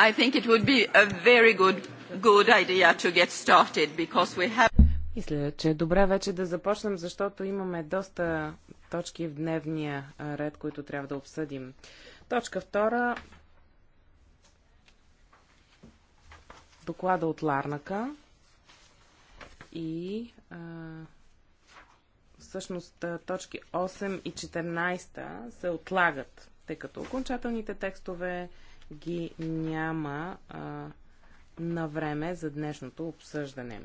I think it would be a very good, good idea to get started because we have... Мисля, че е добре вече да започнем, защото имаме доста точки в дневния ред, които трябва да обсъдим. Точка втора. Доклада от Ларнака. И а, всъщност точки 8 и 14 се отлагат, тъй като окончателните текстове ги няма а, на време за днешното обсъждане.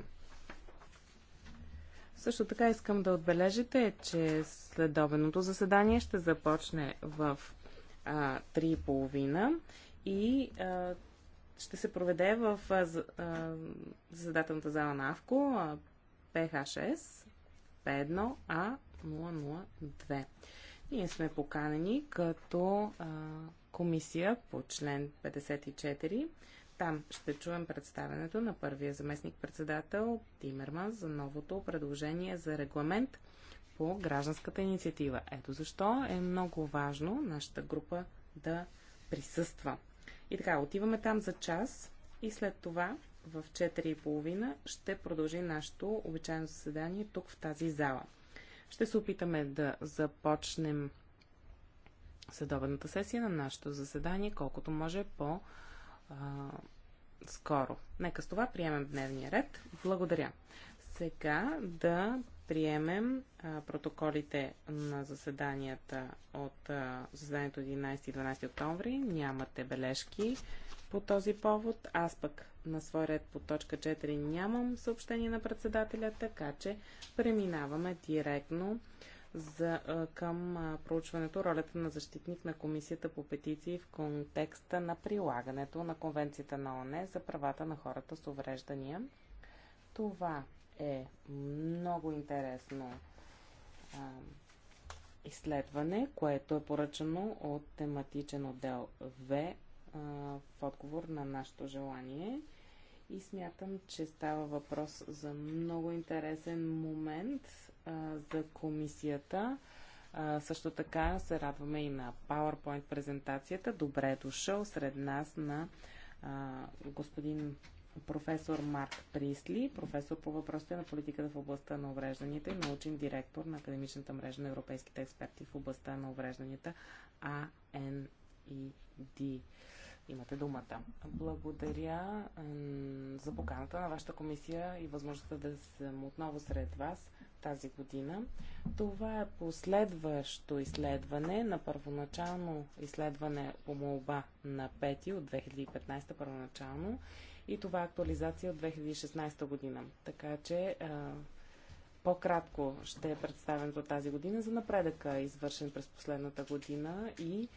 Също така искам да отбележите, че следобеното заседание ще започне в 3.30 и а, ще се проведе в а, а, заседателната зала на АВКО а, PH6 P1A002. Ние сме поканени като а, комисия по член 54. Там ще чуем представенето на първия заместник-председател Тимерман за новото предложение за регламент по гражданската инициатива. Ето защо е много важно нашата група да присъства. И така, отиваме там за час и след това в 4.30 ще продължи нашето обичайно заседание тук в тази зала. Ще се опитаме да започнем следобедната сесия на нашето заседание, колкото може по- скоро. Нека с това приемем дневния ред. Благодаря. Сега да приемем а, протоколите на заседанията от а, заседанието 11 и 12 октомври. Нямате бележки по този повод. Аз пък на свой ред по точка 4 нямам съобщение на председателя, така че преминаваме директно за, към проучването ролята на защитник на Комисията по петиции в контекста на прилагането на Конвенцията на ОНЕ за правата на хората с увреждания. Това е много интересно изследване, което е поръчано от тематичен отдел В в отговор на нашето желание. И смятам, че става въпрос за много интересен момент за комисията. А, също така се радваме и на PowerPoint презентацията. Добре е дошъл сред нас на а, господин професор Марк Присли, професор по въпросите на политиката в областта на уврежданията и научен директор на академичната мрежа на европейските експерти в областта на уврежданията АНИД. Имате думата. Благодаря за поканата на вашата комисия и възможността да съм отново сред вас тази година. Това е последващо изследване на първоначално изследване по молба на Пети от 2015 първоначално и това е актуализация от 2016 година. Така че по-кратко ще е представенето тази година за напредъка, извършен през последната година и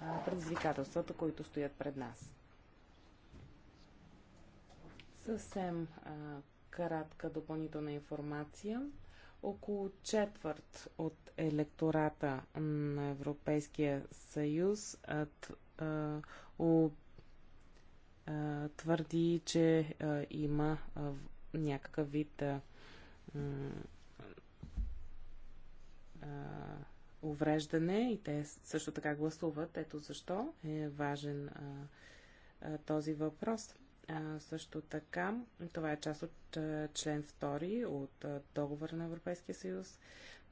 а, предизвикателствата, които стоят пред нас. Съвсем а, кратка допълнителна информация около четвърт от електората на Европейския съюз твърди, че има някакъв вид увреждане и те също така гласуват. Ето защо е важен а, а, този въпрос. А, също така, това е част от а, член 2 от а, договора на Европейския съюз,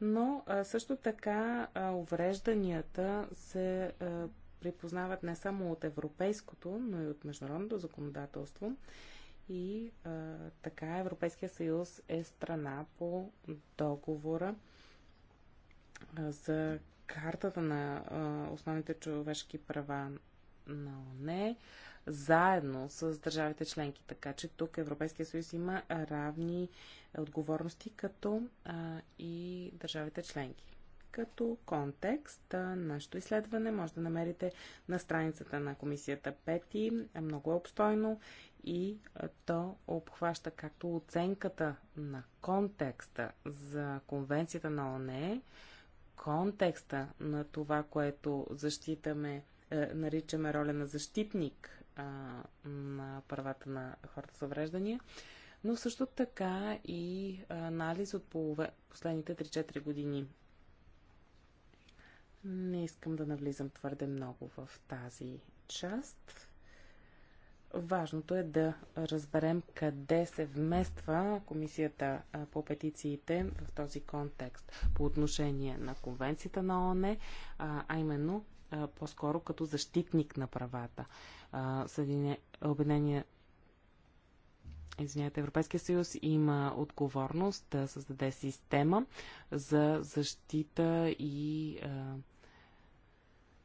но а, също така а, уврежданията се а, припознават не само от европейското, но и от международното законодателство. И а, така Европейския съюз е страна по договора а, за картата на а, основните човешки права на ОНЕ заедно с държавите членки. Така че тук Европейския съюз има равни отговорности като а, и държавите членки. Като контекст а, нашето изследване може да намерите на страницата на комисията 5. Е много е обстойно и то обхваща както оценката на контекста за конвенцията на ОНЕ, контекста на това, което защитаме, е, наричаме роля на защитник а, на правата на хората с увреждания, но също така и анализ от полове, последните 3-4 години. Не искам да навлизам твърде много в тази част. Важното е да разберем къде се вмества комисията по петициите в този контекст по отношение на конвенцията на ООН, а именно по-скоро като защитник на правата. Съедине... Обединение Извинете, Европейския съюз има отговорност да създаде система за защита и а,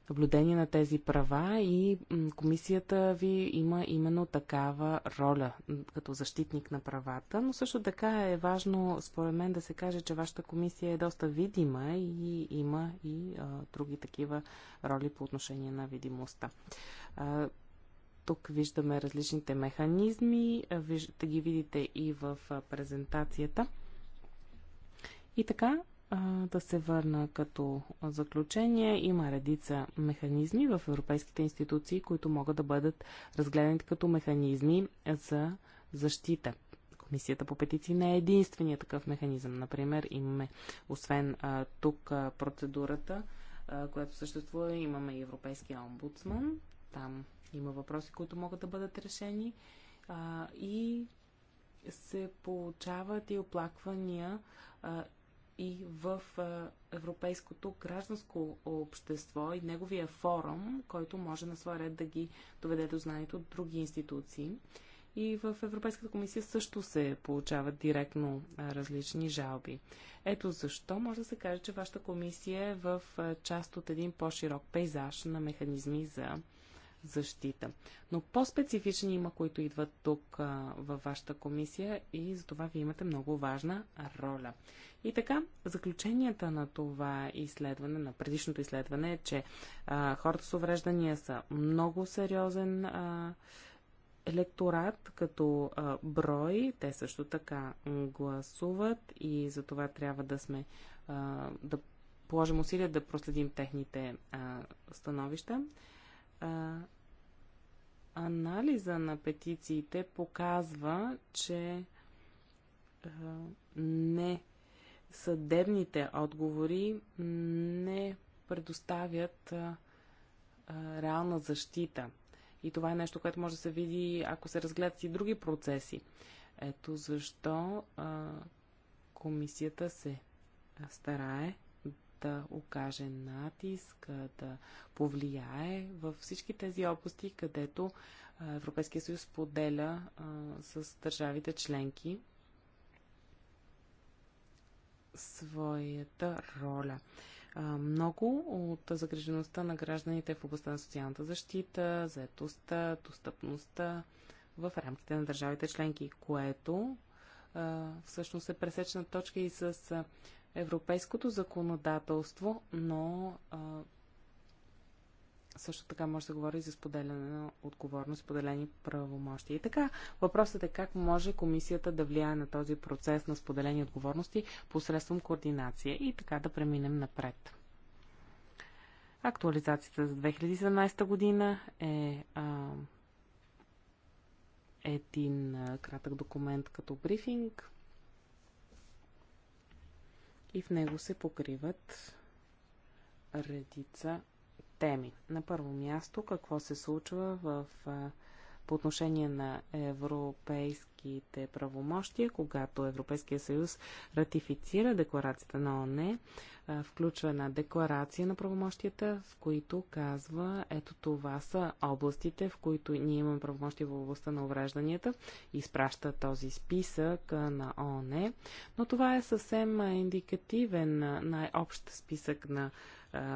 наблюдение на тези права и комисията ви има именно такава роля като защитник на правата, но също така е важно според мен да се каже, че вашата комисия е доста видима и има и а, други такива роли по отношение на видимостта. А, тук виждаме различните механизми, виж, да ги видите и в презентацията. И така, да се върна като заключение, има редица механизми в европейските институции, които могат да бъдат разгледани като механизми за защита. Комисията по петиции не е единствения такъв механизъм. Например, имаме, освен а, тук а, процедурата, а, която съществува, имаме и Европейския омбудсман. Там има въпроси, които могат да бъдат решени. А, и се получават и оплаквания а, и в европейското гражданско общество и неговия форум, който може на своя ред да ги доведе до знанието от други институции. И в Европейската комисия също се получават директно различни жалби. Ето защо може да се каже, че вашата комисия е в част от един по-широк пейзаж на механизми за защита. Но по-специфични има, които идват тук а, във вашата комисия и за това ви имате много важна роля. И така, заключенията на това изследване, на предишното изследване е, че а, хората с увреждания са много сериозен а, електорат като а, брой. Те също така гласуват и за това трябва да сме а, да положим усилия да проследим техните а, становища а, анализа на петициите показва, че а, не съдебните отговори не предоставят а, а, реална защита. И това е нещо, което може да се види, ако се разгледат и други процеси. Ето защо а, комисията се старае да окаже натиск, да повлияе във всички тези области, където Европейския съюз поделя а, с държавите членки своята роля. А, много от загрежеността на гражданите е в областта на социалната защита, заетостта, достъпността в рамките на държавите членки, което а, всъщност е пресечна точка и с европейското законодателство, но а, също така може да говори за споделяне на отговорност, споделени правомощи. И така, въпросът е как може комисията да влияе на този процес на споделени отговорности посредством координация и така да преминем напред. Актуализацията за 2017 година е а, един а, кратък документ като брифинг, и в него се покриват редица теми. На първо място, какво се случва в, по отношение на европейските правомощия, когато Европейския съюз ратифицира декларацията на ОНЕ включва една декларация на правомощията, в които казва, ето това са областите, в които ние имаме правомощия в областта на уврежданията. Изпраща този списък на ООН, но това е съвсем индикативен, най-общ списък на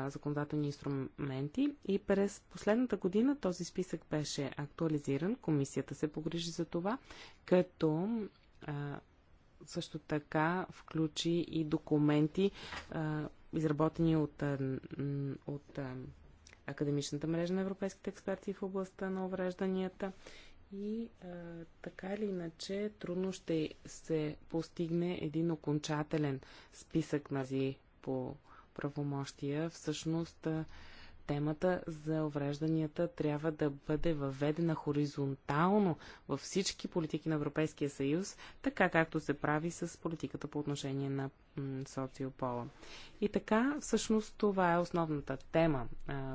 законодателни инструменти и през последната година този списък беше актуализиран. Комисията се погрижи за това, като също така включи и документи, изработени от, от академичната мрежа на европейските експерти в областта на уврежданията. И а, така или иначе, трудно ще се постигне един окончателен списък на зи по правомощия. Всъщност, а, темата за уврежданията трябва да бъде въведена хоризонтално във всички политики на Европейския съюз, така както се прави с политиката по отношение на социопола. И така, всъщност, това е основната тема.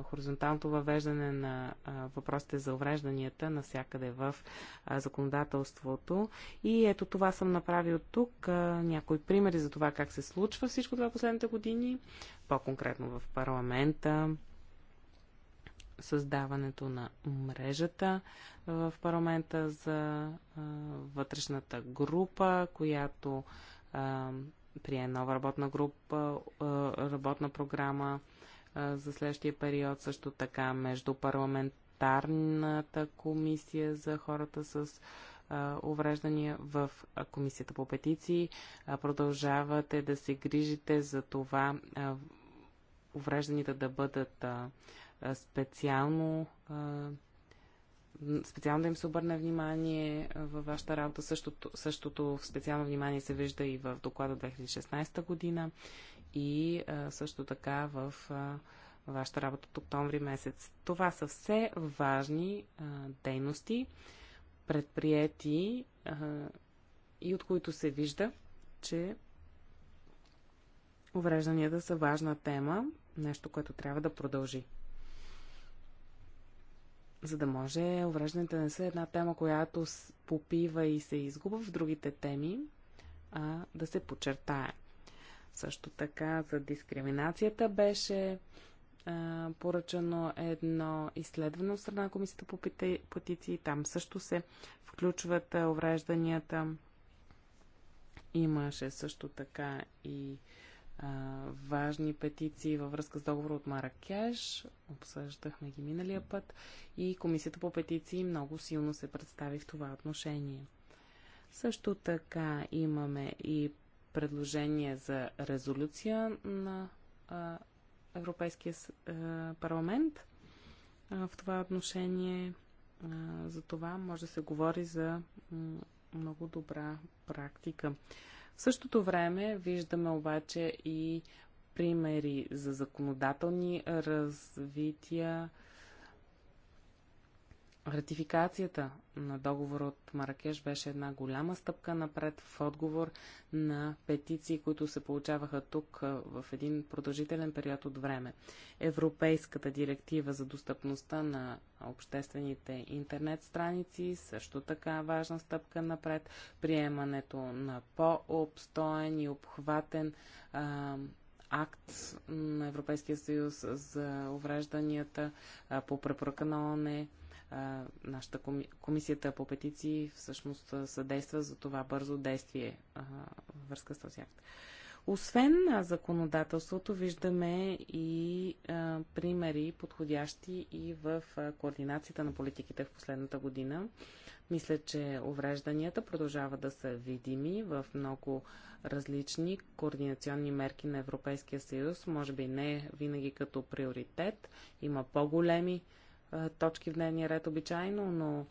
Хоризонталното въвеждане на въпросите за уврежданията навсякъде в законодателството. И ето това съм направил тук. Някои примери за това как се случва всичко това последните години, по-конкретно в парламента, създаването на мрежата в парламента за вътрешната група, която прие нова работна група, работна програма за следващия период, също така между парламентарната комисия за хората с увреждания в комисията по петиции. Продължавате да се грижите за това уврежданите да бъдат специално специално да им се обърне внимание във вашата работа. Същото, същото специално внимание се вижда и в доклада 2016 година и също така в вашата работа от октомври месец. Това са все важни дейности, предприяти и от които се вижда, че уврежданията са важна тема, нещо, което трябва да продължи за да може увреждането да не са една тема, която попива и се изгубва в другите теми, а да се подчертае. Също така за дискриминацията беше а, поръчано едно изследване от страна на Комисията по петиции. Там също се включват уврежданията. Имаше също така и важни петиции във връзка с договор от Маракеш. Обсъждахме ги миналия път и Комисията по петиции много силно се представи в това отношение. Също така имаме и предложение за резолюция на Европейския парламент. в това отношение за това може да се говори за много добра практика. В същото време виждаме обаче и примери за законодателни развития, Ратификацията на договор от Маракеш беше една голяма стъпка напред в отговор на петиции, които се получаваха тук в един продължителен период от време. Европейската директива за достъпността на обществените интернет страници също така важна стъпка напред. Приемането на по-обстоен и обхватен а, акт на Европейския съюз за уврежданията по препоръка на ОНЕ а, нашата коми... комисията по петиции всъщност съдейства за това бързо действие във връзка с този акт. Освен на законодателството, виждаме и а, примери подходящи и в а, координацията на политиките в последната година. Мисля, че уврежданията продължават да са видими в много различни координационни мерки на Европейския съюз. Може би не винаги като приоритет. Има по-големи е, точки в дневния ред обичайно, но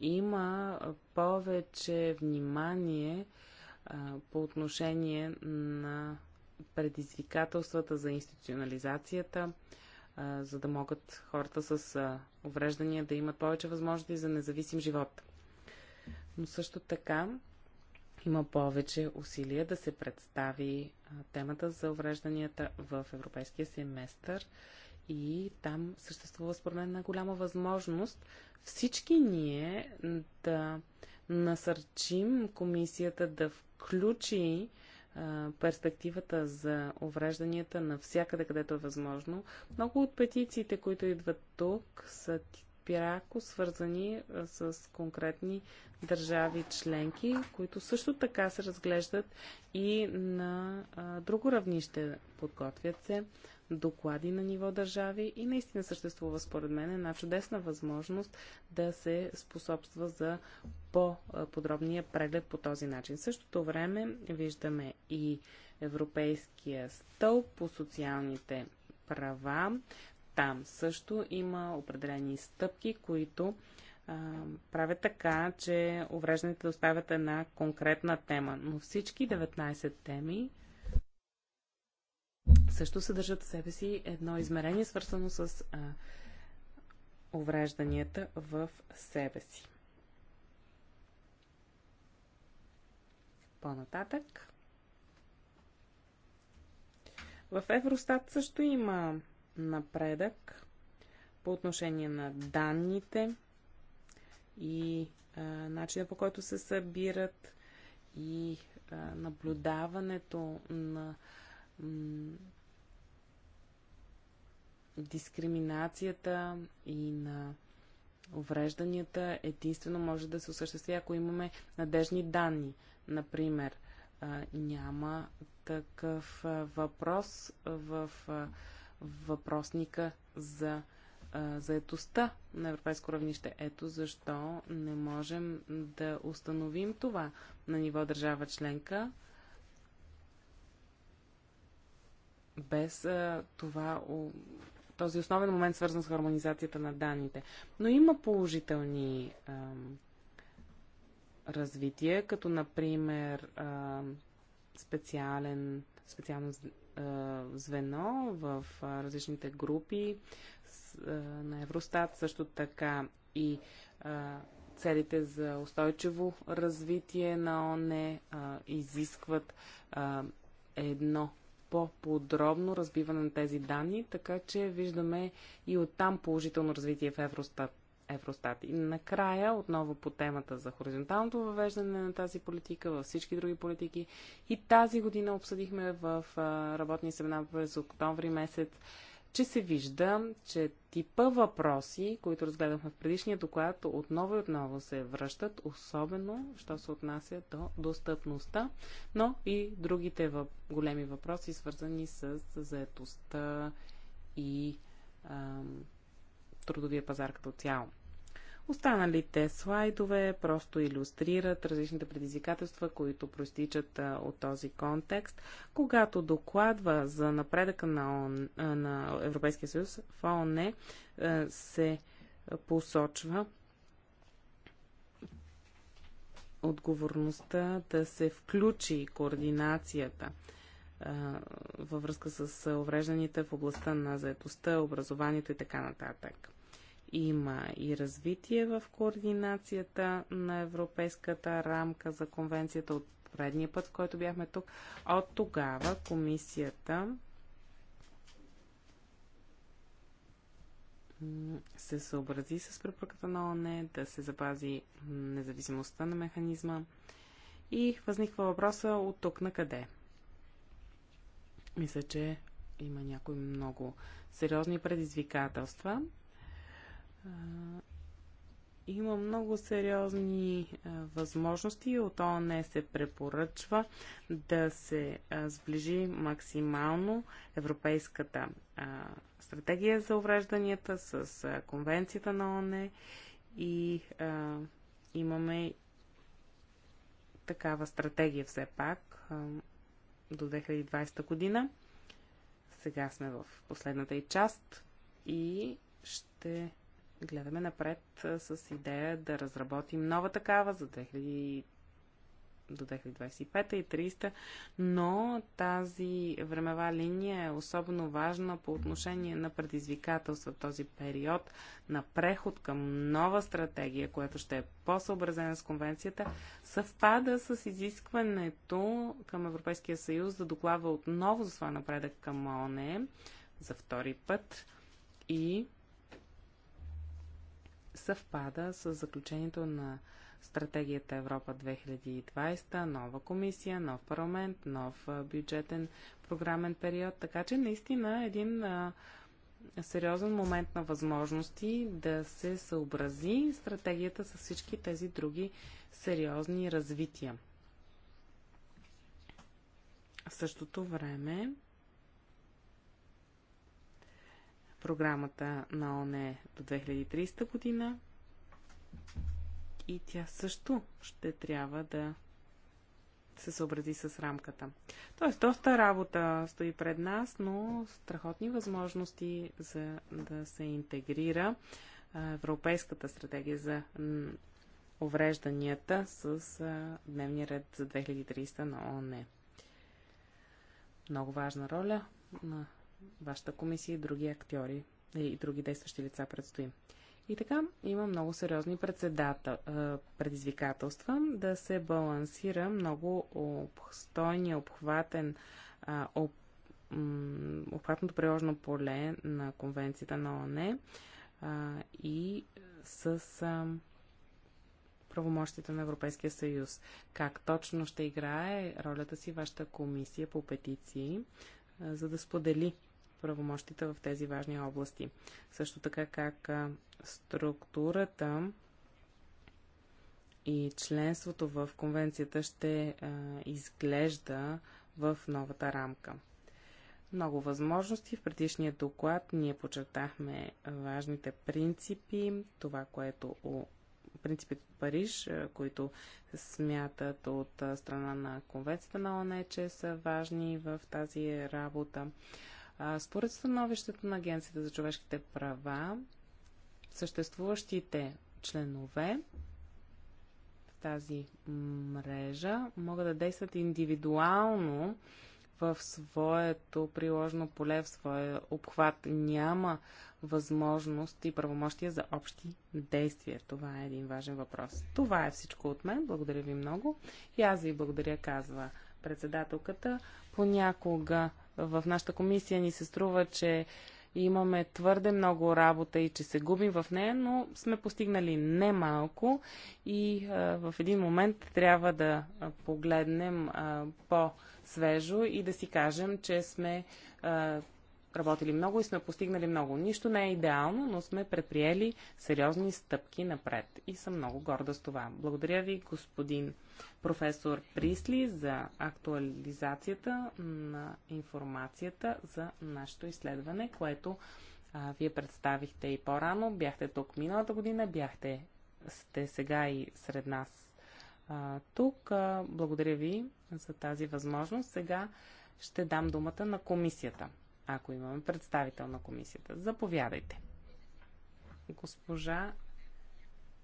има повече внимание е, по отношение на предизвикателствата за институционализацията, е, за да могат хората с увреждания да имат повече възможности за независим живот. Но също така има повече усилия да се представи темата за уврежданията в европейския семестър и там съществува според мен една голяма възможност всички ние да насърчим комисията да включи перспективата за уврежданията навсякъде, където е възможно. Много от петициите, които идват тук, са пряко свързани с конкретни държави членки, които също така се разглеждат и на друго равнище. Подготвят се доклади на ниво държави и наистина съществува според мен една чудесна възможност да се способства за по-подробния преглед по този начин. В същото време виждаме и Европейския стълб по социалните права. Там също има определени стъпки, които правят така, че увреждането да оставят една конкретна тема. Но всички 19 теми също съдържат в себе си едно измерение, свързано с а, уврежданията в себе си. По-нататък. В Евростат също има напредък по отношение на данните и а, начина по който се събират и а, наблюдаването на дискриминацията и на уврежданията единствено може да се осъществи, ако имаме надежни данни. Например, няма такъв въпрос в въпросника за заетостта на европейско равнище. Ето защо не можем да установим това на ниво държава членка без това този основен момент, свързан с хармонизацията на данните. Но има положителни ам, развития, като например ам, специален, специално звено в различните групи на Евростат, също така и целите за устойчиво развитие на ОНЕ изискват едно по-подробно разбиване на тези данни, така че виждаме и оттам положително развитие в Евростат. Евростат. И накрая, отново по темата за хоризонталното въвеждане на тази политика във всички други политики. И тази година обсъдихме в работни семена през октомври месец че се вижда, че типа въпроси, които разгледахме в предишния доклад, отново и отново се връщат, особено, що се отнася до достъпността, но и другите въп... големи въпроси, свързани с заетостта и ам, трудовия пазар като цяло. Останалите слайдове просто иллюстрират различните предизвикателства, които проистичат от този контекст. Когато докладва за напредъка на, ООН, на Европейския съюз в ООН се посочва отговорността да се включи координацията във връзка с увреждането в областта на заедостта, образованието и така нататък. Има и развитие в координацията на Европейската рамка за конвенцията от предния път, в който бяхме тук. От тогава комисията се съобрази с препоръката на ОНЕ да се запази независимостта на механизма и възниква въпроса от тук на къде. Мисля, че има някои много сериозни предизвикателства има много сериозни а, възможности. От ООН се препоръчва да се а, сближи максимално Европейската а, стратегия за уврежданията с а, Конвенцията на ООН и а, имаме такава стратегия все пак а, до 2020 година. Сега сме в последната и част и ще гледаме напред с идея да разработим нова такава за 2000 до 2025 и 30, но тази времева линия е особено важна по отношение на предизвикателства този период на преход към нова стратегия, която ще е по-съобразена с конвенцията, съвпада с изискването към Европейския съюз да доклава отново за своя напредък към ОНЕ за втори път и съвпада с заключението на стратегията Европа 2020, нова комисия, нов парламент, нов бюджетен програмен период. Така че наистина един а, сериозен момент на възможности да се съобрази стратегията с всички тези други сериозни развития. В същото време програмата на ОНЕ до 2030 година. И тя също ще трябва да се съобрази с рамката. Тоест, доста работа стои пред нас, но страхотни възможности за да се интегрира Европейската стратегия за уврежданията с дневния ред за 2030 на ОНЕ. Много важна роля на вашата комисия и други актьори и други действащи лица предстои. И така, има много сериозни предизвикателства да се балансира много обстойния, обхватен, об, обхватното приложено поле на конвенцията на ОНЕ и с правомощите на Европейския съюз. Как точно ще играе ролята си вашата комисия по петиции, за да сподели правомощите в тези важни области. Също така как структурата и членството в конвенцията ще изглежда в новата рамка. Много възможности. В предишния доклад ние почертахме важните принципи, това, което принципите от Париж, които смятат от страна на конвенцията на ОНЕ, че са важни в тази работа. Според становището на Агенцията за човешките права, съществуващите членове в тази мрежа могат да действат индивидуално в своето приложено поле, в своя обхват. Няма възможност и правомощия за общи действия. Това е един важен въпрос. Това е всичко от мен. Благодаря ви много. И аз ви благодаря, казва председателката. Понякога в нашата комисия ни се струва, че имаме твърде много работа и че се губим в нея, но сме постигнали немалко и а, в един момент трябва да погледнем по-свежо и да си кажем, че сме а, работили много и сме постигнали много. Нищо не е идеално, но сме предприели сериозни стъпки напред и съм много горда с това. Благодаря ви, господин професор Присли, за актуализацията на информацията за нашето изследване, което а, вие представихте и по-рано. Бяхте тук миналата година, бяхте сте сега и сред нас а, тук. А, благодаря ви за тази възможност. Сега ще дам думата на комисията ако имаме представител на комисията. Заповядайте. Госпожа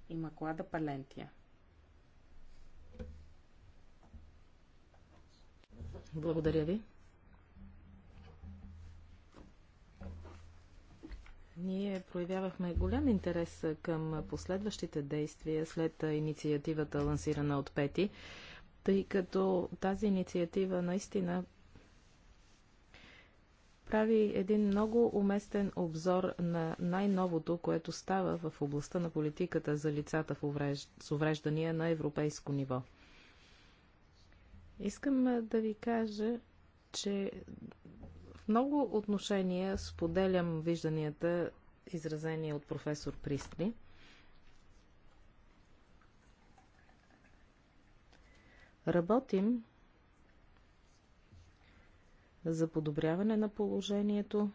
Имаклада Палентия. Благодаря ви. Ние проявявахме голям интерес към последващите действия след инициативата, лансирана от Пети, тъй като тази инициатива наистина прави един много уместен обзор на най-новото, което става в областта на политиката за лицата в увреж... с увреждания на европейско ниво. Искам да ви кажа, че в много отношения споделям вижданията, изразени от професор Пристли. Работим за подобряване на положението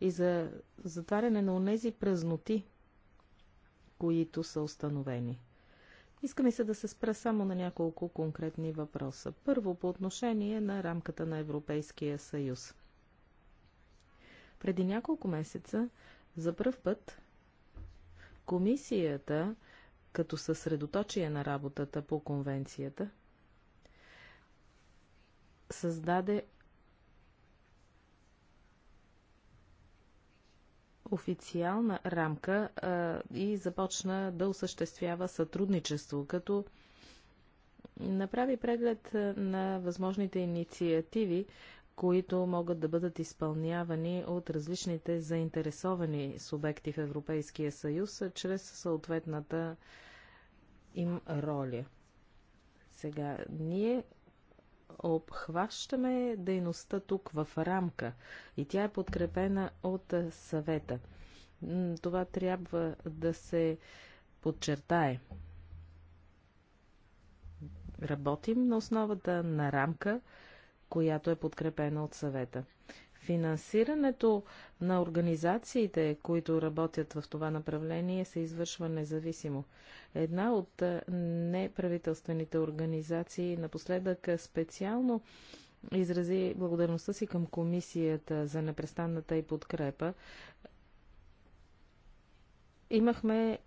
и за затваряне на онези празноти, които са установени. Иска ми се да се спра само на няколко конкретни въпроса. Първо по отношение на рамката на Европейския съюз. Преди няколко месеца за пръв път комисията, като съсредоточие на работата по конвенцията, създаде официална рамка а, и започна да осъществява сътрудничество, като направи преглед на възможните инициативи, които могат да бъдат изпълнявани от различните заинтересовани субекти в Европейския съюз чрез съответната им роля. Сега, ние обхващаме дейността тук в рамка и тя е подкрепена от съвета. Това трябва да се подчертае. Работим на основата на рамка, която е подкрепена от съвета. Финансирането на организациите, които работят в това направление, се извършва независимо. Една от е, неправителствените организации напоследък специално изрази благодарността си към комисията за непрестанната и подкрепа. Имахме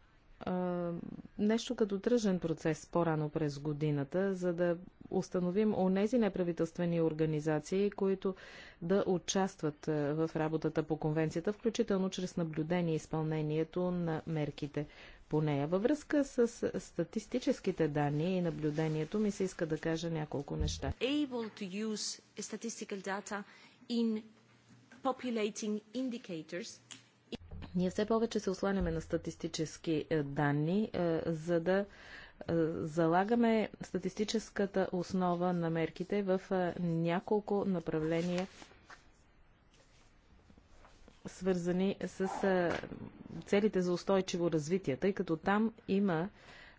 а, нещо като тръжен процес по-рано през годината, за да установим онези неправителствени организации, които да участват в работата по конвенцията, включително чрез наблюдение и изпълнението на мерките по нея. Във връзка с статистическите данни и наблюдението ми се иска да кажа няколко неща. In populating indicators ние все повече се осланяме на статистически е, данни, е, за да е, залагаме статистическата основа на мерките в няколко направления, свързани с целите за устойчиво развитие, тъй като там има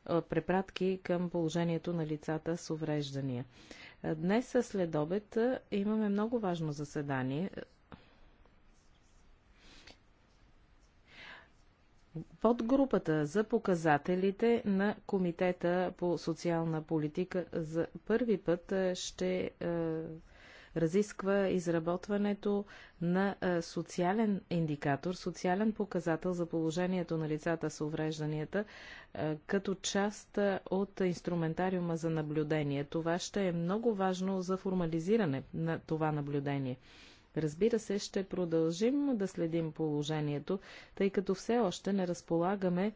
препратки към положението на лицата с увреждания. Днес след обед имаме много важно заседание Подгрупата за показателите на Комитета по социална политика за първи път е, ще е, разисква изработването на е, социален индикатор, социален показател за положението на лицата с уврежданията е, като част е, от инструментариума за наблюдение. Това ще е много важно за формализиране на това наблюдение. Разбира се, ще продължим да следим положението, тъй като все още не разполагаме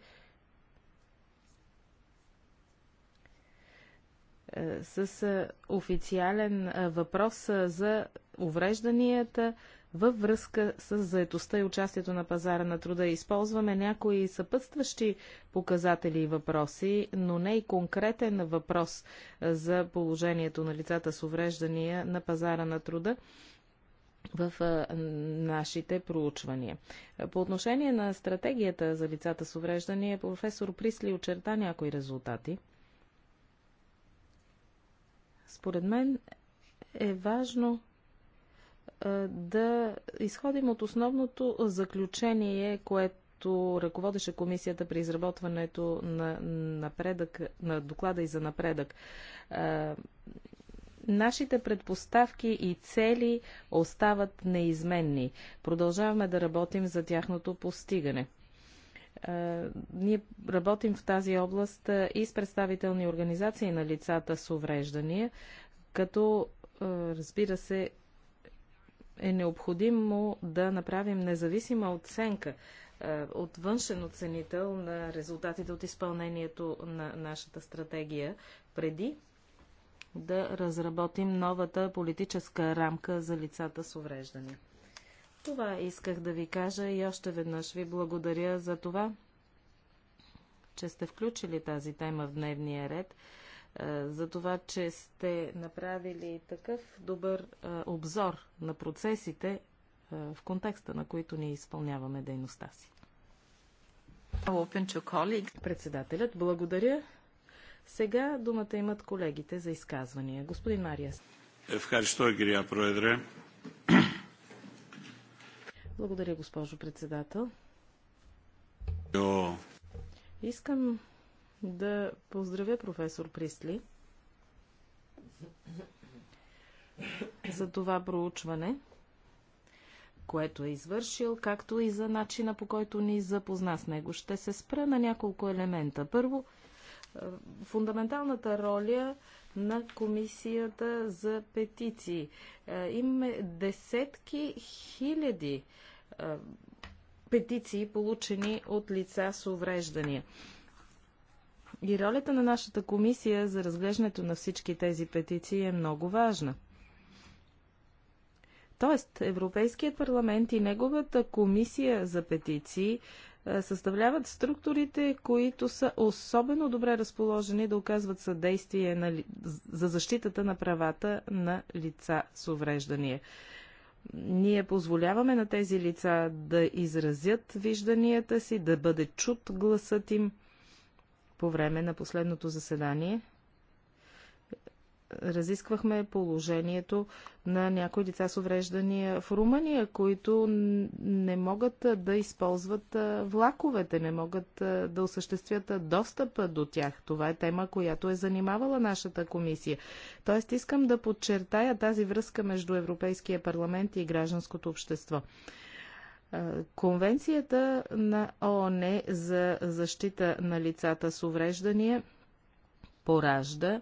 е, с е, официален е, въпрос за уврежданията във връзка с заетостта и участието на пазара на труда. Използваме някои съпътстващи показатели и въпроси, но не и конкретен въпрос за положението на лицата с увреждания на пазара на труда в нашите проучвания. По отношение на стратегията за лицата с увреждания, професор Присли очерта някои резултати. Според мен е важно да изходим от основното заключение, което ръководеше комисията при изработването на, напредък, на доклада и за напредък. Нашите предпоставки и цели остават неизменни. Продължаваме да работим за тяхното постигане. Е, ние работим в тази област е, и с представителни организации на лицата с увреждания, като е, разбира се е необходимо да направим независима оценка от външен оценител на резултатите от изпълнението на нашата стратегия преди да разработим новата политическа рамка за лицата с увреждане. Това исках да ви кажа и още веднъж ви благодаря за това, че сте включили тази тема в дневния ред, е, за това, че сте направили такъв добър е, обзор на процесите, е, в контекста на които ние изпълняваме дейността си. Председателят, благодаря. Сега думата имат колегите за изказвания. Господин Мариас. Евхаристо, гирия проедре. Благодаря, госпожо председател. Йо. Искам да поздравя професор Присли за това проучване, което е извършил, както и за начина по който ни запозна с него. Ще се спра на няколко елемента. Първо, фундаменталната роля на комисията за петиции. Е, имаме десетки хиляди е, петиции, получени от лица с увреждания. И ролята на нашата комисия за разглеждането на всички тези петиции е много важна. Тоест, Европейският парламент и неговата комисия за петиции е, съставляват структурите, които са особено добре разположени да оказват съдействие на, за защитата на правата на лица с увреждания. Ние позволяваме на тези лица да изразят вижданията си, да бъде чут гласът им. По време на последното заседание разисквахме положението на някои деца с увреждания в Румъния, които не могат да използват влаковете, не могат да осъществят достъп до тях. Това е тема, която е занимавала нашата комисия. Тоест искам да подчертая тази връзка между Европейския парламент и гражданското общество. Конвенцията на ООН за защита на лицата с увреждания поражда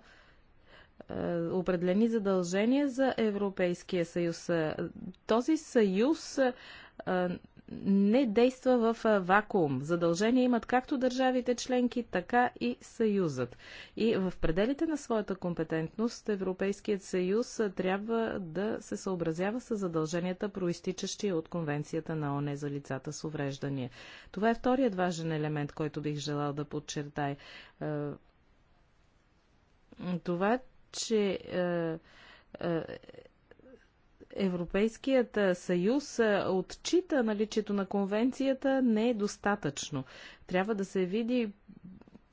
е, определени задължения за Европейския съюз. Е, този съюз е, не действа в вакуум. Задължения имат както държавите членки, така и Съюзът. И в пределите на своята компетентност Европейският съюз трябва да се съобразява с задълженията, проистичащи от Конвенцията на ОНЕ за лицата с увреждания. Това е вторият важен елемент, който бих желал да подчертай. Това е че е, е, Европейският съюз е, отчита наличието на конвенцията не е достатъчно. Трябва да се види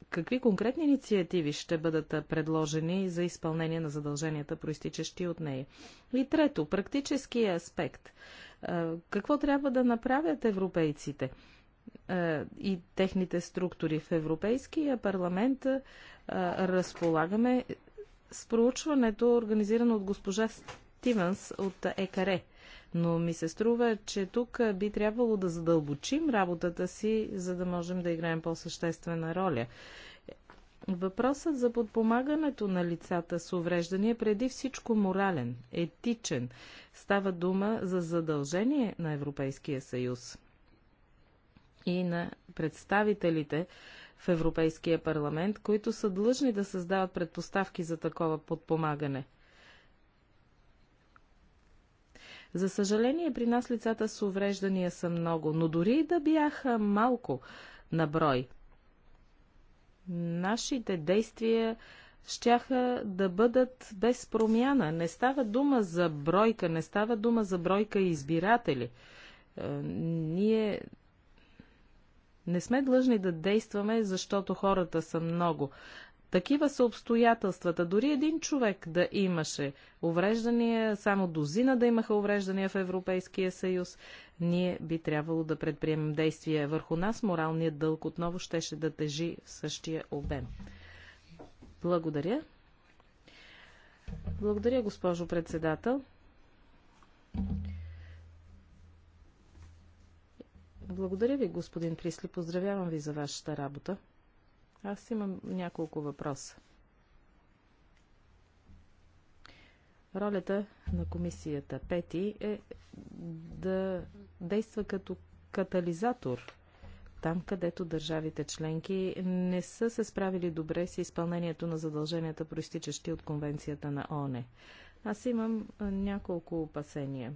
какви конкретни инициативи ще бъдат предложени за изпълнение на задълженията, проистичащи от нея. И трето, практически аспект. Какво трябва да направят европейците и техните структури в Европейския парламент? разполагаме с проучването, организирано от госпожа Стивенс от ЕКАРЕ. Но ми се струва, че тук би трябвало да задълбочим работата си, за да можем да играем по-съществена роля. Въпросът за подпомагането на лицата с увреждания е преди всичко морален, етичен. Става дума за задължение на Европейския съюз и на представителите в Европейския парламент, които са длъжни да създават предпоставки за такова подпомагане. За съжаление, при нас лицата с увреждания са много, но дори и да бяха малко на брой, нашите действия щяха да бъдат без промяна. Не става дума за бройка, не става дума за бройка избиратели. Е, ние не сме длъжни да действаме, защото хората са много. Такива са обстоятелствата. Дори един човек да имаше увреждания, само дозина да имаха увреждания в Европейския съюз, ние би трябвало да предприемем действия. Върху нас моралният дълг отново щеше да тежи в същия обем. Благодаря. Благодаря, госпожо председател. Благодаря ви, господин Присли. Поздравявам ви за вашата работа. Аз имам няколко въпроса. Ролята на комисията Пети е да действа като катализатор там, където държавите членки не са се справили добре с изпълнението на задълженията, проистичащи от Конвенцията на ОНЕ. Аз имам няколко опасения.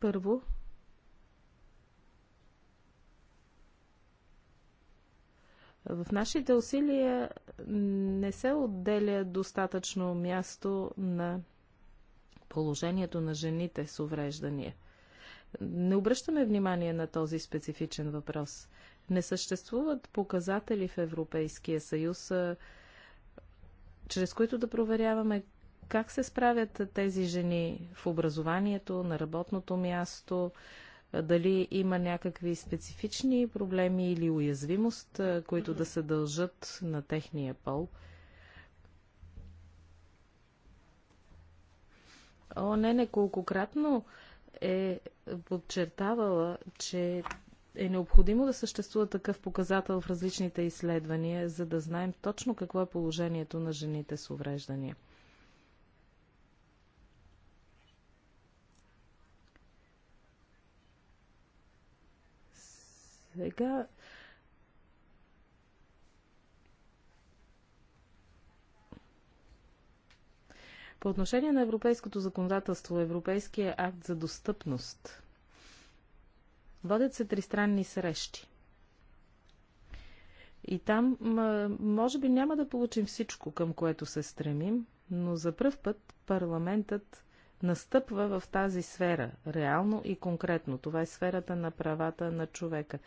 Първо, В нашите усилия не се отделя достатъчно място на положението на жените с увреждания. Не обръщаме внимание на този специфичен въпрос. Не съществуват показатели в Европейския съюз, чрез които да проверяваме как се справят тези жени в образованието, на работното място, дали има някакви специфични проблеми или уязвимост, които да се дължат на техния пол. О, не, неколкократно е подчертавала, че е необходимо да съществува такъв показател в различните изследвания, за да знаем точно какво е положението на жените с увреждания. Сега По отношение на европейското законодателство, Европейския акт за достъпност, водят се тристранни срещи. И там, може би, няма да получим всичко, към което се стремим, но за пръв път парламентът настъпва в тази сфера, реално и конкретно. Това е сферата на правата на човека.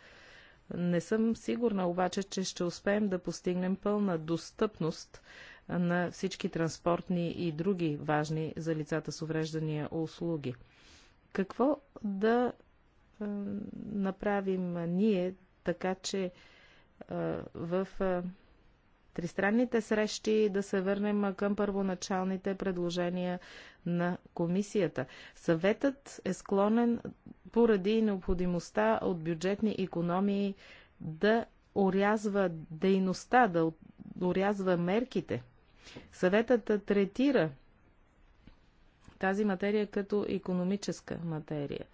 Не съм сигурна обаче, че ще успеем да постигнем пълна достъпност на всички транспортни и други важни за лицата с увреждания услуги. Какво да е, направим ние, така че е, в. Е, тристранните срещи да се върнем към първоначалните предложения на комисията. Съветът е склонен поради необходимостта от бюджетни економии да орязва дейността, да орязва мерките. Съветът третира тази материя като економическа материя.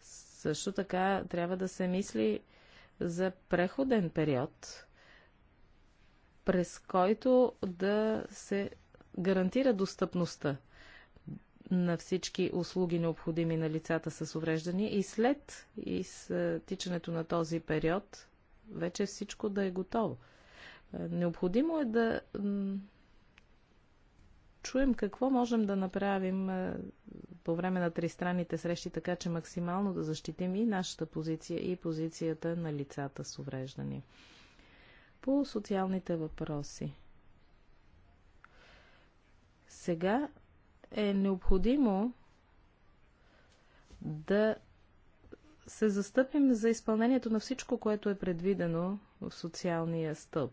Също така трябва да се мисли за преходен период, през който да се гарантира достъпността на всички услуги, необходими на лицата с увреждания и след изтичането на този период вече всичко да е готово. Е, необходимо е да чуем какво можем да направим е, по време на тристранните срещи, така че максимално да защитим и нашата позиция, и позицията на лицата с увреждания по социалните въпроси. Сега е необходимо да се застъпим за изпълнението на всичко, което е предвидено в социалния стълб.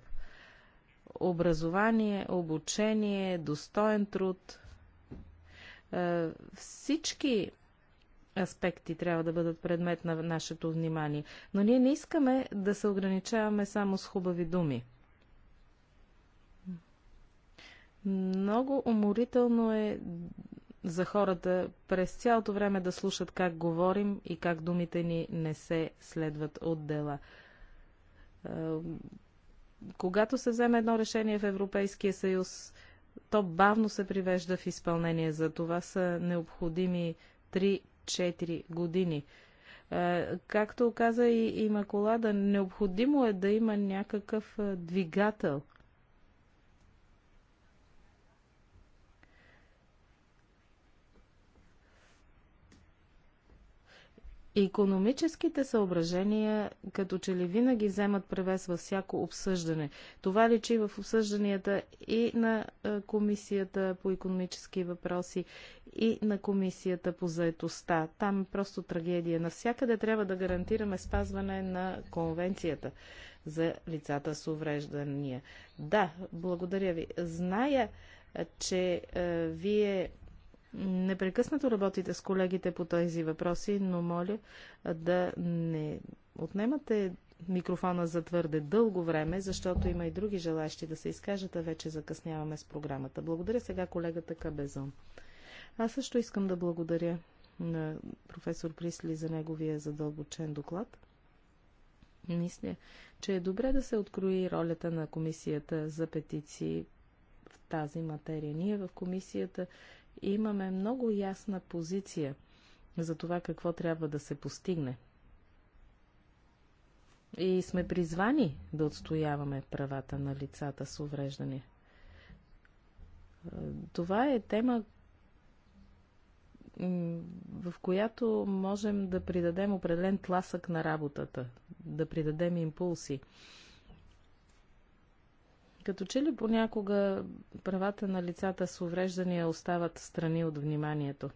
Образование, обучение, достоен труд. Е, всички аспекти трябва да бъдат предмет на нашето внимание. Но ние не искаме да се ограничаваме само с хубави думи. Много уморително е за хората през цялото време да слушат как говорим и как думите ни не се следват от дела. Когато се вземе едно решение в Европейския съюз, то бавно се привежда в изпълнение. За това са необходими три. 4 години. Е, както каза и Имакулада, необходимо е да има някакъв е, двигател – Економическите съображения като че ли винаги вземат превес във всяко обсъждане. Това личи в обсъжданията и на Комисията по економически въпроси, и на Комисията по заетостта. Там е просто трагедия. Навсякъде трябва да гарантираме спазване на конвенцията за лицата с увреждания. Да, благодаря ви. Зная, че е, вие Непрекъснато работите с колегите по тези въпроси, но моля да не отнемате микрофона за твърде дълго време, защото има и други желащи да се изкажат, а вече закъсняваме с програмата. Благодаря сега колегата Кабезон. Аз също искам да благодаря на професор Присли за неговия задълбочен доклад. Мисля, че е добре да се открои ролята на комисията за петиции в тази материя. Ние в комисията и имаме много ясна позиция за това какво трябва да се постигне. И сме призвани да отстояваме правата на лицата с увреждане. Това е тема, в която можем да придадем определен тласък на работата, да придадем импулси. Като че ли понякога правата на лицата с увреждания остават страни от вниманието?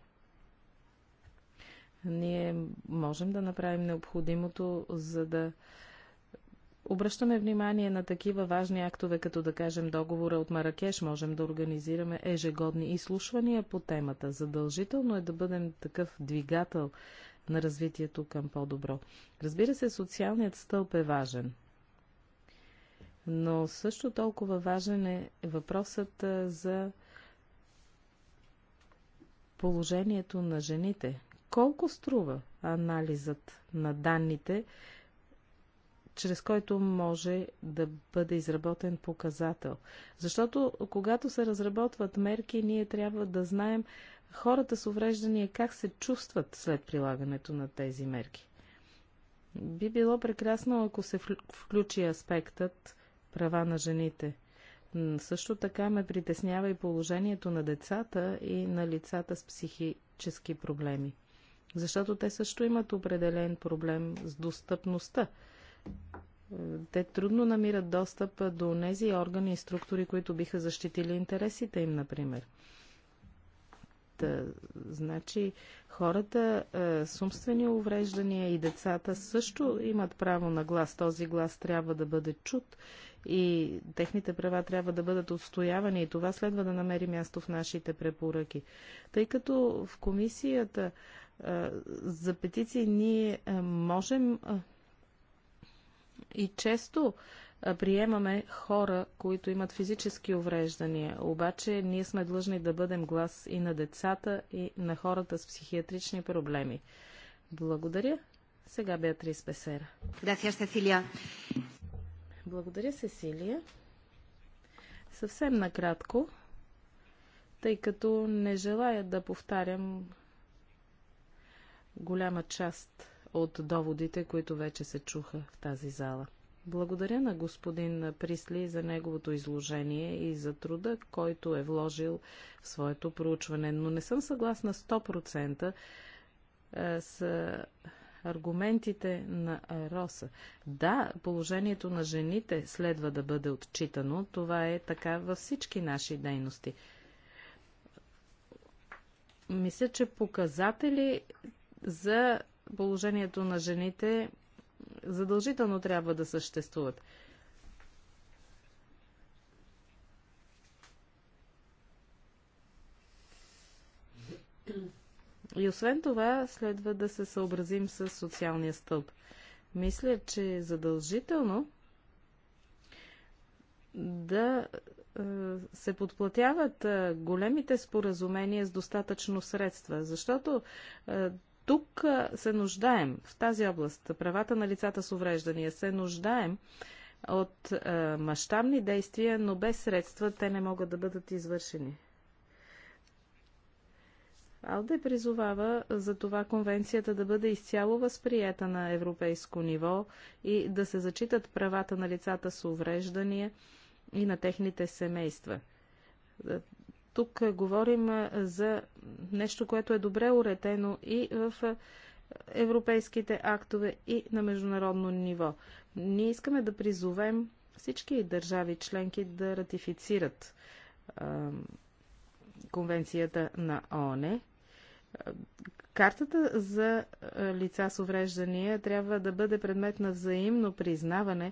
Ние можем да направим необходимото, за да Обръщаме внимание на такива важни актове, като да кажем договора от Маракеш. Можем да организираме ежегодни изслушвания по темата. Задължително е да бъдем такъв двигател на развитието към по-добро. Разбира се, социалният стълб е важен но също толкова важен е въпросът за положението на жените. Колко струва анализът на данните, чрез който може да бъде изработен показател? Защото когато се разработват мерки, ние трябва да знаем хората с увреждания как се чувстват след прилагането на тези мерки. Би било прекрасно, ако се включи аспектът права на жените. Също така ме притеснява и положението на децата и на лицата с психически проблеми. Защото те също имат определен проблем с достъпността. Е, те трудно намират достъп до тези органи и структури, които биха защитили интересите им, например. Та, значи, хората е, с умствени увреждания и децата също имат право на глас. Този глас трябва да бъде чут и техните права трябва да бъдат отстоявани и това следва да намери място в нашите препоръки. Тъй като в комисията а, за петиции ние а, можем а, и често приемаме хора, които имат физически увреждания, обаче ние сме длъжни да бъдем глас и на децата, и на хората с психиатрични проблеми. Благодаря. Сега Беатрис Песера. Gracias, Cecilia. Благодаря, Сесилия. Съвсем накратко, тъй като не желая да повтарям голяма част от доводите, които вече се чуха в тази зала. Благодаря на господин Присли за неговото изложение и за труда, който е вложил в своето проучване, но не съм съгласна 100% с аргументите на Роса. Да, положението на жените следва да бъде отчитано. Това е така във всички наши дейности. Мисля, че показатели за положението на жените задължително трябва да съществуват. И освен това, следва да се съобразим с социалния стълб. Мисля, че е задължително да се подплатяват големите споразумения с достатъчно средства, защото тук се нуждаем, в тази област, правата на лицата с увреждания, се нуждаем от мащабни действия, но без средства те не могат да бъдат извършени. Алде призовава за това конвенцията да бъде изцяло възприета на европейско ниво и да се зачитат правата на лицата с увреждания и на техните семейства. Тук говорим за нещо, което е добре уретено и в европейските актове и на международно ниво. Ние искаме да призовем всички държави членки да ратифицират конвенцията на ООН. Картата за лица с увреждания трябва да бъде предмет на взаимно признаване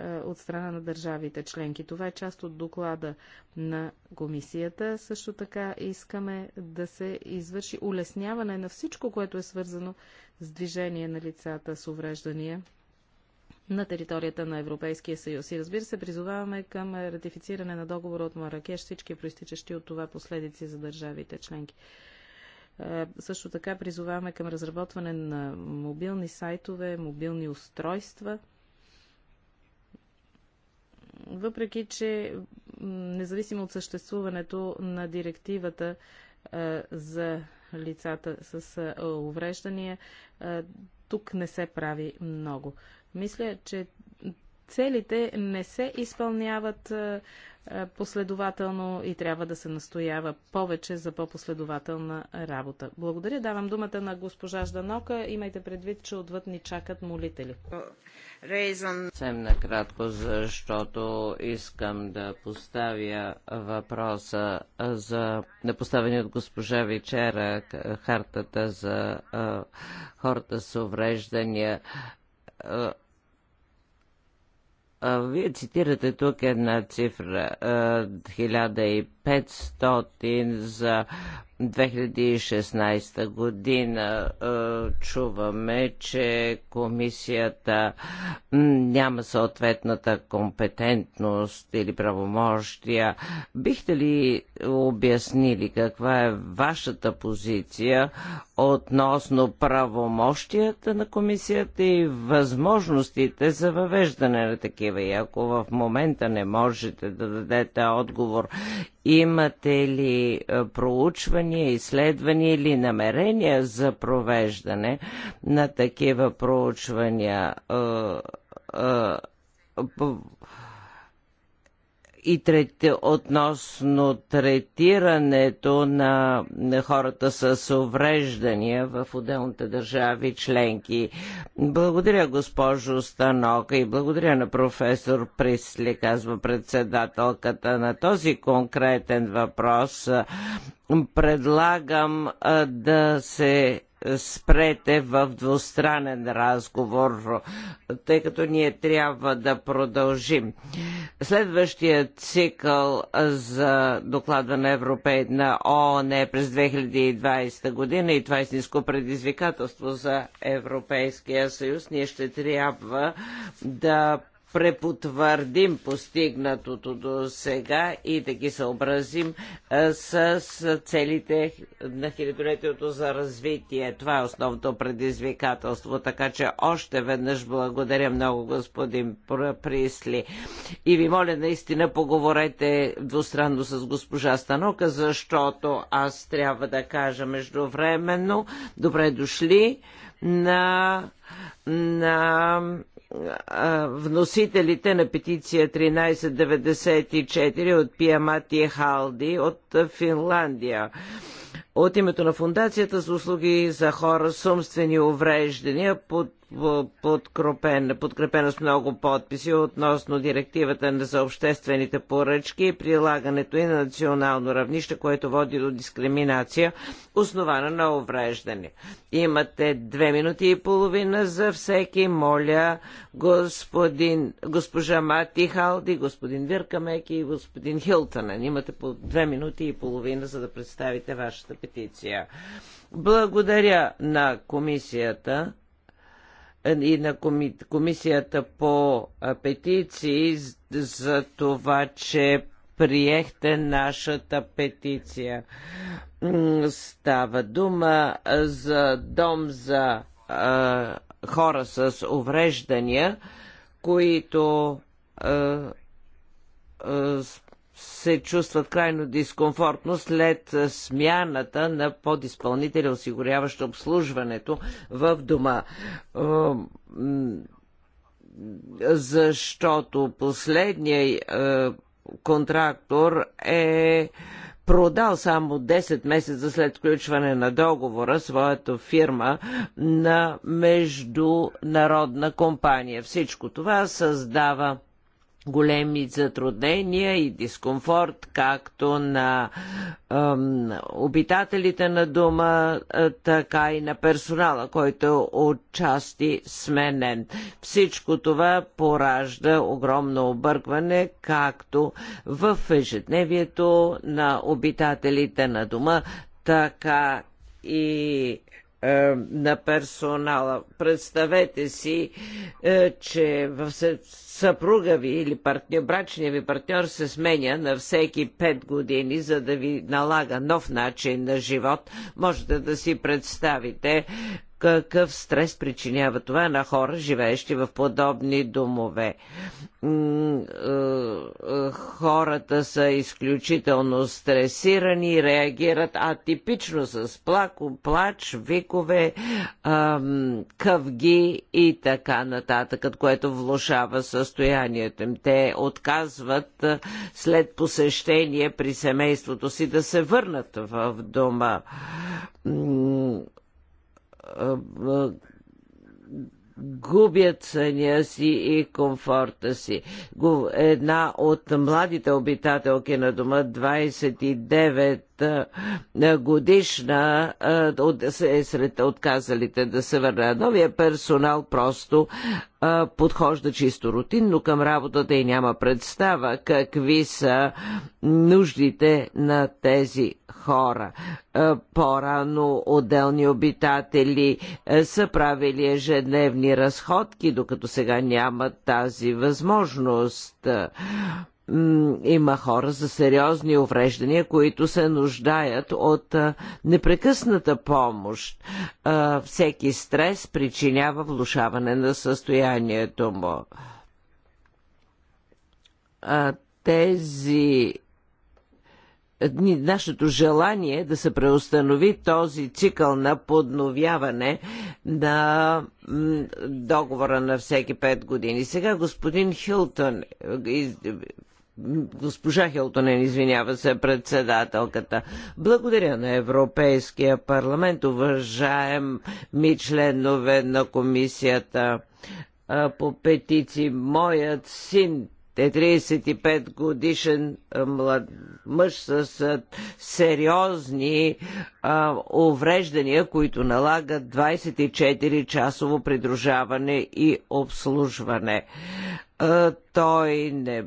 от страна на държавите членки. Това е част от доклада на комисията. Също така искаме да се извърши улесняване на всичко, което е свързано с движение на лицата с увреждания на територията на Европейския съюз. И разбира се, призоваваме към ратифициране на договора от Маракеш всички проистичащи от това последици за държавите членки. Е, също така призоваваме към разработване на мобилни сайтове, мобилни устройства, въпреки че независимо от съществуването на директивата е, за лицата с е, увреждания, тук не се прави много. Мисля, че целите не се изпълняват е, е, последователно и трябва да се настоява повече за по-последователна работа. Благодаря. Давам думата на госпожа Жданока. Имайте предвид, че отвъд ни чакат молители. Съвсем накратко, защото искам да поставя въпроса за непоставени от госпожа Вечера хартата за е, хората с увреждания вие цитирате тук една цифра 500 за 2016 година е, чуваме, че комисията няма съответната компетентност или правомощия. Бихте ли обяснили каква е вашата позиция относно правомощията на комисията и възможностите за въвеждане на такива? И ако в момента не можете да дадете отговор Имате ли проучвания, изследвания или намерения за провеждане на такива проучвания? и трети, относно третирането на хората с увреждания в отделните държави членки. Благодаря, госпожо Станока, и благодаря на професор Присли, казва председателката на този конкретен въпрос. Предлагам да се спрете в двустранен разговор, тъй като ние трябва да продължим. Следващия цикъл за доклада на Европей на ООН е през 2020 година и това е ниско предизвикателство за Европейския съюз. Ние ще трябва да препотвърдим постигнатото до сега и да ги съобразим с целите на хилядолетието за развитие. Това е основното предизвикателство, така че още веднъж благодаря много господин Присли. И ви моля наистина поговорете двустранно с госпожа Станока, защото аз трябва да кажа междувременно добре дошли на на вносителите на петиция 1394 от Пиамати Халди от Финландия. От името на Фундацията за услуги за хора с умствени увреждания под подкрепена, подкрепена с много подписи относно директивата за обществените поръчки и прилагането и на национално равнище, което води до дискриминация, основана на увреждане. Имате две минути и половина за всеки. Моля господин, госпожа Мати Халди, господин Виркамеки и господин Хилтън. Имате по две минути и половина, за да представите вашата петиция. Благодаря на комисията и на комисията по петиции за това, че приехте нашата петиция. Става дума за дом за хора с увреждания, които се чувстват крайно дискомфортно след смяната на подизпълнителя, осигуряващ обслужването в дома защото последният контрактор е продал само 10 месеца след включване на договора своята фирма на международна компания. Всичко това създава големи затруднения и дискомфорт, както на ем, обитателите на дома, така и на персонала, който отчасти сменен. Всичко това поражда огромно объркване, както в ежедневието на обитателите на дома, така и е, на персонала. Представете си, е, че в съпруга ви или партньор, брачния ви партньор се сменя на всеки 5 години, за да ви налага нов начин на живот. Можете да си представите какъв стрес причинява това на хора, живеещи в подобни домове. Е, е, хората са изключително стресирани и реагират атипично с плако, плач, викове, къвги и така нататък, което влушава състоянието им. Те отказват е, след посещение при семейството си да се върнат в дома губят съня си и комфорта си. Една от младите обитателки на дома, 29 годишна е сред отказалите да се върна Новия персонал просто подхожда чисто рутинно към работата и няма представа какви са нуждите на тези хора. По-рано отделни обитатели са правили ежедневни разходки, докато сега нямат тази възможност има хора за сериозни увреждания, които се нуждаят от непрекъсната помощ. всеки стрес причинява влушаване на състоянието му. тези нашето желание да се преустанови този цикъл на подновяване на договора на всеки 5 години. Сега господин Хилтън Госпожа Хилтонен, извинява се, председателката. Благодаря на Европейския парламент, уважаем ми членове на комисията по петиции. Моят син е 35 годишен млад мъж с сериозни а, увреждания, които налагат 24-часово придружаване и обслужване той не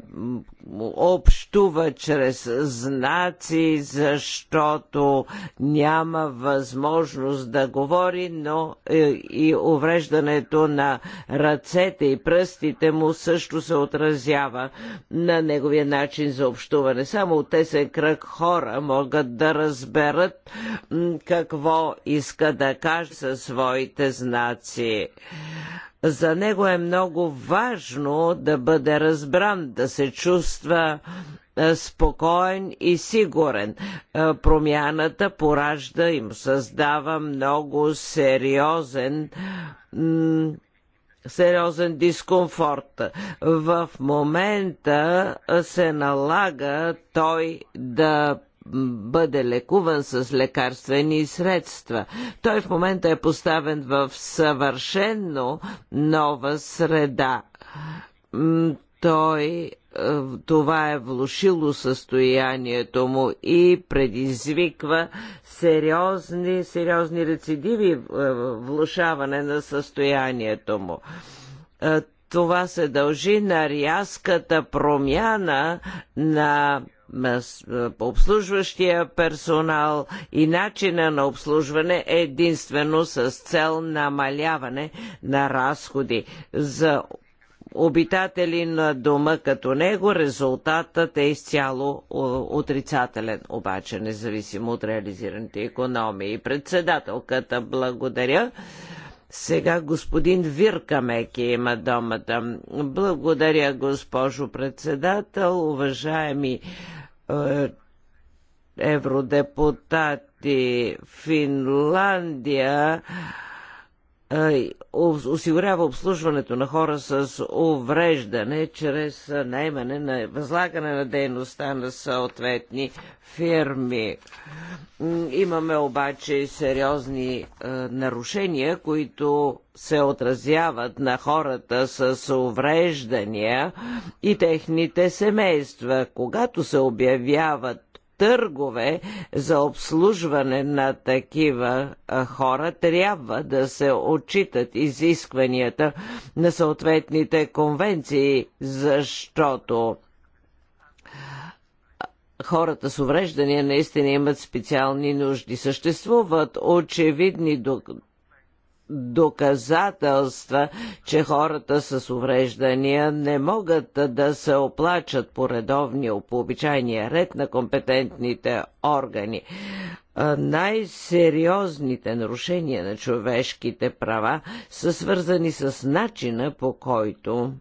общува чрез знаци, защото няма възможност да говори, но е, и увреждането на ръцете и пръстите му също се отразява на неговия начин за общуване. Само от тези кръг хора могат да разберат какво иска да каже със своите знаци. За него е много важно да бъде разбран, да се чувства е, спокоен и сигурен. Е, промяната поражда им създава много сериозен сериозен дискомфорт. В момента се налага той да бъде лекуван с лекарствени средства. Той в момента е поставен в съвършенно нова среда. Той е, това е влушило състоянието му и предизвиква сериозни, сериозни рецидиви, е, влушаване на състоянието му. Е, това се дължи на рязката промяна на е, обслужващия персонал и начина на обслужване е единствено с цел намаляване на разходи за обитатели на дома като него, резултатът е изцяло е, отрицателен, обаче независимо от реализираните економии. Председателката благодаря. Сега господин Виркамеки има домата. Благодаря, госпожо председател, уважаеми е, евродепутати Финландия е, осигурява обслужването на хора с увреждане чрез наемане на възлагане на дейността на съответни фирми. Имаме обаче сериозни е, нарушения, които се отразяват на хората с увреждания и техните семейства. Когато се обявяват търгове за обслужване на такива хора трябва да се отчитат изискванията на съответните конвенции, защото хората с увреждания наистина имат специални нужди. Съществуват очевидни доказателства, че хората с увреждания не могат да се оплачат по редовния, по обичайния ред на компетентните органи. Най-сериозните нарушения на човешките права са свързани с начина по който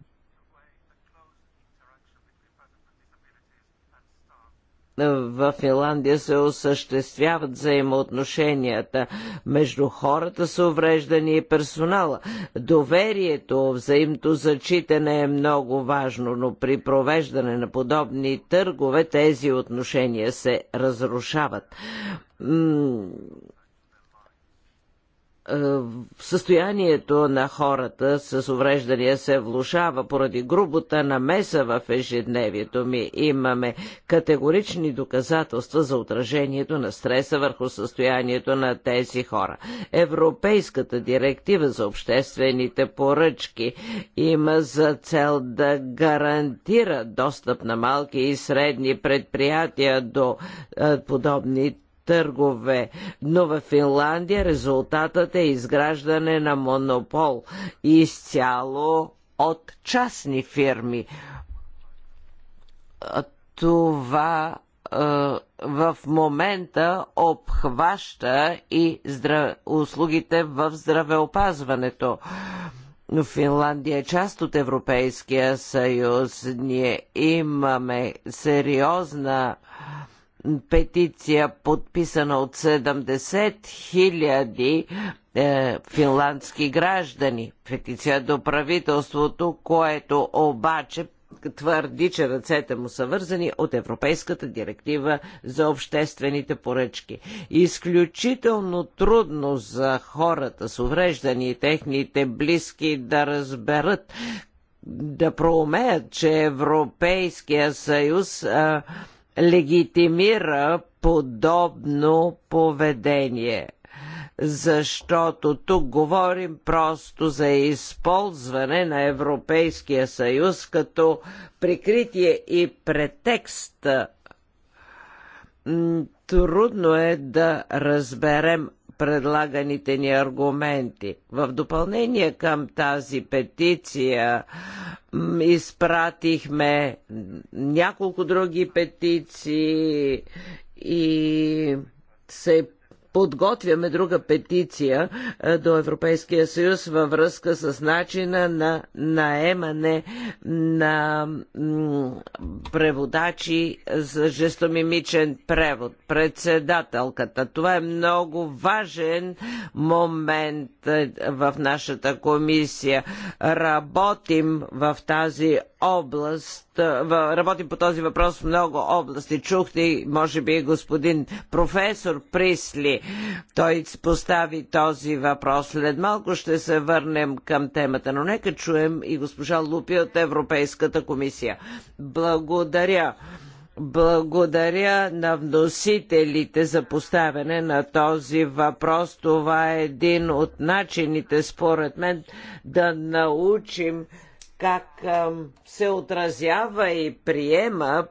в Финландия се осъществяват взаимоотношенията между хората с увреждания и персонала. Доверието, взаимното зачитане е много важно, но при провеждане на подобни търгове тези отношения се разрушават е, състоянието на хората с увреждания се влушава поради грубота на меса в ежедневието ми. Имаме категорични доказателства за отражението на стреса върху състоянието на тези хора. Европейската директива за обществените поръчки има за цел да гарантира достъп на малки и средни предприятия до е, подобни търгове. Но в Финландия резултатът е изграждане на монопол изцяло от частни фирми. Това в момента обхваща и услугите в здравеопазването. Финландия е част от Европейския съюз. Ние имаме сериозна а, петиция, подписана от 70 хиляди е, финландски граждани. Петиция до правителството, което обаче твърди, че ръцете му са вързани от Европейската директива за обществените поръчки. Изключително трудно за хората с увреждани и техните близки да разберат, да проумеят, че Европейския съюз а, легитимира подобно поведение защото тук говорим просто за използване на Европейския съюз като прикритие и претекст. Трудно е да разберем предлаганите ни аргументи. В допълнение към тази петиция изпратихме няколко други петиции и се подготвяме друга петиция до Европейския съюз във връзка с начина на наемане на преводачи за жестомимичен превод. Председателката. Това е много важен момент е, в нашата комисия. Работим в тази област е, работим по този въпрос в много области. Чухте, може би, господин професор Присли. Той постави този въпрос. След малко ще се върнем към темата, но нека чуем и госпожа Лупи от Европейската комисия. Благодаря. Благодаря на вносителите за поставяне на този въпрос. Това е един от начините, според мен, да научим как се отразява и приема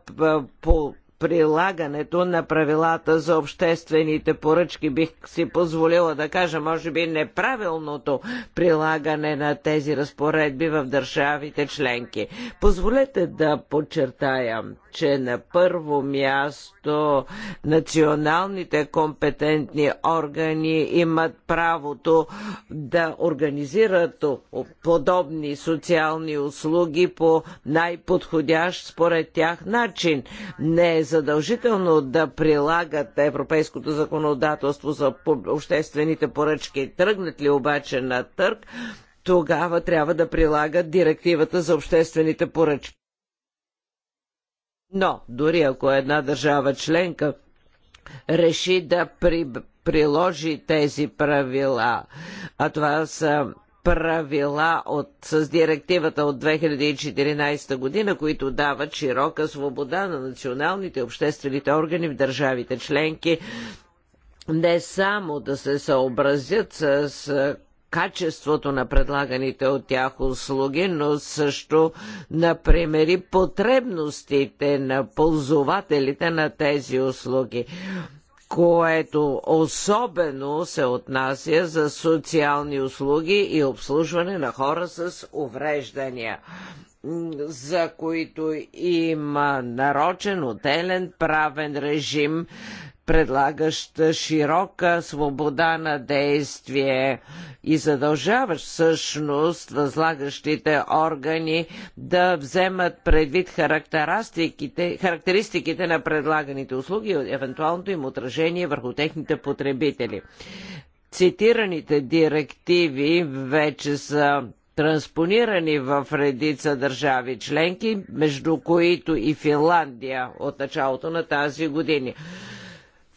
по прилагането на правилата за обществените поръчки. Бих си позволила да кажа, може би, неправилното прилагане на тези разпоредби в държавите членки. Позволете да подчертая, че на първо място националните компетентни органи имат правото да организират подобни социални услуги по най-подходящ според тях начин. Не е задължително да прилагат европейското законодателство за обществените поръчки. Тръгнат ли обаче на търг, тогава трябва да прилагат директивата за обществените поръчки. Но дори ако една държава членка реши да при, приложи тези правила, а това са правила от, с директивата от 2014 година, които дават широка свобода на националните обществените органи в държавите членки не само да се съобразят с, с качеството на предлаганите от тях услуги, но също, например, и потребностите на ползователите на тези услуги което особено се отнася за социални услуги и обслужване на хора с увреждания за които има нарочен отделен правен режим Предлагаща широка свобода на действие и задължаващ всъщност възлагащите органи да вземат предвид характеристиките, характеристиките на предлаганите услуги и евентуалното им отражение върху техните потребители. Цитираните директиви вече са транспонирани в редица държави членки, между които и Финландия от началото на тази година.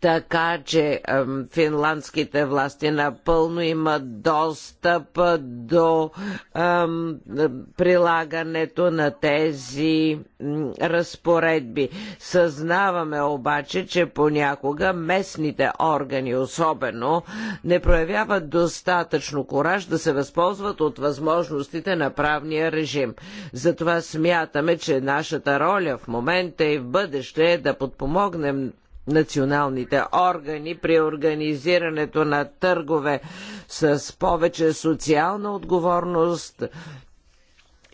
така че финландските власти напълно имат достъп до прилагането на тези разпоредби. Съзнаваме обаче, че понякога местните органи особено не проявяват достатъчно кораж да се възползват от възможностите на правния режим. Затова смятаме, че нашата роля в момента и в бъдеще е да подпомогнем националните органи при организирането на търгове с повече социална отговорност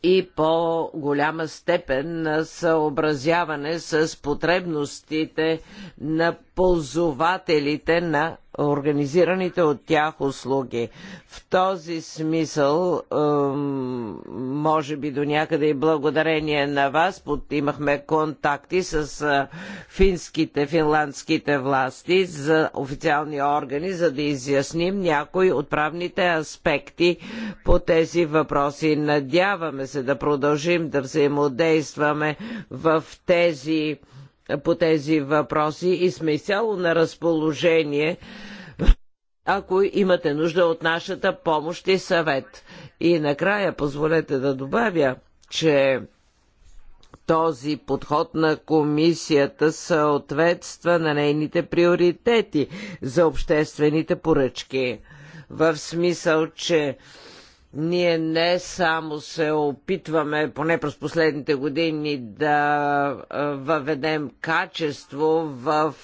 и по-голяма степен на съобразяване с потребностите на ползвателите на организираните от тях услуги. В този смисъл, може би до някъде и благодарение на вас, имахме контакти с финските, финландските власти за официални органи, за да изясним някои от правните аспекти по тези въпроси. Надяваме се да продължим да взаимодействаме в тези по тези въпроси и сме изцяло на разположение, ако имате нужда от нашата помощ и съвет. И накрая позволете да добавя, че този подход на комисията съответства на нейните приоритети за обществените поръчки. В смисъл, че ние не само се опитваме, поне през последните години, да въведем качество в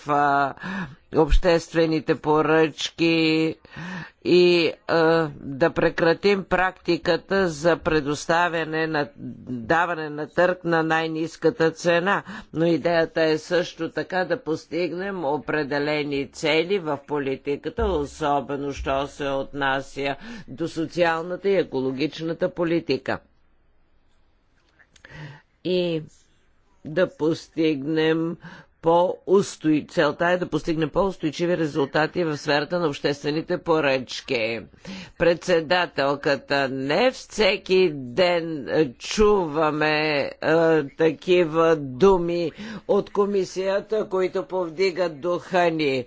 обществените поръчки и а, да прекратим практиката за предоставяне на даване на търг на най-низката цена. Но идеята е също така да постигнем определени цели в политиката, особено що се отнася до социалната и екологичната политика. И да постигнем по-устой... Целта е да постигне по-устойчиви резултати в сферата на обществените поръчки. Председателката, не всеки ден е, чуваме е, такива думи от комисията, които повдигат духа ни,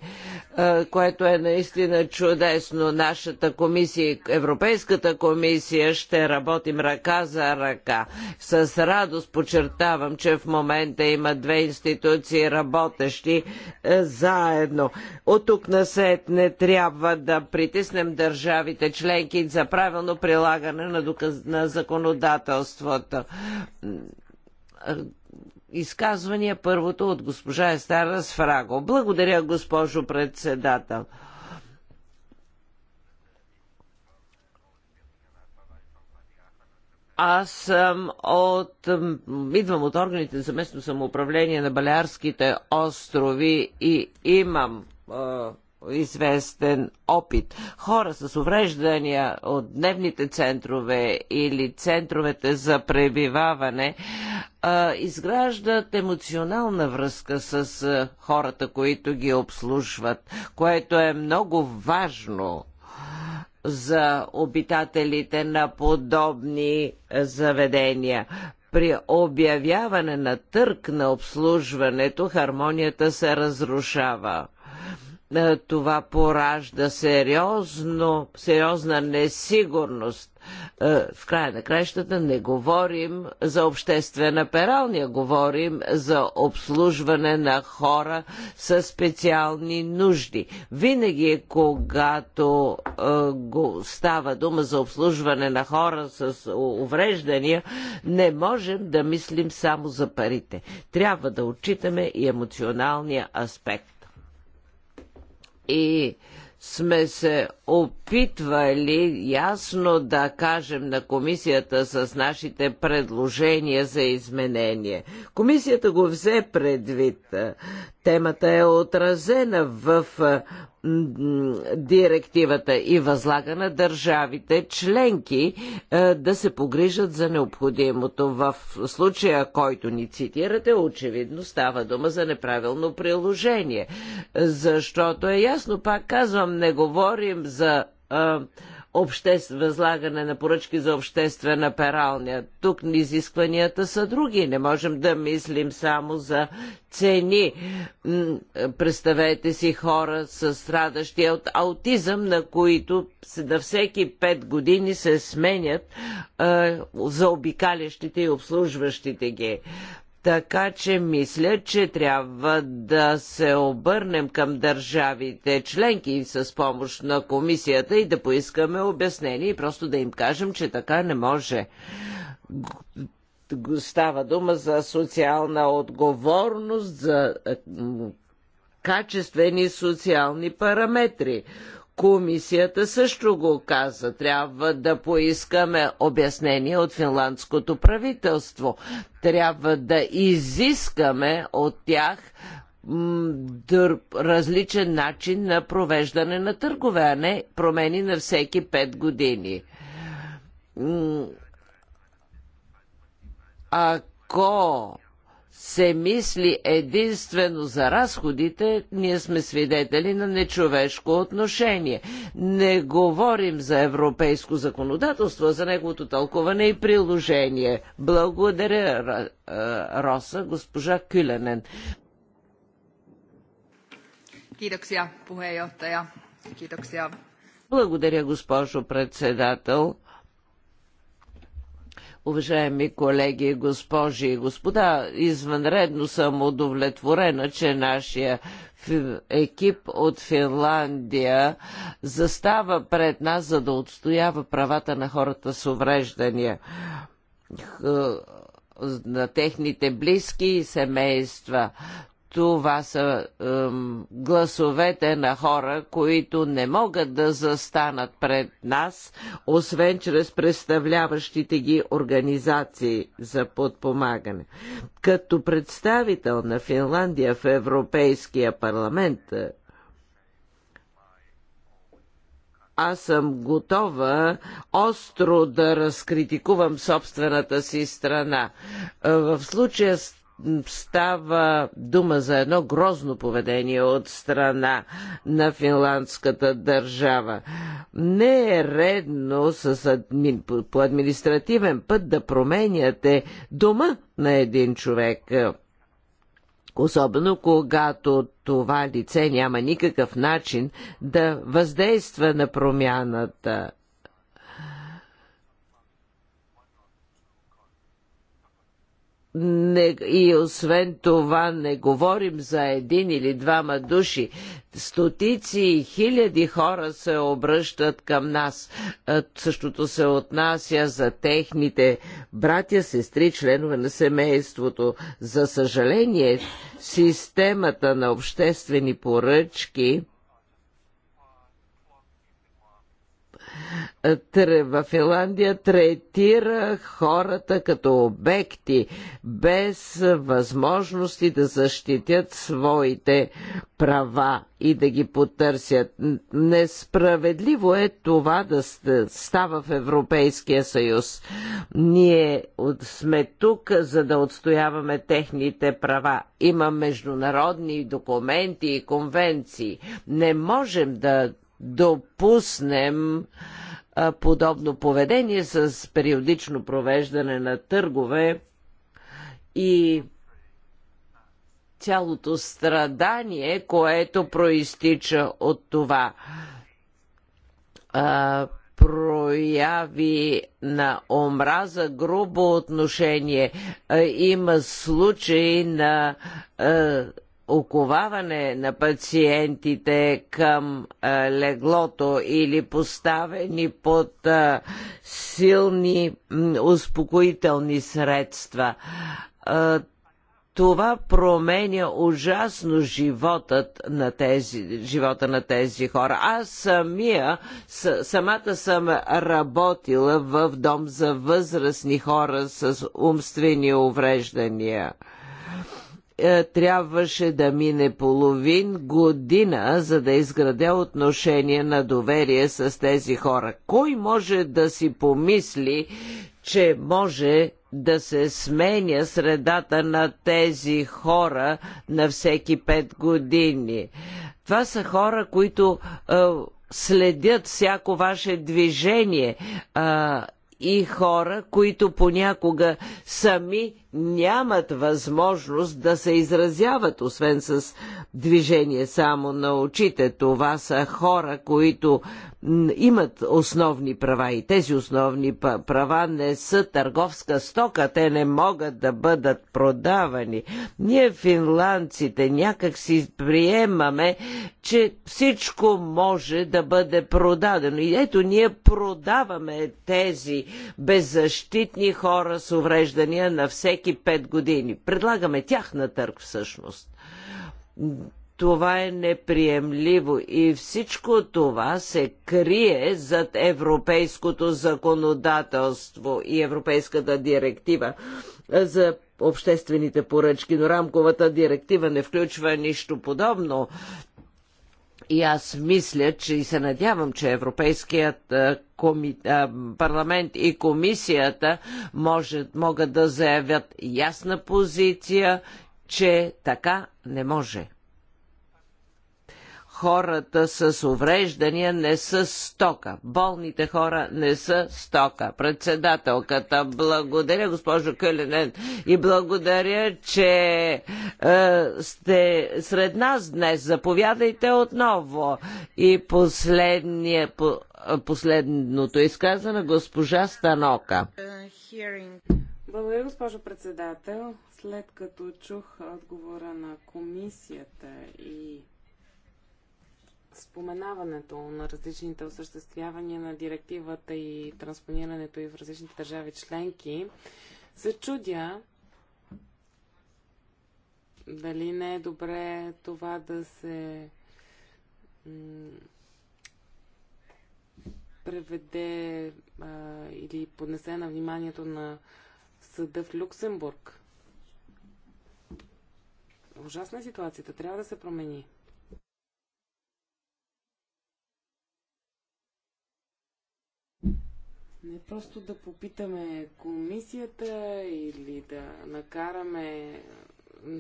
е, което е наистина чудесно. Нашата комисия, Европейската комисия, ще работим ръка за ръка. С радост подчертавам, че в момента има две институции, работещи е, заедно. От тук на сет не трябва да притиснем държавите членки за правилно прилагане на, доказ... на законодателството. Е, изказвания първото от госпожа Естара Сфраго. Благодаря, госпожо председател. Аз съм от... Идвам от органите за местно самоуправление на Балярските острови и имам известен опит. Хора с увреждания от дневните центрове или центровете за пребиваване е, изграждат емоционална връзка с хората, които ги обслужват, което е много важно за обитателите на подобни е, заведения. При обявяване на търк на обслужването хармонията се разрушава е, това поражда сериозно, сериозна несигурност. Е, в края на краищата не говорим за обществена пералня, говорим за обслужване на хора с специални нужди. Винаги, когато е, го става дума за обслужване на хора с увреждания, не можем да мислим само за парите. Трябва да отчитаме и емоционалния аспект. И сме се опитвали ясно да кажем на комисията с нашите предложения за изменение. Комисията го взе предвид. Темата е отразена в директивата и възлага на държавите членки да се погрижат за необходимото. В случая, който ни цитирате, очевидно става дума за неправилно приложение. Защото е ясно, пак казвам, не говорим за а, обществ, възлагане на поръчки за обществена пералня. Тук изискванията са други. Не можем да мислим само за цени. Представете си хора с страдащи от аутизъм, на които на всеки 5 години се сменят за обикалящите и обслужващите ги. Така че мисля, че трябва да се обърнем към държавите членки с помощ на комисията и да поискаме обяснение и просто да им кажем, че така не може. Става дума за социална отговорност, за качествени социални параметри, Комисията също го каза. Трябва да поискаме обяснение от финландското правителство. Трябва да изискаме от тях различен начин на провеждане на търгове, а не промени на всеки 5 години. Ако се мисли единствено за разходите, ние сме свидетели на нечовешко отношение. Не говорим за европейско законодателство, а за неговото тълкуване и приложение. Благодаря, Роса, госпожа Кюленен. Благодаря, госпожо председател. Уважаеми колеги, госпожи и господа, извънредно съм удовлетворена, че нашия екип от Финландия застава пред нас, за да отстоява правата на хората с увреждания на техните близки и семейства това са ем, гласовете на хора, които не могат да застанат пред нас, освен чрез представляващите ги организации за подпомагане. Като представител на Финландия в Европейския парламент, аз съм готова остро да разкритикувам собствената си страна. Е, в случая с става дума за едно грозно поведение от страна на финландската държава. Не е редно с адми... по административен път да променяте дома на един човек. Особено когато това лице няма никакъв начин да въздейства на промяната. не, и освен това не говорим за един или двама души. Стотици и хиляди хора се обръщат към нас. Същото се отнася за техните братя, сестри, членове на семейството. За съжаление, системата на обществени поръчки – в Финландия третира хората като обекти, без възможности да защитят своите права и да ги потърсят. Несправедливо е това да става в Европейския съюз. Ние сме тук, за да отстояваме техните права. Има международни документи и конвенции. Не можем да допуснем подобно поведение с периодично провеждане на търгове и цялото страдание, което проистича от това прояви на омраза, грубо отношение. има случаи на оковаване на пациентите към а, е, леглото или поставени под а, е, силни м, успокоителни средства. А, е, това променя ужасно животът на тези, живота на тези хора. Аз самия, с, самата съм работила в дом за възрастни хора с умствени увреждания. Е, трябваше да мине половин година, за да изградя отношение на доверие с тези хора. Кой може да си помисли, че може да се сменя средата на тези хора на всеки пет години? Това са хора, които е, следят всяко ваше движение и хора, които понякога сами нямат възможност да се изразяват, освен с движение само на очите. Това са хора, които имат основни права и тези основни права не са търговска стока, те не могат да бъдат продавани. Ние финландците някак си приемаме, че всичко може да бъде продадено. И ето ние продаваме тези беззащитни хора с увреждания на всеки всеки пет години. Предлагаме тях на търг всъщност. Това е неприемливо и всичко това се крие зад европейското законодателство и европейската директива за обществените поръчки, но рамковата директива не включва нищо подобно. И аз мисля, че и се надявам, че Европейският коми... парламент и комисията може, могат да заявят ясна позиция, че така не може хората с увреждания не са стока. Болните хора не са стока. Председателката, благодаря, госпожо Кълинен, и благодаря, че е, сте сред нас днес. Заповядайте отново. И последния, по, последното изказване госпожа Станока. Благодаря, госпожо председател. След като чух отговора на комисията и споменаването на различните осъществявания на директивата и транспонирането и в различните държави членки, се чудя дали не е добре това да се преведе а, или поднесе на вниманието на съда в Люксембург. Ужасна е ситуацията. Трябва да се промени. Не просто да попитаме комисията или да накараме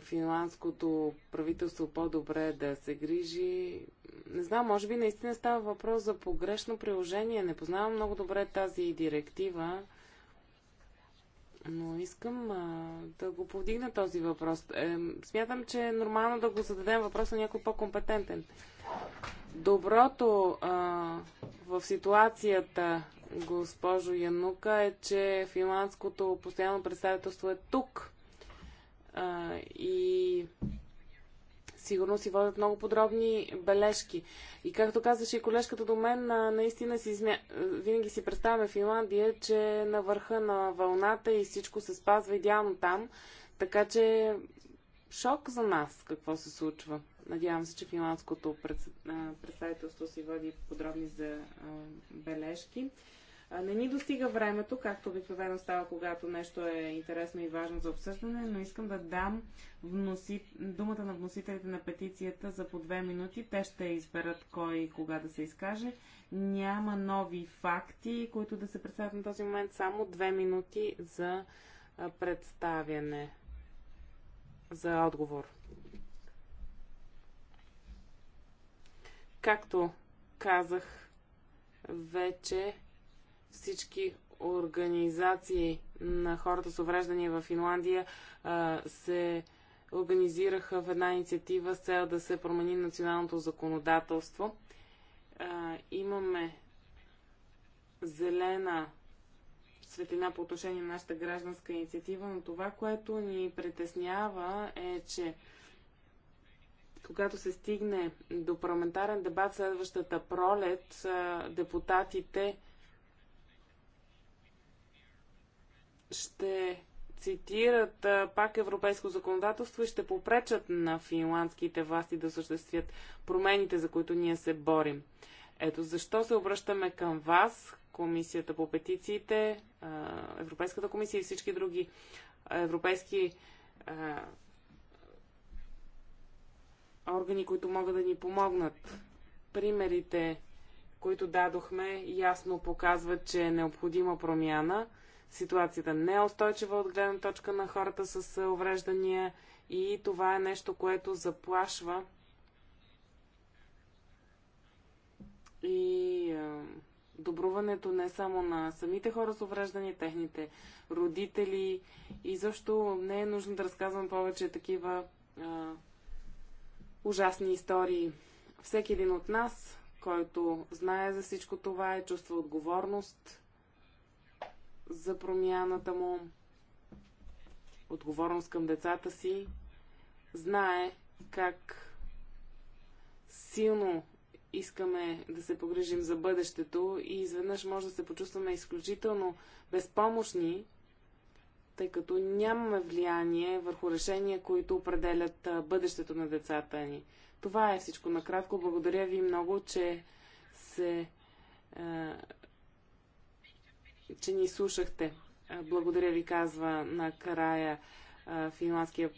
финландското правителство по-добре да се грижи. Не знам, може би наистина става въпрос за погрешно приложение. Не познавам много добре тази директива, но искам а, да го повдигна този въпрос. Е, смятам, че е нормално да го зададем въпрос на някой по-компетентен. Доброто а, в ситуацията госпожо Янука, е, че финландското постоянно представителство е тук. А, и сигурно си водят много подробни бележки. И както казваше и колежката до мен, наистина си изня... винаги си представяме Финландия, че е на върха на вълната и всичко се спазва идеално там. Така че шок за нас какво се случва. Надявам се, че финландското представителство си води подробни за бележки. Не ни достига времето, както обикновено става, когато нещо е интересно и важно за обсъждане, но искам да дам вноси... думата на вносителите на петицията за по две минути. Те ще изберат кой и кога да се изкаже. Няма нови факти, които да се представят на този момент. Само две минути за представяне, за отговор. Както казах вече, всички организации на хората с увреждания в Финландия а, се организираха в една инициатива с цел да се промени националното законодателство. А, имаме зелена светлина по отношение на нашата гражданска инициатива, но това, което ни притеснява е, че когато се стигне до парламентарен дебат следващата пролет, депутатите ще цитират пак европейско законодателство и ще попречат на финландските власти да осъществят промените, за които ние се борим. Ето защо се обръщаме към вас, Комисията по петициите, Европейската комисия и всички други европейски органи, които могат да ни помогнат. Примерите, които дадохме, ясно показват, че е необходима промяна. Ситуацията не е устойчива от гледна точка на хората с увреждания и това е нещо, което заплашва и добруването не само на самите хора с увреждания, техните родители. И защо не е нужно да разказвам повече такива а, ужасни истории. Всеки един от нас, който знае за всичко това и е чувства отговорност за промяната му, отговорност към децата си, знае как силно искаме да се погрижим за бъдещето и изведнъж може да се почувстваме изключително безпомощни тъй като нямаме влияние върху решения, които определят бъдещето на децата ни. Това е всичко. Накратко благодаря ви много, че се че ни слушахте. Благодаря ви, казва накрая финландския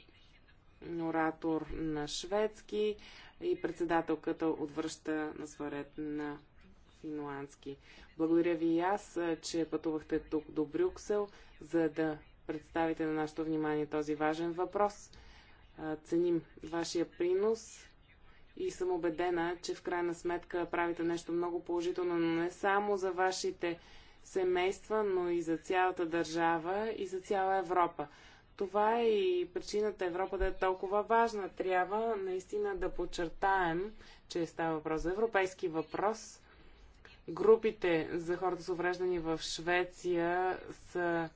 оратор на шведски и председателката отвръща на сварет на финландски. Благодаря ви и аз, че пътувахте тук до Брюксел, за да представите на нашето внимание този важен въпрос. Ценим вашия принос и съм убедена, че в крайна сметка правите нещо много положително, но не само за вашите семейства, но и за цялата държава и за цяла Европа. Това е и причината Европа да е толкова важна. Трябва наистина да подчертаем, че става въпрос за европейски въпрос. Групите за хората с увреждани в Швеция са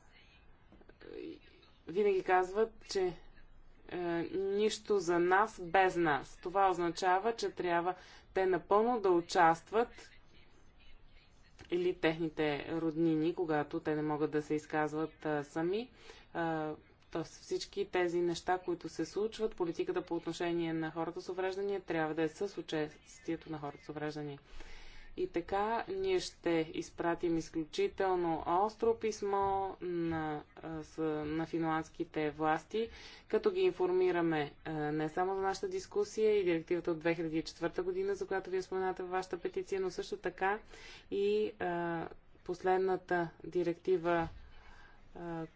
винаги казват, че е, нищо за нас без нас. Това означава, че трябва те напълно да участват или техните роднини, когато те не могат да се изказват а, е, сами. А, е, Тоест всички тези неща, които се случват, политиката по отношение на хората с увреждания трябва да е с участието на хората с увреждания. И така ние ще изпратим изключително остро писмо на, на финландските власти, като ги информираме не само за нашата дискусия и директивата от 2004 година, за която вие споменате във вашата петиция, но също така и последната директива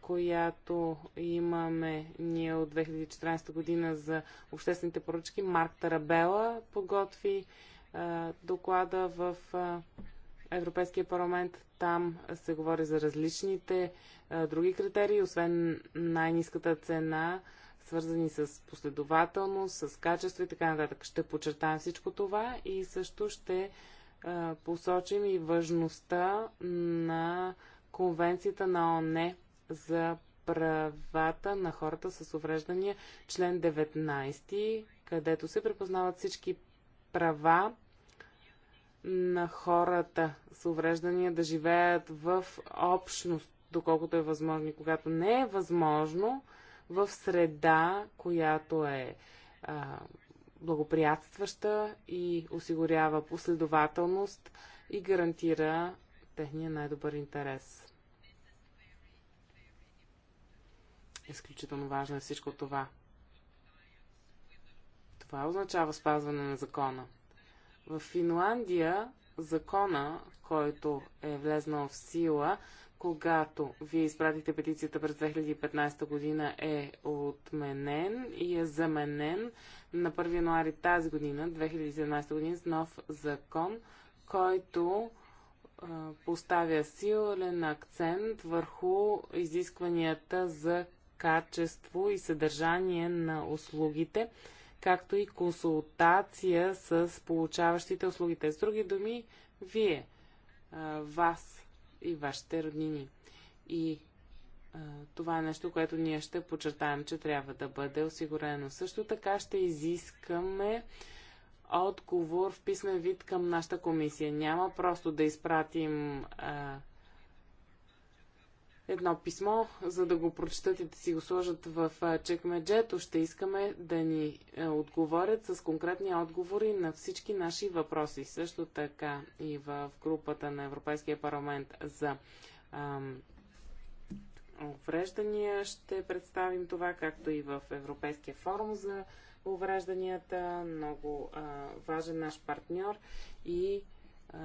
която имаме ние от 2014 година за обществените поръчки. Марк Тарабела подготви доклада в Европейския парламент. Там се говори за различните други критерии, освен най-низката цена, свързани с последователност, с качество и така нататък. Ще подчертаем всичко това и също ще посочим и важността на Конвенцията на ОНЕ за правата на хората с увреждания, член 19, където се препознават всички права на хората с увреждания да живеят в общност, доколкото е възможно. И когато не е възможно, в среда, която е а, благоприятстваща и осигурява последователност и гарантира техния най-добър интерес. Изключително важно е всичко това. Това означава спазване на закона. В Финландия закона, който е влезнал в сила, когато вие изпратите петицията през 2015 година, е отменен и е заменен на 1 януари тази година, 2017 година, с нов закон, който поставя силен акцент върху изискванията за качество и съдържание на услугите както и консултация с получаващите услугите. С други думи, вие, вас и вашите роднини. И това е нещо, което ние ще подчертаем, че трябва да бъде осигурено. Също така ще изискаме отговор в писмен вид към нашата комисия. Няма просто да изпратим а, едно писмо, за да го прочитат и да си го сложат в чекмеджето. Ще искаме да ни отговорят с конкретни отговори на всички наши въпроси. Също така и в групата на Европейския парламент за ам, увреждания ще представим това, както и в Европейския форум за уврежданията. Много а, важен наш партньор и а,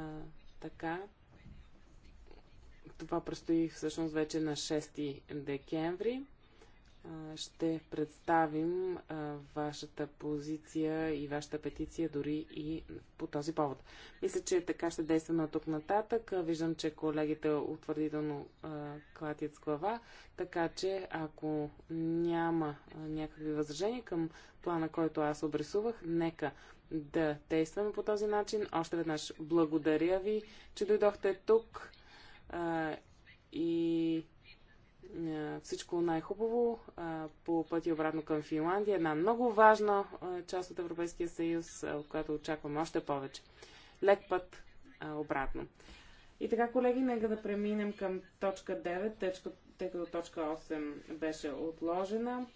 така това предстои всъщност вече на 6 декември. Ще представим вашата позиция и вашата петиция дори и по този повод. Мисля, че така ще действаме от тук нататък. Виждам, че колегите утвърдително клатят с глава, така че ако няма някакви възражения към плана, който аз обрисувах, нека да действаме по този начин. Още веднъж благодаря ви, че дойдохте тук а, и а, всичко най-хубаво по пъти обратно към Финландия. Една много важна а, част от Европейския съюз, от която очакваме още повече. Лек път обратно. И така, колеги, нека да преминем към точка 9, тъй като точка 8 беше отложена.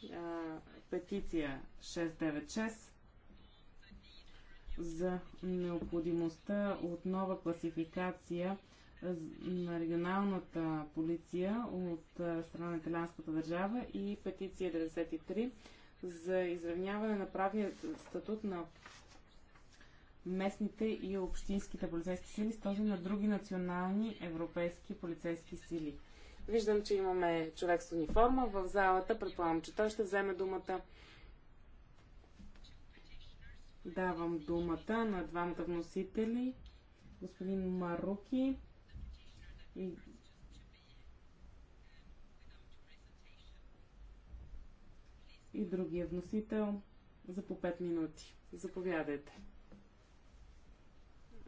Петиция 696 за необходимостта от нова класификация на регионалната полиция от страна на италианската държава и петиция 93 за изравняване на правния статут на местните и общинските полицейски сили с този на други национални европейски полицейски сили. Виждам, че имаме човек с униформа в залата. Предполагам, че той ще вземе думата. Давам думата на двамата вносители. Господин Маруки и другия вносител за по 5 минути. Заповядайте.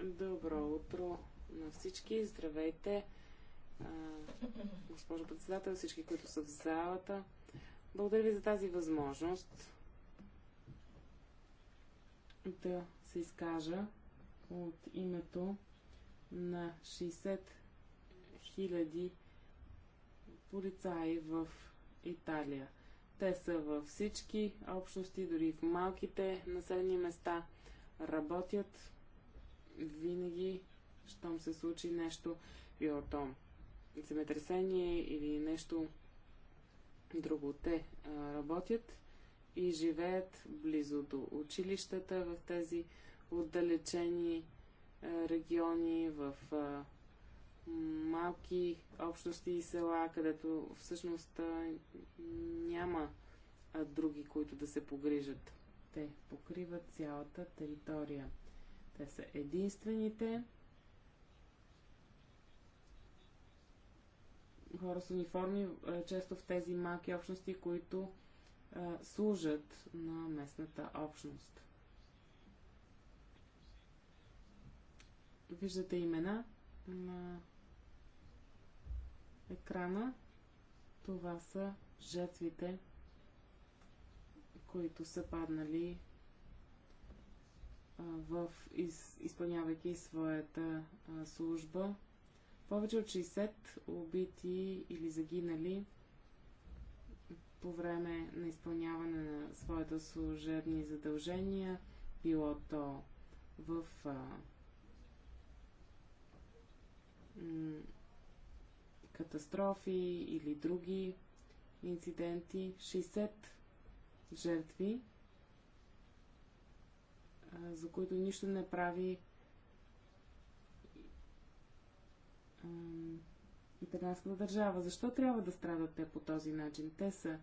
Добро утро на всички. Здравейте, госпожо председател, всички, които са в залата. Благодаря ви за тази възможност да се изкажа от името на 60 хиляди полицаи в Италия. Те са във всички общности, дори в малките населени места, работят винаги, щом се случи нещо, било то земетресение или нещо друго. Те а, работят и живеят близо до училищата в тези отдалечени а, региони, в а, малки общности и села, където всъщност няма други, които да се погрижат. Те покриват цялата територия. Те са единствените хора с униформи, често в тези малки общности, които служат на местната общност. Виждате имена на екрана. Това са жертвите, които са паднали в из, изпълнявайки своята а, служба. Повече от 60 убити или загинали по време на изпълняване на своите служебни задължения, било то в а, катастрофи или други инциденти. 60 жертви, за които нищо не прави италианската държава. Защо трябва да страдат те по този начин? Те са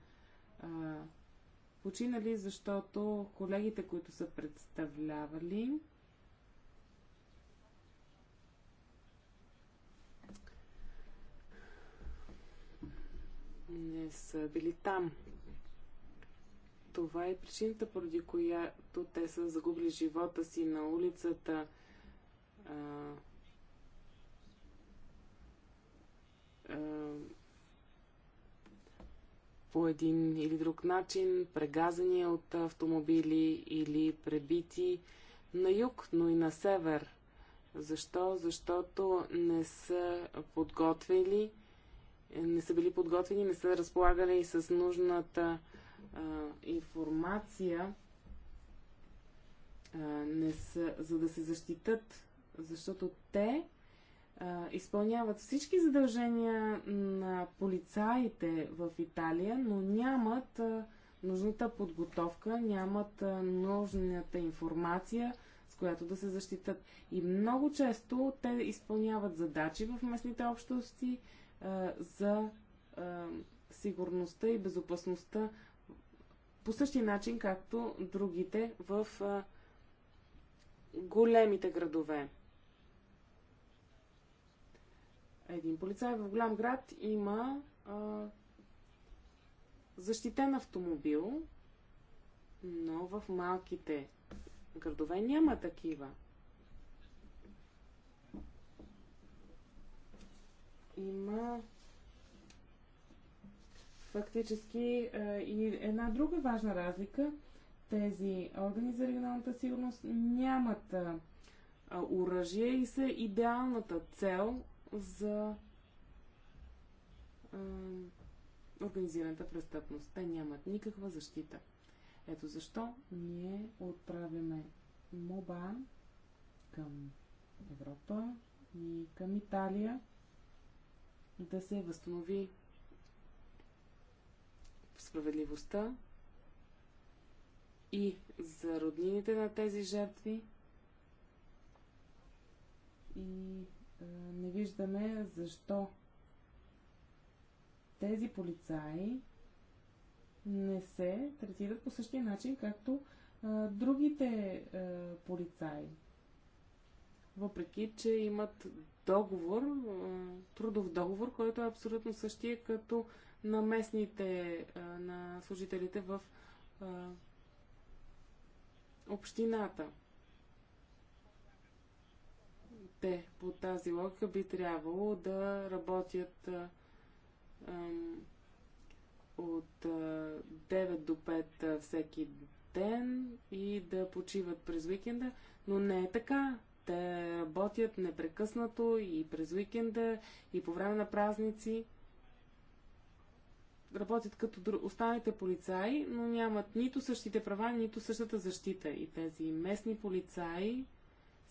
а, починали, защото колегите, които са представлявали, не са били там. Това е причината, поради която те са загубили живота си на улицата. А, а, по един или друг начин, прегазани от автомобили или пребити на юг, но и на север. Защо? Защото не са подготвили не са били подготвени, не са разполагали и с нужната а, информация, а, не са, за да се защитат, защото те а, изпълняват всички задължения на полицаите в Италия, но нямат а, нужната подготовка, нямат а, нужната информация, с която да се защитат. И много често те изпълняват задачи в местните общности, за сигурността и безопасността по същия начин, както другите в големите градове. Един полицай в голям град има защитен автомобил, но в малките градове няма такива. има фактически е, и една друга важна разлика. Тези органи за регионалната сигурност нямат е, оръжие и са идеалната цел за а, е, организираната престъпност. Те нямат никаква защита. Ето защо ние отправяме МОБА към Европа и към Италия да се възстанови справедливостта и за роднините на тези жертви. И е, не виждаме защо тези полицаи не се третират по същия начин, както е, другите е, полицаи. Въпреки, че имат договор, трудов договор, който е абсолютно същия като на местните, на служителите в общината. Те по тази логика би трябвало да работят от 9 до 5 всеки ден и да почиват през уикенда, но не е така. Те работят непрекъснато и през уикенда, и по време на празници. Работят като останалите полицаи, но нямат нито същите права, нито същата защита. И тези местни полицаи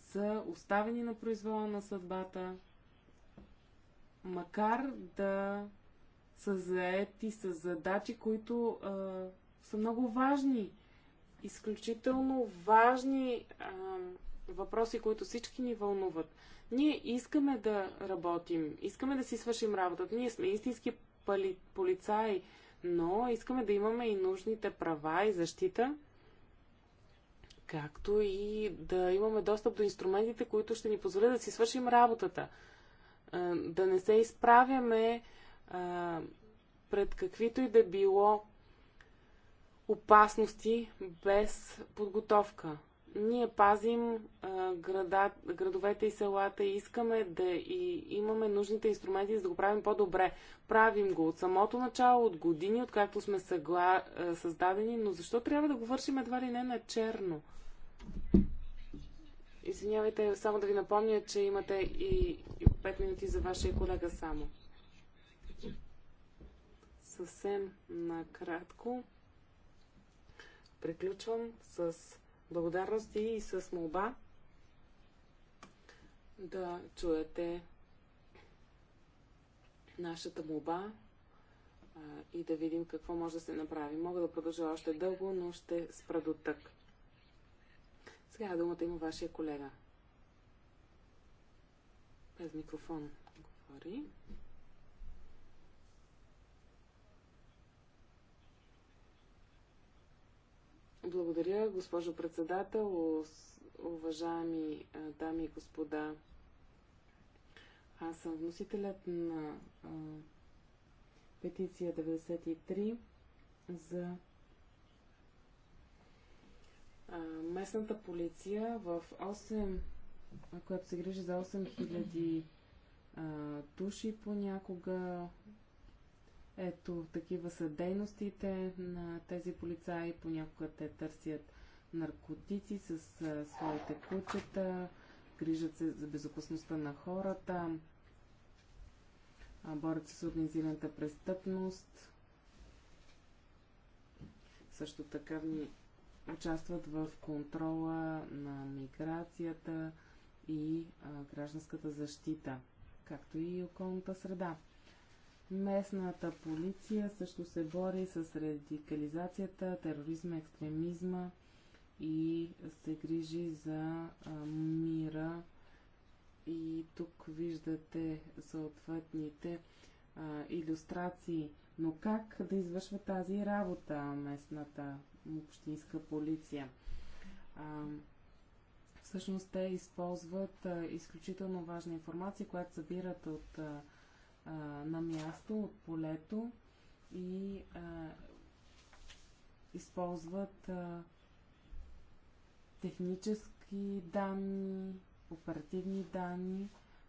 са оставени на произвола на съдбата, макар да са заети с задачи, които а, са много важни. Изключително важни. А, въпроси, които всички ни вълнуват. Ние искаме да работим, искаме да си свършим работата, ние сме истински пали, полицаи, но искаме да имаме и нужните права и защита, както и да имаме достъп до инструментите, които ще ни позволят да си свършим работата. Да не се изправяме пред каквито и да било опасности без подготовка ние пазим а, града, градовете и селата и искаме да и имаме нужните инструменти, за да го правим по-добре. Правим го от самото начало, от години, откакто сме съгла, а, създадени, но защо трябва да го вършим едва ли не на черно? Извинявайте, само да ви напомня, че имате и, и 5 минути за вашия колега само. Съвсем накратко. Приключвам с благодарности и с молба да чуете нашата молба и да видим какво може да се направи. Мога да продължа още дълго, но ще спра до тък. Сега думата има вашия колега. Без микрофон говори. Благодаря, госпожо председател, уважаеми дами и господа. Аз съм вносителят на петиция 93 за местната полиция в 8, която се грижи за 8000 души понякога, ето, такива са дейностите на тези полицаи. Понякога те търсят наркотици с а, своите кучета, грижат се за безопасността на хората, а, борят се с организираната престъпност. Също така ни участват в контрола на миграцията и а, гражданската защита, както и околната среда. Местната полиция също се бори с радикализацията, тероризма, екстремизма и се грижи за а, мира. И тук виждате съответните а, иллюстрации. Но как да извършва тази работа местната общинска полиция? А, всъщност те използват а, изключително важна информация, която събират от а, а, на място, от полето и а, използват а, технически данни, оперативни данни,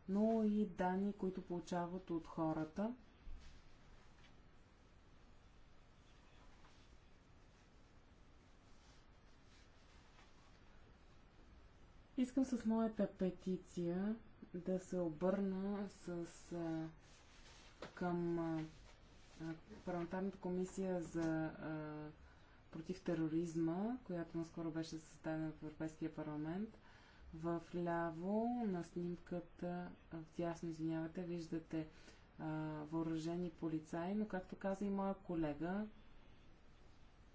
но и данни, които получават от хората. Искам с моята петиция да се обърна с към парламентарната комисия за против тероризма, която наскоро беше създадена в Европейския парламент. В ляво на снимката, в дясно, извинявате, виждате а, въоръжени полицаи, но както каза и моя колега,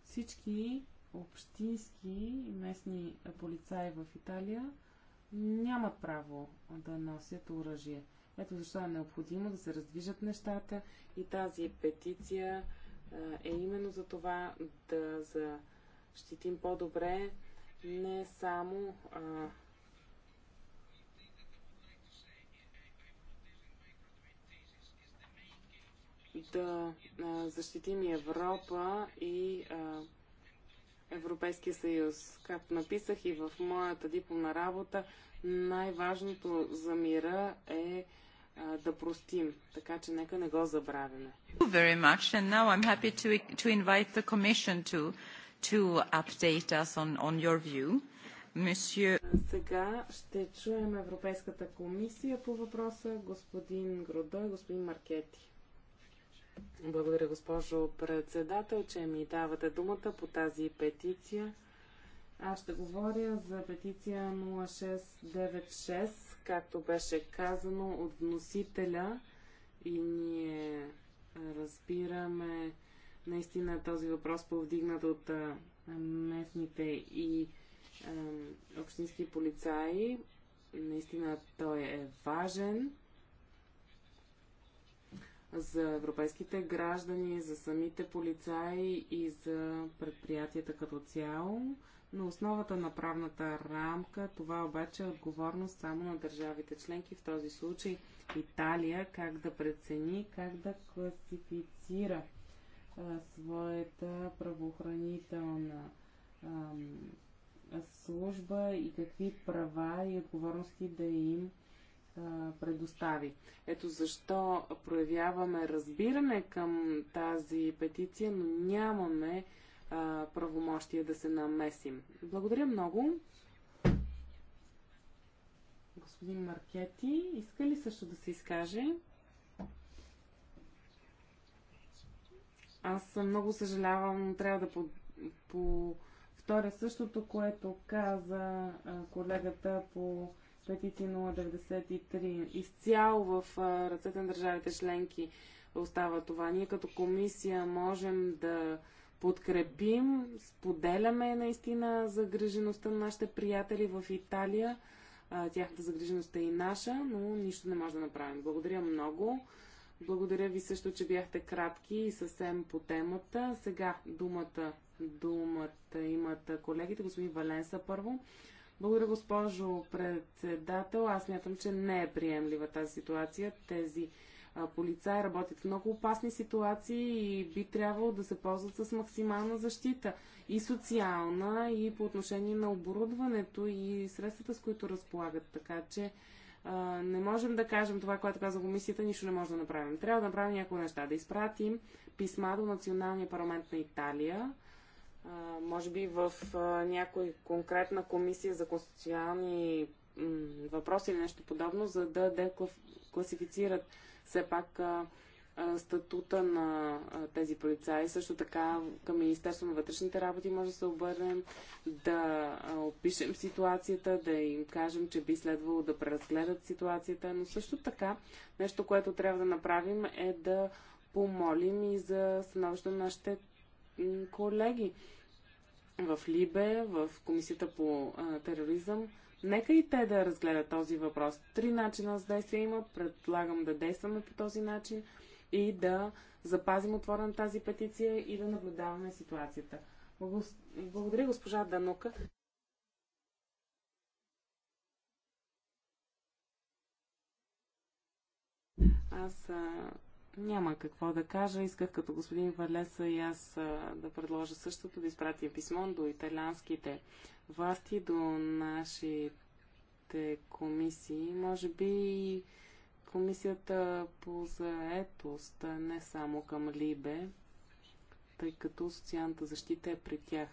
всички общински и местни полицаи в Италия нямат право да носят оръжие. Ето защо е необходимо да се раздвижат нещата и тази петиция е именно за това да защитим по-добре не само а, да а, защитим и Европа и а, Европейския съюз. Както написах и в моята дипломна работа, най-важното за мира е да простим. Така че нека не го забравяме. Monsieur... Сега ще чуем Европейската комисия по въпроса господин Гродо и господин Маркети. Благодаря, госпожо председател, че ми давате думата по тази петиция. Аз ще говоря за петиция 0696 както беше казано от вносителя и ние разбираме наистина този въпрос повдигнат от местните и общински полицаи. Наистина той е важен за европейските граждани, за самите полицаи и за предприятията като цяло на основата на правната рамка. Това обаче е отговорност само на държавите членки, в този случай Италия, как да прецени, как да класифицира а, своята правоохранителна а, служба и какви права и отговорности да им предостави. Ето защо проявяваме разбиране към тази петиция, но нямаме правомощия да се намесим. Благодаря много. Господин Маркети, иска ли също да се изкаже? Аз много съжалявам, трябва да по, по повторя същото, което каза колегата по петиции 093. Изцяло в ръцете на държавите членки остава това. Ние като комисия можем да подкрепим, споделяме наистина загрижеността на нашите приятели в Италия. Тяхната загриженост е и наша, но нищо не може да направим. Благодаря много. Благодаря ви също, че бяхте кратки и съвсем по темата. Сега думата, думата имат колегите. Господин Валенса първо. Благодаря, госпожо председател. Аз мятам, че не е приемлива тази ситуация. Тези полицаи работят в много опасни ситуации и би трябвало да се ползват с максимална защита и социална, и по отношение на оборудването и средствата, с които разполагат. Така че а, не можем да кажем това, което казва комисията, нищо не може да направим. Трябва да направим някои неща. Да изпратим писма до Националния парламент на Италия, а, може би в а, някой конкретна комисия за конституционни въпроси или нещо подобно, за да декласифицират все пак статута на тези полицаи. Също така към Министерство на вътрешните работи може да се обърнем, да опишем ситуацията, да им кажем, че би следвало да преразгледат ситуацията, но също така нещо, което трябва да направим е да помолим и за становище на нашите колеги в Либе, в Комисията по тероризъм Нека и те да разгледат този въпрос. Три начина за действие има. Предлагам да действаме по този начин и да запазим отворена тази петиция и да наблюдаваме ситуацията. Благодаря, госпожа Данука. Аз а, няма какво да кажа. Исках като господин Валеса и аз а, да предложа същото, да изпратим писмо до италианските власти, до нашите комисии. Може би и комисията по заетост, не само към Либе, тъй като социалната защита е при тях.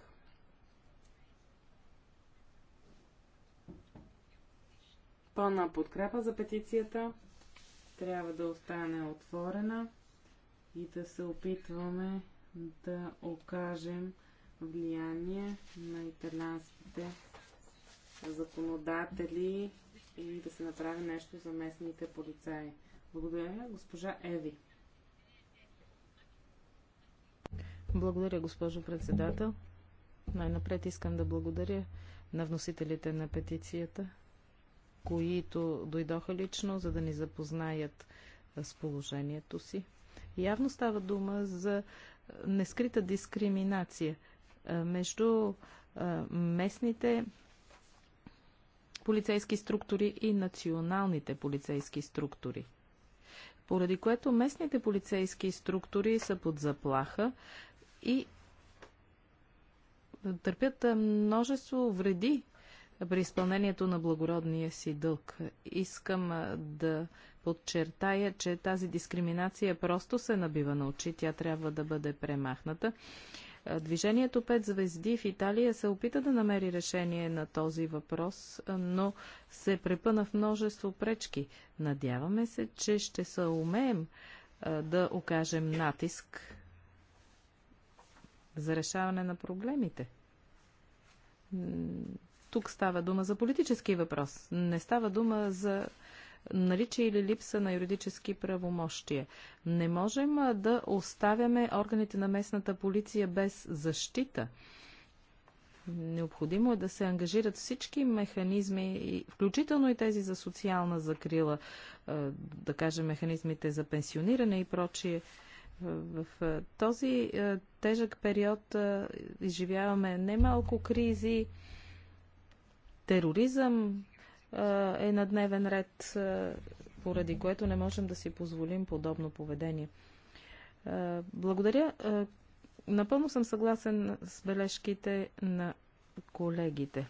Пълна подкрепа за петицията трябва да остане отворена и да се опитваме да окажем влияние на италянските законодатели и да се направи нещо за местните полицаи. Благодаря, госпожа Еви. Благодаря, госпожо председател. Най-напред искам да благодаря на вносителите на петицията, които дойдоха лично, за да ни запознаят с положението си. Явно става дума за нескрита дискриминация – е, между е, местните полицейски структури и националните полицейски структури. Поради което местните полицейски структури са под заплаха и търпят е, множество вреди при изпълнението на благородния си дълг. Искам да подчертая, че тази дискриминация просто се набива на очи, тя трябва да бъде премахната. Движението 5 звезди в Италия се опита да намери решение на този въпрос, но се препъна в множество пречки. Надяваме се, че ще се умеем да окажем натиск за решаване на проблемите. Тук става дума за политически въпрос. Не става дума за наличие или липса на юридически правомощия. Не можем да оставяме органите на местната полиция без защита. Необходимо е да се ангажират всички механизми, включително и тези за социална закрила, да кажем механизмите за пенсиониране и прочие. В този тежък период изживяваме немалко кризи, тероризъм, е на дневен ред, е, поради което не можем да си позволим подобно поведение. Е, благодаря. Е, напълно съм съгласен с бележките на колегите.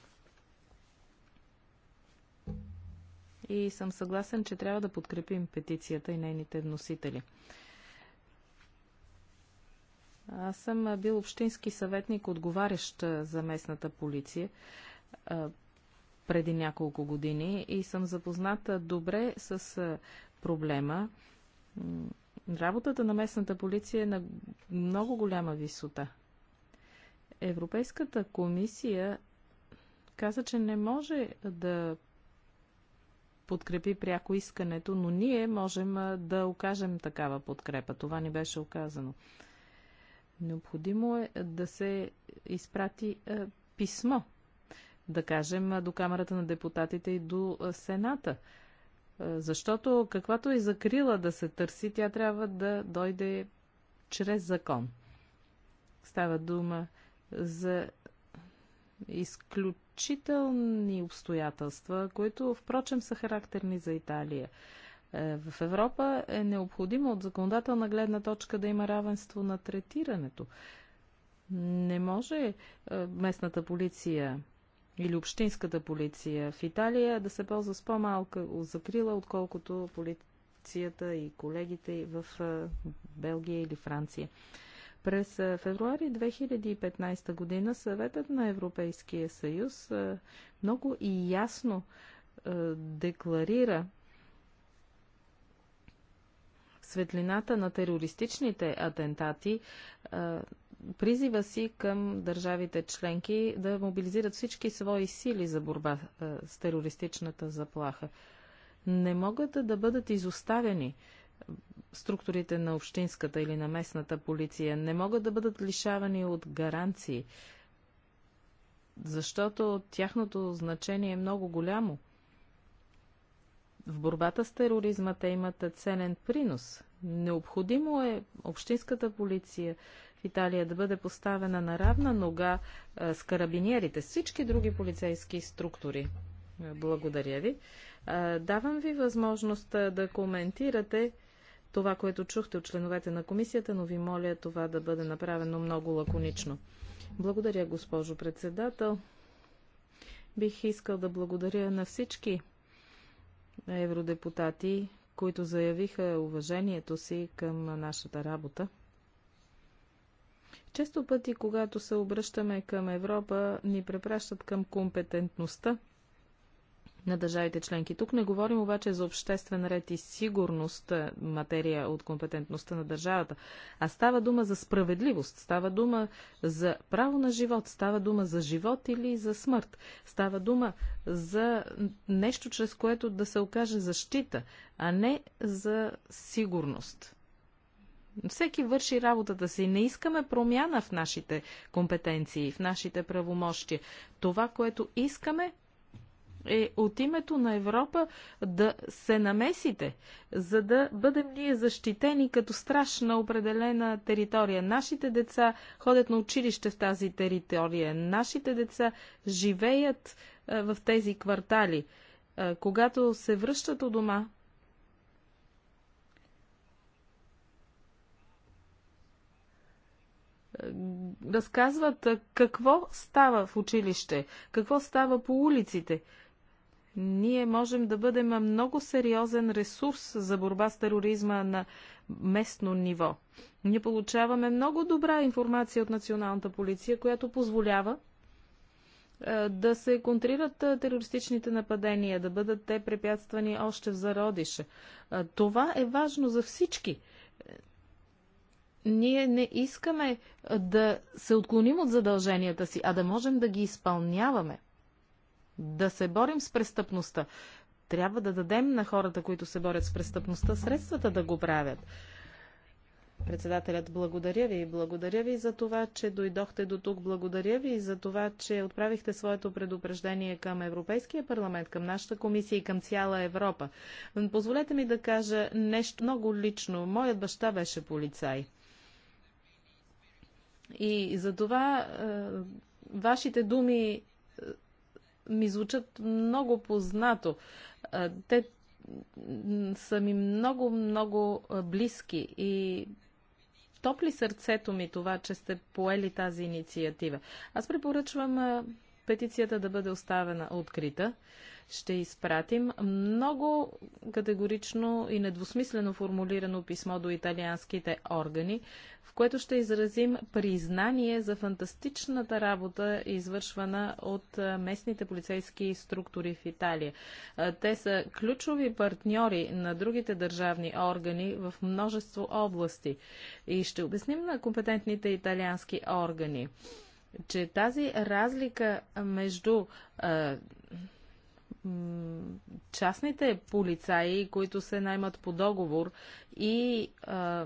И съм съгласен, че трябва да подкрепим петицията и нейните вносители. Аз съм бил общински съветник, отговарящ за местната полиция преди няколко години и съм запозната добре с проблема. Работата на местната полиция е на много голяма висота. Европейската комисия каза, че не може да подкрепи пряко искането, но ние можем да окажем такава подкрепа. Това ни беше оказано. Необходимо е да се изпрати писмо да кажем, до Камерата на депутатите и до Сената. Защото каквато и закрила да се търси, тя трябва да дойде чрез закон. Става дума за изключителни обстоятелства, които, впрочем, са характерни за Италия. Е, в Европа е необходимо от законодателна гледна точка да има равенство на третирането. Не може е, местната полиция или общинската полиция в Италия да се ползва с по-малка закрила, отколкото полицията и колегите в Белгия или Франция. През февруари 2015 година съветът на Европейския съюз много и ясно декларира светлината на терористичните атентати призива си към държавите членки да мобилизират всички свои сили за борба е, с терористичната заплаха. Не могат да бъдат изоставени структурите на общинската или на местната полиция, не могат да бъдат лишавани от гаранции, защото тяхното значение е много голямо. В борбата с тероризма те имат ценен принос. Необходимо е общинската полиция, Италия да бъде поставена на равна нога с карабинерите, с всички други полицейски структури. Благодаря ви. Давам ви възможност да коментирате това, което чухте от членовете на комисията, но ви моля това да бъде направено много лаконично. Благодаря, госпожо председател. Бих искал да благодаря на всички евродепутати, които заявиха уважението си към нашата работа. Често пъти, когато се обръщаме към Европа, ни препращат към компетентността на държавите членки. Тук не говорим обаче за обществен ред и сигурност, е, материя от компетентността на държавата, а става дума за справедливост, става дума за право на живот, става дума за живот или за смърт, става дума за нещо, чрез което да се окаже защита, а не за сигурност. Всеки върши работата си. Не искаме промяна в нашите компетенции, в нашите правомощи. Това, което искаме, е от името на Европа да се намесите, за да бъдем ние защитени като страж на определена територия. Нашите деца ходят на училище в тази територия. Нашите деца живеят в тези квартали. когато се връщат у дома, разказват какво става в училище, какво става по улиците. Ние можем да бъдем много сериозен ресурс за борба с тероризма на местно ниво. Ние получаваме много добра информация от националната полиция, която позволява да се контрират терористичните нападения, да бъдат те препятствани още в зародише. Това е важно за всички ние не искаме да се отклоним от задълженията си, а да можем да ги изпълняваме. Да се борим с престъпността. Трябва да дадем на хората, които се борят с престъпността, средствата да го правят. Председателят, благодаря ви. Благодаря ви за това, че дойдохте до тук. Благодаря ви за това, че отправихте своето предупреждение към Европейския парламент, към нашата комисия и към цяла Европа. Позволете ми да кажа нещо много лично. Моят баща беше полицай. И за това е, вашите думи е, ми звучат много познато. Е, те са ми много, много близки и топли сърцето ми това, че сте поели тази инициатива. Аз препоръчвам петицията да бъде оставена открита. Ще изпратим много категорично и недвусмислено формулирано писмо до италианските органи, в което ще изразим признание за фантастичната работа, извършвана от местните полицейски структури в Италия. Те са ключови партньори на другите държавни органи в множество области. И ще обясним на компетентните италиански органи че тази разлика между а, частните полицаи, които се наймат по договор и а,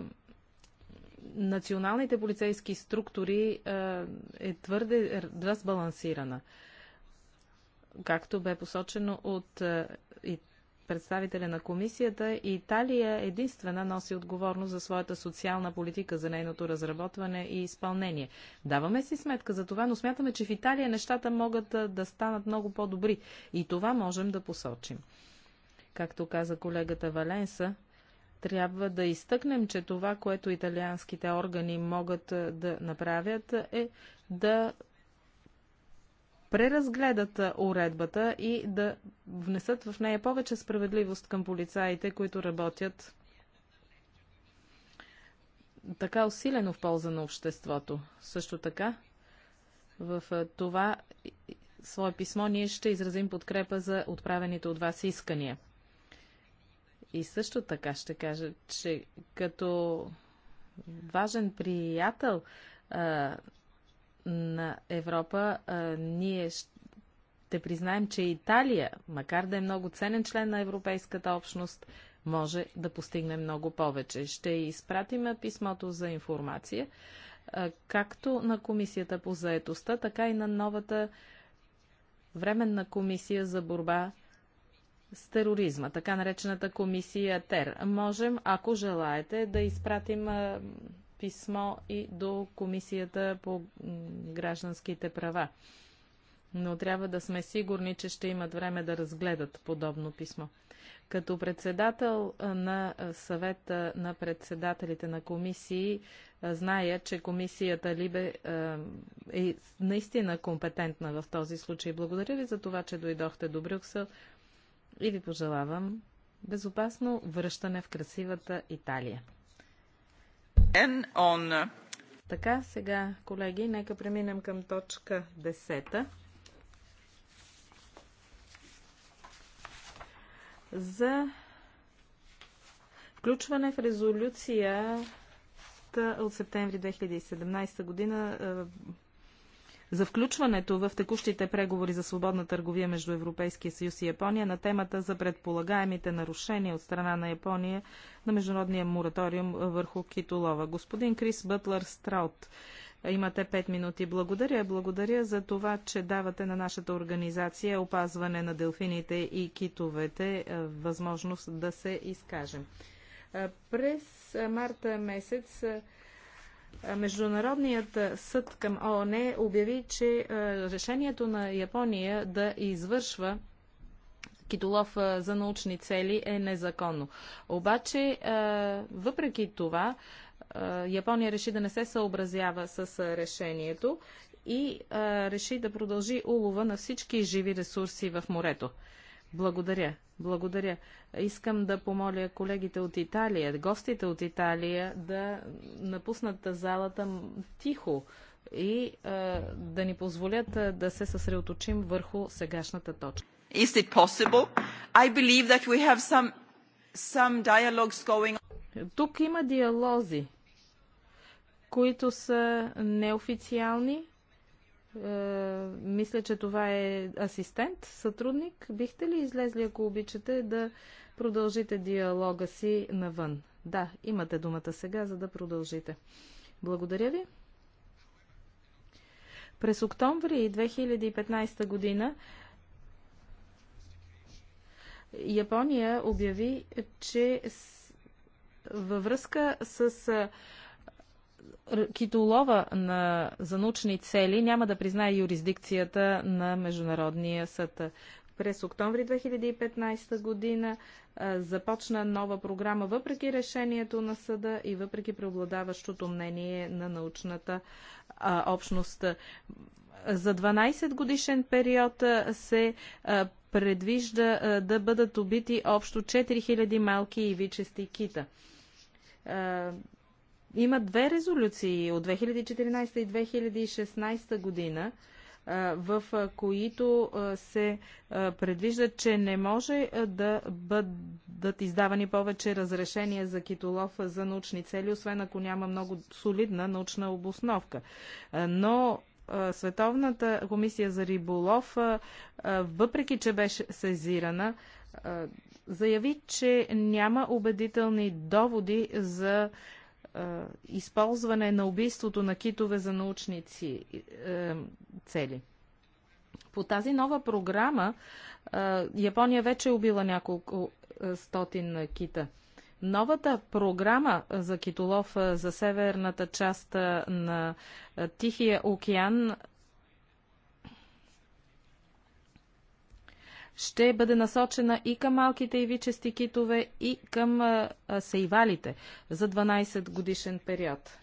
националните полицейски структури а, е твърде разбалансирана. Както бе посочено от представителя на комисията, Италия единствена носи отговорност за своята социална политика, за нейното разработване и изпълнение. Даваме си сметка за това, но смятаме, че в Италия нещата могат да станат много по-добри. И това можем да посочим. Както каза колегата Валенса, трябва да изтъкнем, че това, което италианските органи могат да направят е да преразгледат уредбата и да внесат в нея повече справедливост към полицаите, които работят така усилено в полза на обществото. Също така, в това свое писмо ние ще изразим подкрепа за отправените от вас искания. И също така ще кажа, че като важен приятел на Европа, ние ще признаем, че Италия, макар да е много ценен член на Европейската общност, може да постигне много повече. Ще изпратим писмото за информация, както на Комисията по заетостта, така и на новата Временна комисия за борба с тероризма, така наречената комисия ТЕР. Можем, ако желаете, да изпратим писмо и до Комисията по гражданските права. Но трябва да сме сигурни, че ще имат време да разгледат подобно писмо. Като председател на съвета на председателите на комисии, зная, че комисията Либе е наистина компетентна в този случай. Благодаря ви за това, че дойдохте до Брюксел и ви пожелавам безопасно връщане в красивата Италия. Uh, така, сега, колеги, нека преминем към точка 10. За включване в резолюция от септември 2017 година за включването в текущите преговори за свободна търговия между Европейския съюз и Япония на темата за предполагаемите нарушения от страна на Япония на международния мораториум върху китолова. Господин Крис Бътлер Страут. Имате 5 минути. Благодаря. Благодаря за това, че давате на нашата организация опазване на делфините и китовете е, възможност да се изкажем. Е, през марта месец е, Международният съд към ООН обяви, че решението на Япония да извършва китолов за научни цели е незаконно. Обаче, въпреки това, Япония реши да не се съобразява с решението и реши да продължи улова на всички живи ресурси в морето. Благодаря. Благодаря. Искам да помоля колегите от Италия, гостите от Италия да напуснат залата тихо и а, е, да ни позволят а, е, да се съсредоточим върху сегашната точка. Is it possible? I believe that we have some, some dialogues going on. Тук има диалози, които са неофициални, е, мисля, че това е асистент, сътрудник. Бихте ли излезли, ако обичате, да продължите диалога си навън? Да, имате думата сега, за да продължите. Благодаря ви. През октомври 2015 година Япония обяви, че във връзка с китолова на, за научни цели няма да признае юрисдикцията на Международния съд. През октомври 2015 година започна нова програма въпреки решението на съда и въпреки преобладаващото мнение на научната общност. За 12 годишен период се предвижда да бъдат убити общо 4000 малки вичести кита има две резолюции от 2014 и 2016 година, в които се предвижда, че не може да бъдат издавани повече разрешения за китолов за научни цели, освен ако няма много солидна научна обосновка. Но Световната комисия за риболов, въпреки че беше сезирана, заяви, че няма убедителни доводи за използване на убийството на китове за научни е, цели. По тази нова програма Япония вече е убила няколко е, стотин кита. Новата програма за китолов за северната част на Тихия океан ще бъде насочена и към малките ивичести китове, и към а, сейвалите за 12 годишен период.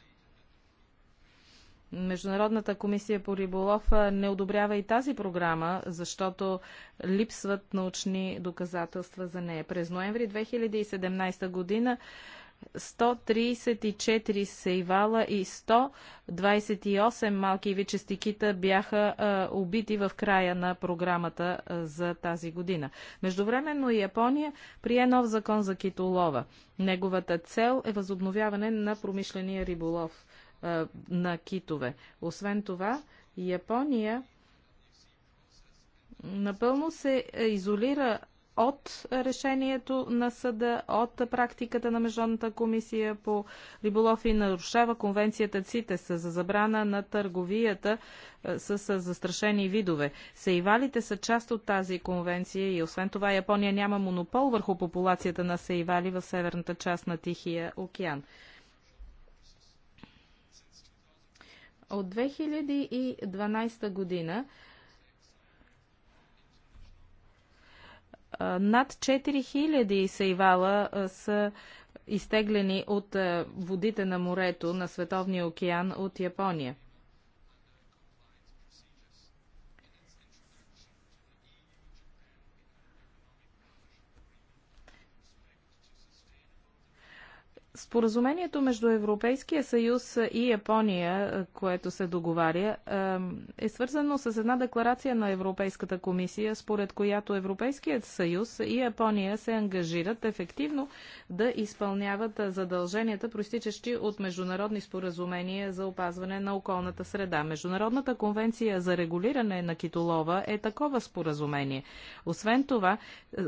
Международната комисия по риболов не одобрява и тази програма, защото липсват научни доказателства за нея. През ноември 2017 година 134 сейвала и 128 малки вечести кита бяха а, убити в края на програмата а, за тази година. Междувременно Япония прие нов закон за китолова. Неговата цел е възобновяване на промишления риболов а, на китове. Освен това, Япония напълно се е, изолира от решението на съда, от практиката на Международната комисия по риболов и нарушава конвенцията ЦИТЕС за забрана на търговията е, с застрашени видове. Сейвалите са част от тази конвенция и освен това Япония няма монопол върху популацията на сейвали в северната част на Тихия океан. От 2012 година Над 4000 сейвала са изтеглени от водите на морето на Световния океан от Япония. Споразумението между Европейския съюз и Япония, което се договаря, е свързано с една декларация на Европейската комисия, според която Европейският съюз и Япония се ангажират ефективно да изпълняват задълженията, проистичащи от международни споразумения за опазване на околната среда. Международната конвенция за регулиране на китолова е такова споразумение. Освен това,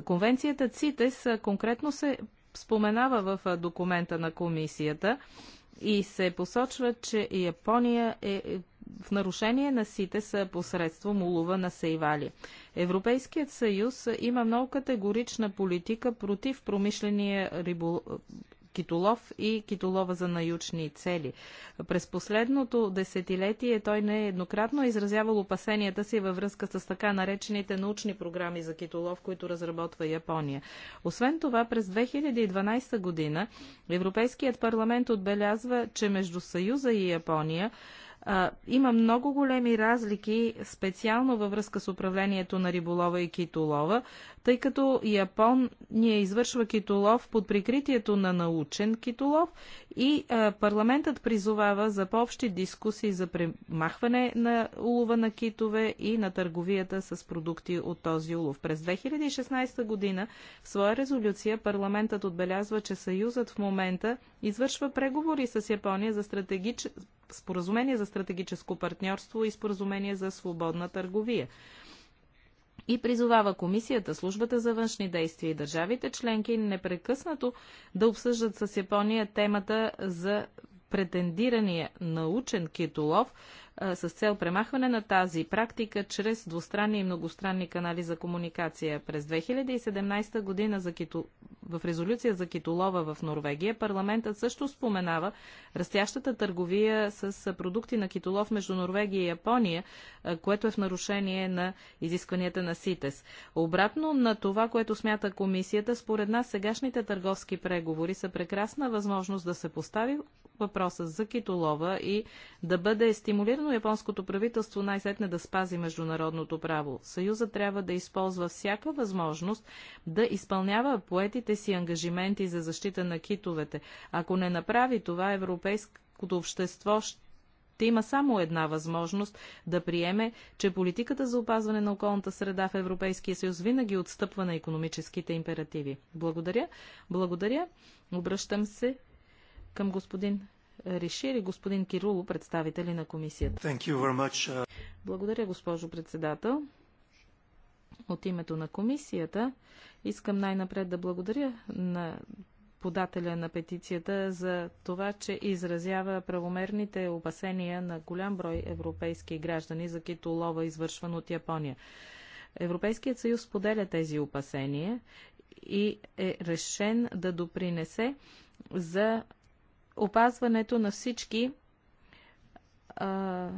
конвенцията ЦИТЕС конкретно се споменава в документа на комисията и се посочва, че Япония е, е в нарушение на сите са посредством улова на сейвали. Европейският съюз има много категорична политика против промишления риболов китолов и китолова за наючни цели. През последното десетилетие той нееднократно е изразявал опасенията си във връзка с така наречените научни програми за китолов, които разработва Япония. Освен това, през 2012 година Европейският парламент отбелязва, че между Съюза и Япония а, има много големи разлики, специално във връзка с управлението на риболова и китолова, тъй като Япония извършва китолов под прикритието на научен китолов и а, парламентът призовава за по-общи дискусии за премахване на улова на китове и на търговията с продукти от този улов. През 2016 година в своя резолюция парламентът отбелязва, че Съюзът в момента извършва преговори с Япония за стратегич... споразумение за стратегическо партньорство и споразумение за свободна търговия и призовава комисията, службата за външни действия и държавите членки непрекъснато да обсъждат с Япония темата за претендирания научен китолов с цел премахване на тази практика чрез двустранни и многостранни канали за комуникация. През 2017 година за кито... в резолюция за китолова в Норвегия парламентът също споменава растящата търговия с продукти на китолов между Норвегия и Япония, което е в нарушение на изискванията на СИТЕС. Обратно на това, което смята комисията, според нас сегашните търговски преговори са прекрасна възможност да се постави въпроса за китолова и да бъде стимулирано японското правителство най-сетне да спази международното право. Съюза трябва да използва всяка възможност да изпълнява поетите си ангажименти за защита на китовете. Ако не направи това, европейското общество ще има само една възможност да приеме, че политиката за опазване на околната среда в Европейския съюз винаги отстъпва на економическите императиви. Благодаря. Благодаря. Обръщам се към господин Решир и господин Кируло, представители на комисията. Uh, благодаря, госпожо председател. От името на комисията искам най-напред да благодаря на подателя на петицията за това, че изразява правомерните опасения на голям брой европейски граждани за китолова, извършван от Япония. Европейският съюз поделя тези опасения и е решен да допринесе за опазването на всички а,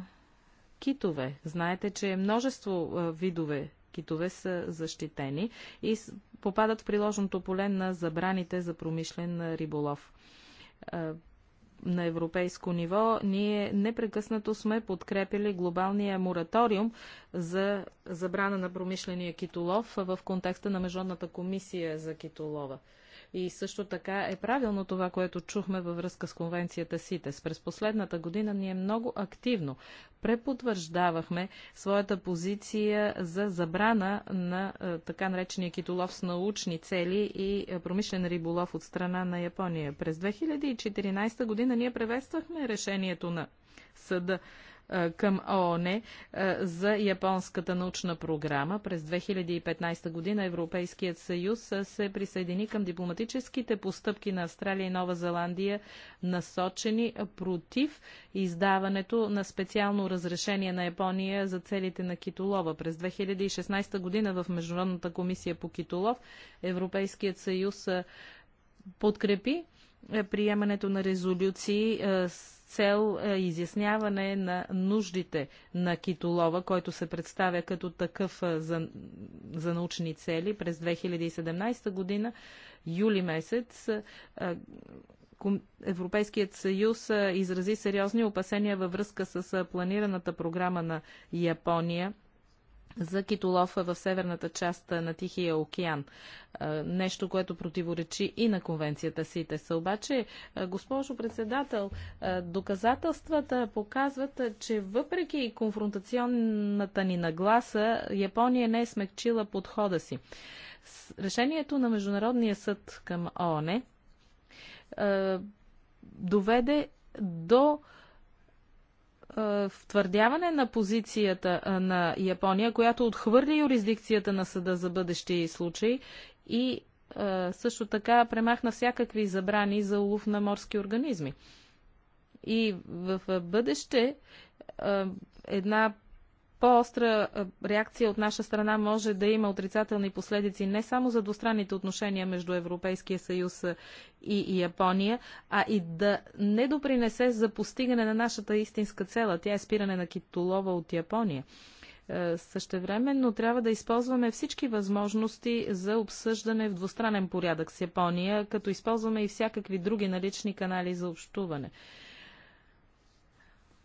китове. Знаете, че множество а, видове китове са защитени и попадат в приложното поле на забраните за промишлен риболов. А, на европейско ниво, ние непрекъснато сме подкрепили глобалния мораториум за забрана на промишления китолов в контекста на Международната комисия за китолова. И също така е правилно това, което чухме във връзка с конвенцията СИТЕС. През последната година ние много активно преподвърждавахме своята позиция за забрана на е, така наречения китолов с научни цели и е, промишлен риболов от страна на Япония. През 2014 година ние превествахме решението на съда към ООН за японската научна програма. През 2015 година Европейският съюз се присъедини към дипломатическите постъпки на Австралия и Нова Зеландия, насочени против издаването на специално разрешение на Япония за целите на китолова. През 2016 година в Международната комисия по китолов Европейският съюз подкрепи е, приемането на резолюции с цел е, изясняване на нуждите на китолова, който се представя като такъв е, за, за научни цели през 2017 година, юли месец. Е, Европейският съюз изрази сериозни опасения във връзка с планираната програма на Япония за китолов в северната част на Тихия океан. Нещо, което противоречи и на конвенцията СИТЕС. Обаче, госпожо председател, доказателствата показват, че въпреки конфронтационната ни нагласа, Япония не е смекчила подхода си. С решението на Международния съд към ООН доведе до е, втвърдяване на позицията е, на Япония, която отхвърли юрисдикцията на съда за бъдещи случаи и е, също така премахна всякакви забрани за улов на морски организми. И в бъдеще една по-остра реакция от наша страна може да има отрицателни последици не само за двустранните отношения между Европейския съюз и Япония, а и да не допринесе за постигане на нашата истинска цела. Тя е спиране на китолова от Япония. Същевременно трябва да използваме всички възможности за обсъждане в двустранен порядък с Япония, като използваме и всякакви други налични канали за общуване.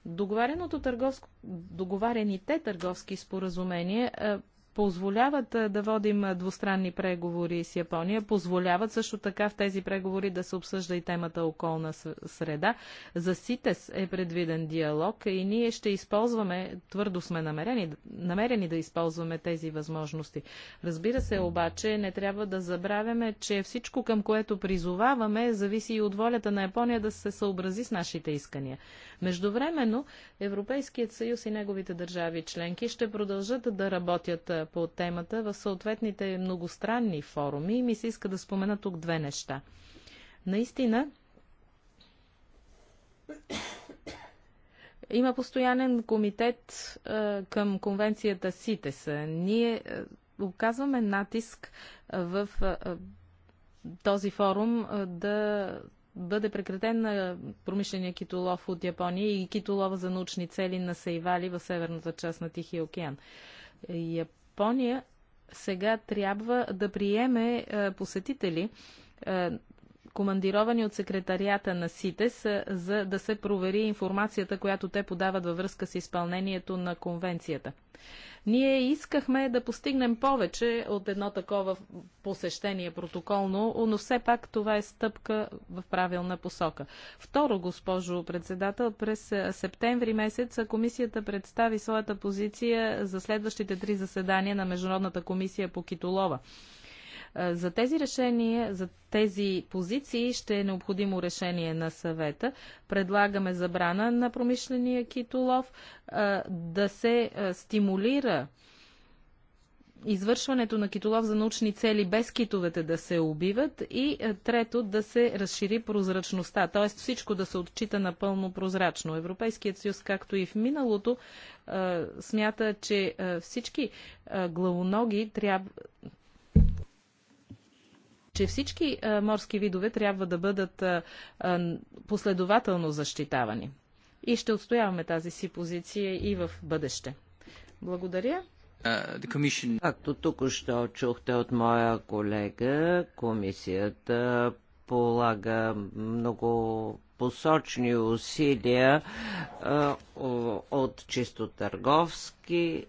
Договареното търговско, договарените търговски споразумения е, позволяват да водим двустранни преговори с Япония, позволяват също така в тези преговори да се обсъжда и темата околна среда. За СИТЕС е предвиден диалог и ние ще използваме, твърдо сме намерени, намерени да използваме тези възможности. Разбира се, обаче, не трябва да забравяме, че всичко към което призоваваме зависи и от волята на Япония да се съобрази с нашите искания. Междувременно, Европейският съюз и неговите държави членки ще продължат да работят по темата в съответните многостранни форуми и ми се иска да спомена тук две неща. Наистина, има постоянен комитет а, е, към конвенцията СИТЕС. Ние а, е, оказваме натиск а, е, в а, този форум а, да бъде прекратен на промишления китолов от Япония и китолова за научни цели на Сейвали в северната част на Тихия океан. Япония сега трябва да приеме е, посетители е, командировани от секретарията на СИТЕС, за да се провери информацията, която те подават във връзка с изпълнението на конвенцията. Ние искахме да постигнем повече от едно такова посещение протоколно, но все пак това е стъпка в правилна посока. Второ, госпожо председател, през септември месец комисията представи своята позиция за следващите три заседания на Международната комисия по китолова. Е, за тези решения, за тези позиции ще е необходимо решение на съвета. Предлагаме забрана на промишления китолов е, да се е, стимулира извършването на китолов за научни цели без китовете да се убиват и трето да се разшири прозрачността, т.е. всичко да се отчита напълно прозрачно. Европейският съюз, както и в миналото, смята, че всички главоноги трябва че всички морски видове трябва да бъдат последователно защитавани. И ще отстояваме тази си позиция и в бъдеще. Благодаря. Uh, Както тук още чухте от моя колега, комисията полага много посочни усилия от чисто търговски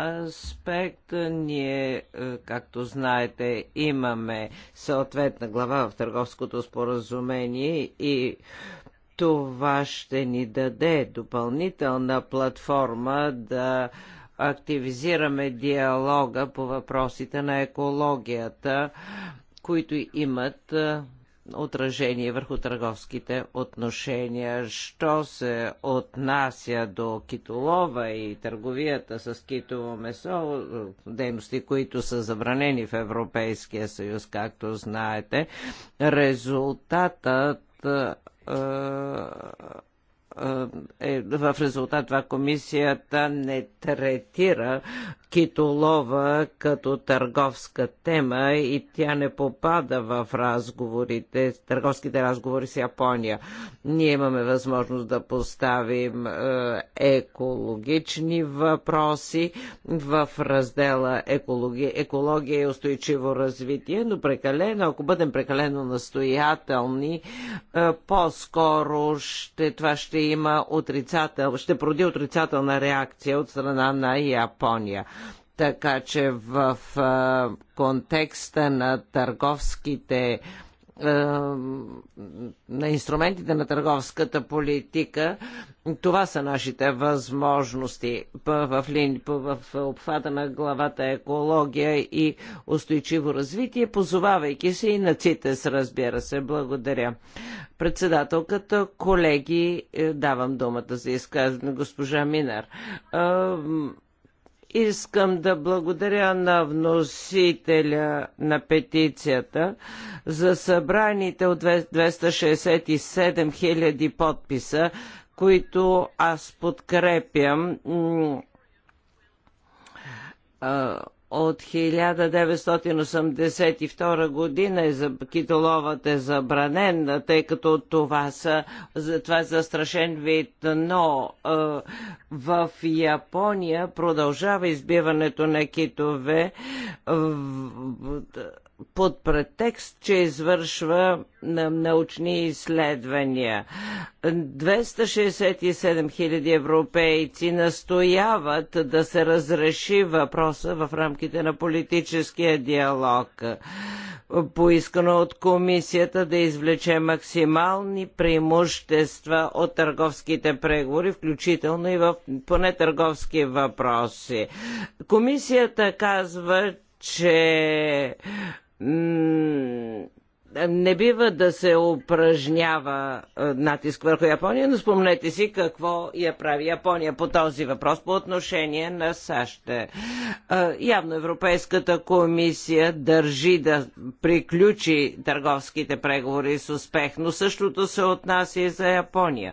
аспект. Ние, както знаете, имаме съответна глава в търговското споразумение и това ще ни даде допълнителна платформа да активизираме диалога по въпросите на екологията, които имат отражение върху търговските отношения. Що се отнася до китолова и търговията с китово месо, дейности, които са забранени в Европейския съюз, както знаете, резултатът е, е, е в резултат това комисията не третира китолова като търговска тема и тя не попада в разговорите, търговските разговори с Япония. Ние имаме възможност да поставим е, екологични въпроси в раздела екология, екология и устойчиво развитие, но прекалено, ако бъдем прекалено настоятелни, е, по-скоро ще, това ще има отрицател, ще проди отрицателна реакция от страна на Япония. Така че в контекста на търговските на инструментите на търговската политика. Това са нашите възможности в, лини, в обхвата на главата екология и устойчиво развитие, позовавайки се и на ЦИТЕС, разбира се. Благодаря. Председателката, колеги, е, давам думата за изказване госпожа Минар. Искам да благодаря на вносителя на петицията за събраните от 267 000 подписа, които аз подкрепям от 1982 година е, китоловът е забранен, тъй като това, са, това е застрашен вид, но в Япония продължава избиването на китове. в, под претекст, че извършва научни изследвания. 267 000 европейци настояват да се разреши въпроса в рамките на политическия диалог. Поискано от комисията да извлече максимални преимущества от търговските преговори, включително и в поне търговски въпроси. Комисията казва, че うーん。не бива да се упражнява е, натиск върху Япония, но спомнете си какво я прави Япония по този въпрос по отношение на САЩ. Е, явно Европейската комисия държи да приключи търговските преговори с успех, но същото се отнася и за Япония.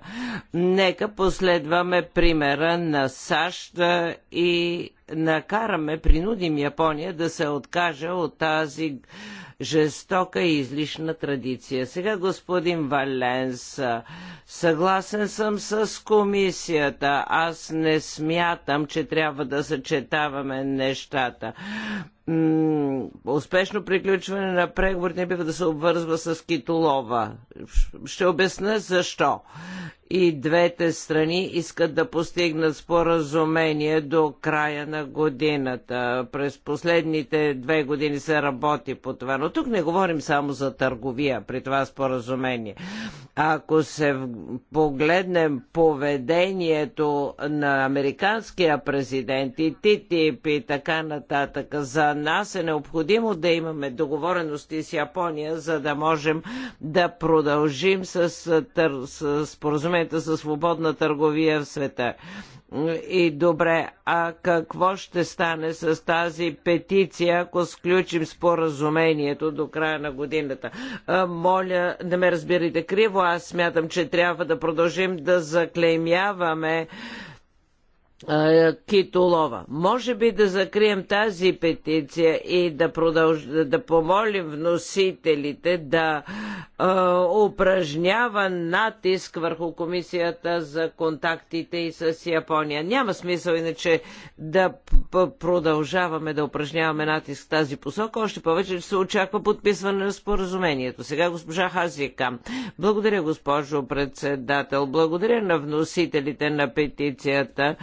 Нека последваме примера на САЩ е, и накараме, принудим Япония да се откаже от тази жестока и излишна традиция. Сега, господин Валенс, съгласен съм с комисията. Аз не смятам, че трябва да съчетаваме нещата успешно приключване на преговорите не бива да се обвързва с китолова. Ще обясня защо. И двете страни искат да постигнат споразумение до края на годината. През последните две години се работи по това, но тук не говорим само за търговия при това споразумение. Ако се погледнем поведението на американския президент и ТТИП и така нататък за нас е необходимо да имаме договорености с Япония, за да можем да продължим с, тър... с споразумението за свободна търговия в света. И добре, а какво ще стане с тази петиция, ако сключим споразумението до края на годината? А, моля, да ме разбирате криво, аз смятам, че трябва да продължим да заклеймяваме китолова. Може би да закрием тази петиция и да, продълж... да помолим вносителите да е, упражнява натиск върху комисията за контактите и с Япония. Няма смисъл иначе да продължаваме да упражняваме натиск в тази посока, още повече, че се очаква подписване на споразумението. Сега госпожа Хазика. Благодаря, госпожо председател. Благодаря на вносителите на петицията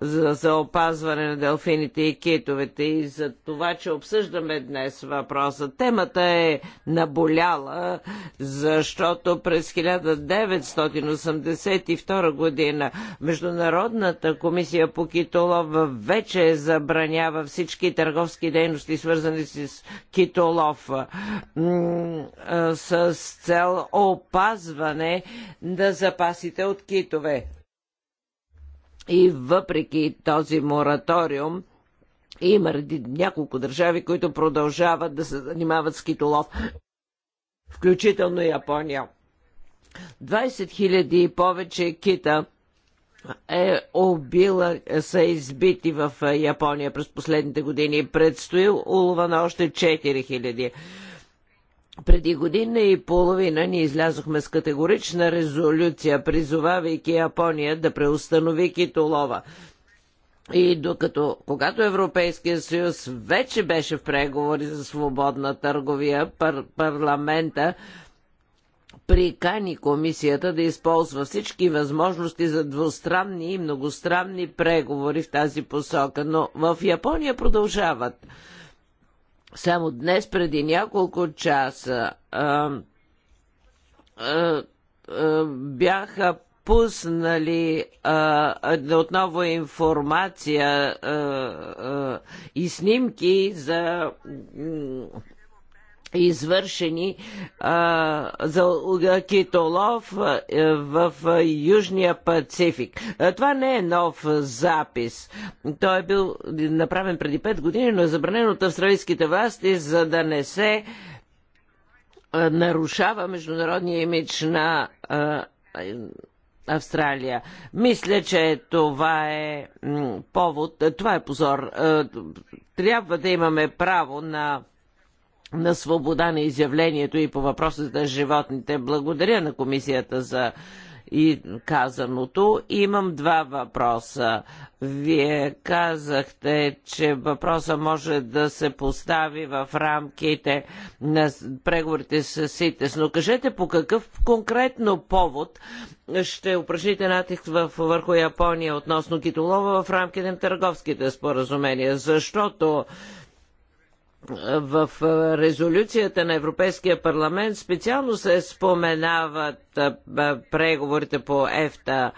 за, за опазване на делфините и китовете и за това, че обсъждаме днес въпроса. Темата е наболяла защото през 1982 година Международната комисия по китолов вече забранява всички търговски дейности, свързани с китолов, с цел опазване на запасите от китове. И въпреки този мораториум, има няколко държави, които продължават да се занимават с китолов включително Япония. 20 000 и повече кита е убила, са избити в Япония през последните години. Предстои улова на още 4000. Преди година и половина ни излязохме с категорична резолюция, призовавайки Япония да преустанови китолова. И докато, когато Европейския съюз вече беше в преговори за свободна търговия, пар- парламента прикани комисията да използва всички възможности за двустранни и многостранни преговори в тази посока, но в Япония продължават. Само днес, преди няколко часа, а, а, а, бяха пуснали а, отново информация а, а, и снимки за извършени а, за китолов в Южния Пацифик. А, това не е нов запис. Той е бил направен преди 5 години, но е забранен от австралийските власти, за да не се а, нарушава международния имидж на а, Австралия. Мисля, че това е повод, това е позор. Е, трябва да имаме право на на свобода на изявлението и по въпроса за животните. Благодаря на комисията за и казаното. Имам два въпроса. Вие казахте, че въпроса може да се постави в рамките на преговорите с СИТЕС, но кажете по какъв конкретно повод ще упражните натиск върху Япония относно китолова в рамките на търговските споразумения, защото в резолюцията на Европейския парламент специално се споменават преговорите по ЕФТА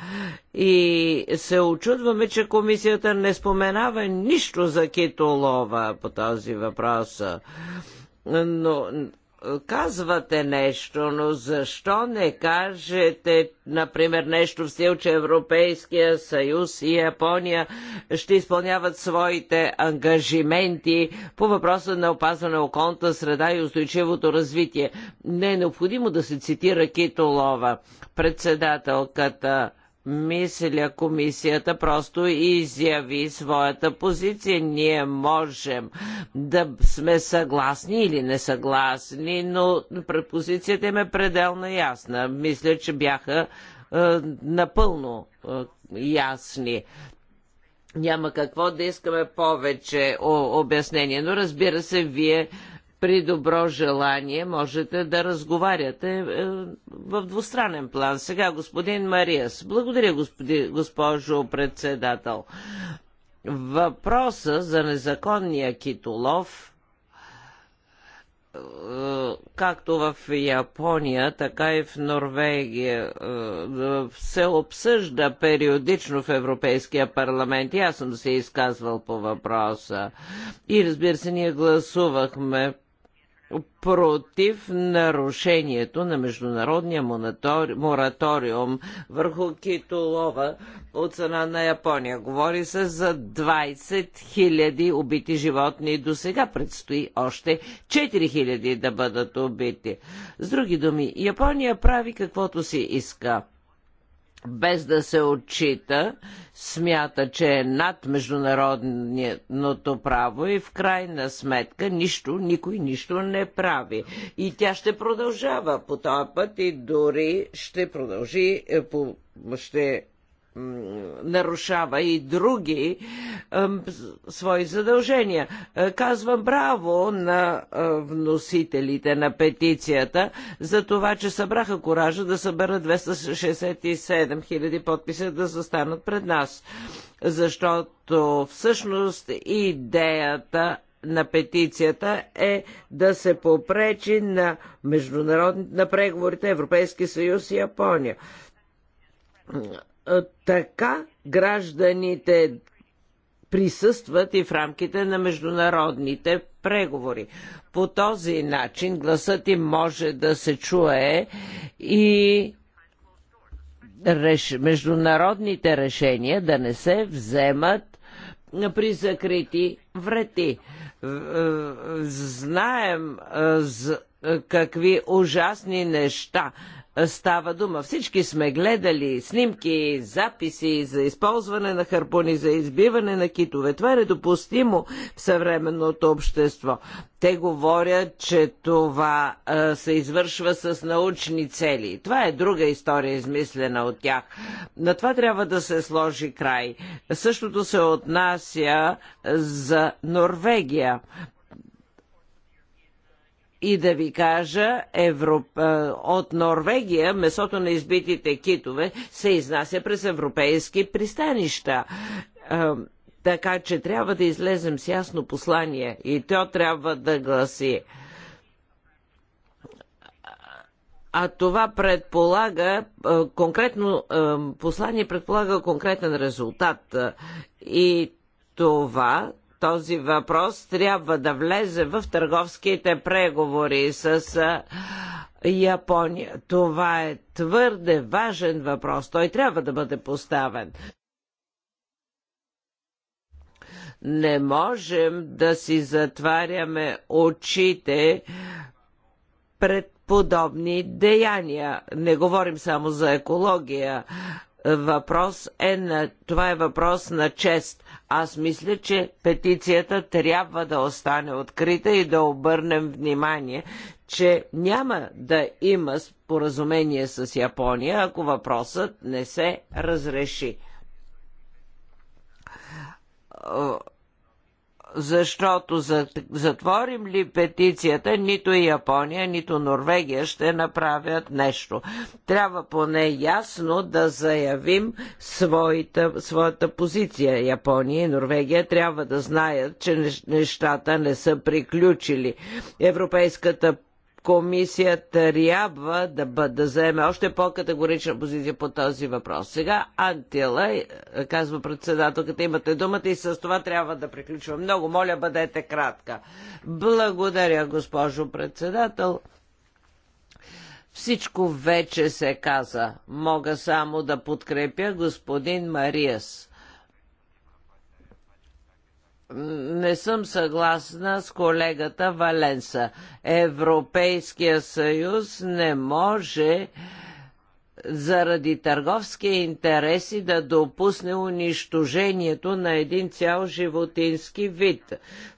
и се очудваме, че комисията не споменава нищо за китолова по този въпрос. Но казвате нещо, но защо не кажете, например, нещо в стил, че Европейския съюз и Япония ще изпълняват своите ангажименти по въпроса на опазване околната среда и устойчивото развитие? Не е необходимо да се цитира Китолова, председателката. Мисля, комисията просто изяви своята позиция. Ние можем да сме съгласни или несъгласни, но предпозицията им е пределно ясна. Мисля, че бяха е, напълно е, ясни. Няма какво да искаме повече обяснение, но разбира се, вие при добро желание можете да разговаряте е, в двустранен план. Сега господин Мариас. Благодаря, господи, госпожо председател. Въпроса за незаконния китолов е, както в Япония, така и в Норвегия е, се обсъжда периодично в Европейския парламент. И аз съм се изказвал по въпроса. И разбира се, ние гласувахме против нарушението на международния мораториум върху китолова от страна на Япония. Говори се за 20 000 убити животни. До сега предстои още 4 000 да бъдат убити. С други думи, Япония прави каквото си иска без да се отчита, смята, че е над международното право и в крайна сметка нищо, никой нищо не прави. И тя ще продължава по този път и дори ще продължи, е, ще нарушава и други свои задължения. Е, казвам браво на е, вносителите на петицията за това, че събраха коража да съберат 267 000 подписа да застанат пред нас. Защото всъщност идеята на петицията е да се попречи на, международни, на преговорите Европейски съюз и Япония е, така гражданите присъстват и в рамките на международните преговори. По този начин гласът им може да се чуе и реш... международните решения да не се вземат при закрити врати. Знаем е, е, какви ужасни неща става дума. Всички сме гледали снимки, записи за използване на харпуни, за избиване на китове. Това е недопустимо в съвременното общество. Те говорят, че това а, се извършва с научни цели. Това е друга история, измислена от тях. На това трябва да се сложи край. Същото се отнася за Норвегия. И да ви кажа, Европа, е, от Норвегия месото на избитите китове се изнася през европейски пристанища. Е, така че трябва да излезем с ясно послание и то трябва да гласи. А това предполага е, конкретно послание, предполага конкретен резултат. И това този въпрос трябва да влезе в търговските преговори с Япония. Това е твърде важен въпрос. Той трябва да бъде поставен не можем да си затваряме очите пред подобни деяния. Не говорим само за екология въпрос е на, това е въпрос на чест. Аз мисля, че петицията трябва да остане открита и да обърнем внимание, че няма да има споразумение с Япония, ако въпросът не се разреши защото затворим ли петицията, нито и Япония, нито Норвегия ще направят нещо. Трябва поне ясно да заявим своята, своята позиция. Япония и Норвегия трябва да знаят, че нещата не са приключили. Европейската комисията трябва да, да заеме още по-категорична позиция по този въпрос. Сега Антила, е, казва председателката, имате думата и с това трябва да приключвам. Много моля, бъдете кратка. Благодаря, госпожо председател. Всичко вече се каза. Мога само да подкрепя господин Мариас не съм съгласна с колегата Валенса. Европейския съюз не може заради търговски интереси да допусне унищожението на един цял животински вид.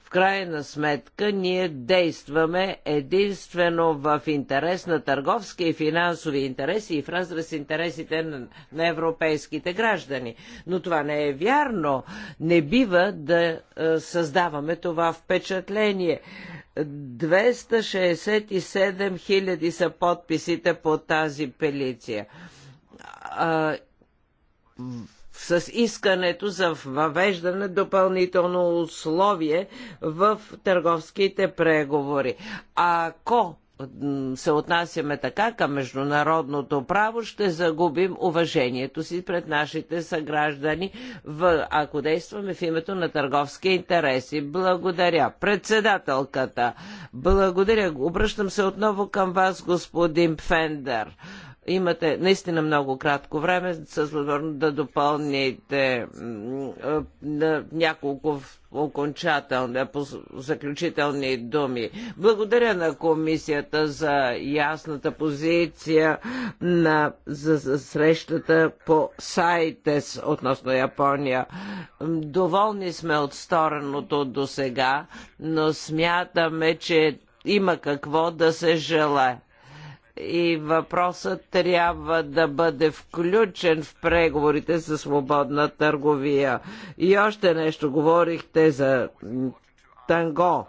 В крайна сметка ние действаме единствено в интерес на търговски и финансови интереси и в разрез интересите на, на европейските граждани. Но това не е вярно. Не бива да е, създаваме това впечатление. 267 хиляди са подписите по тази пелиция с искането за въвеждане допълнително условие в търговските преговори. Ако се отнасяме така към международното право, ще загубим уважението си пред нашите съграждани, в, ако действаме в името на търговски интереси. Благодаря. Председателката, благодаря. Обръщам се отново към вас, господин Фендер. Имате наистина много кратко време, с да допълните няколко окончателни, заключителни думи. Благодаря на комисията за ясната позиция на, за, за срещата по сайте относно Япония. Доволни сме от стороното до сега, но смятаме, че има какво да се желае и въпросът трябва да бъде включен в преговорите за свободна търговия. И още нещо говорихте за танго.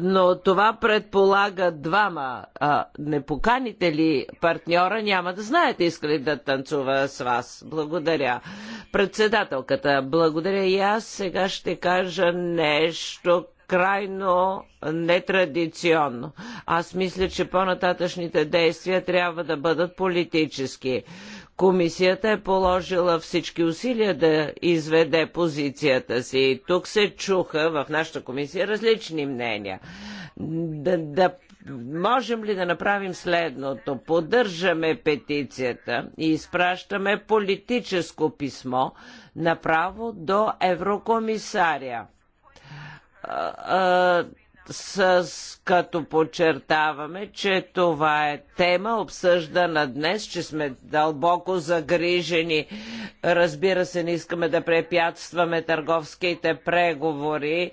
Но това предполага двама. А, не поканите ли партньора, няма да знаете иска ли да танцува с вас. Благодаря. Председателката, благодаря и аз сега ще кажа нещо, крайно нетрадиционно. Аз мисля, че по-нататъчните действия трябва да бъдат политически. Комисията е положила всички усилия да изведе позицията си. тук се чуха в нашата комисия различни мнения. Да, да можем ли да направим следното? Поддържаме петицията и изпращаме политическо писмо направо до еврокомисаря с като подчертаваме, че това е тема обсъждана днес, че сме дълбоко загрижени. Разбира се, не искаме да препятстваме търговските преговори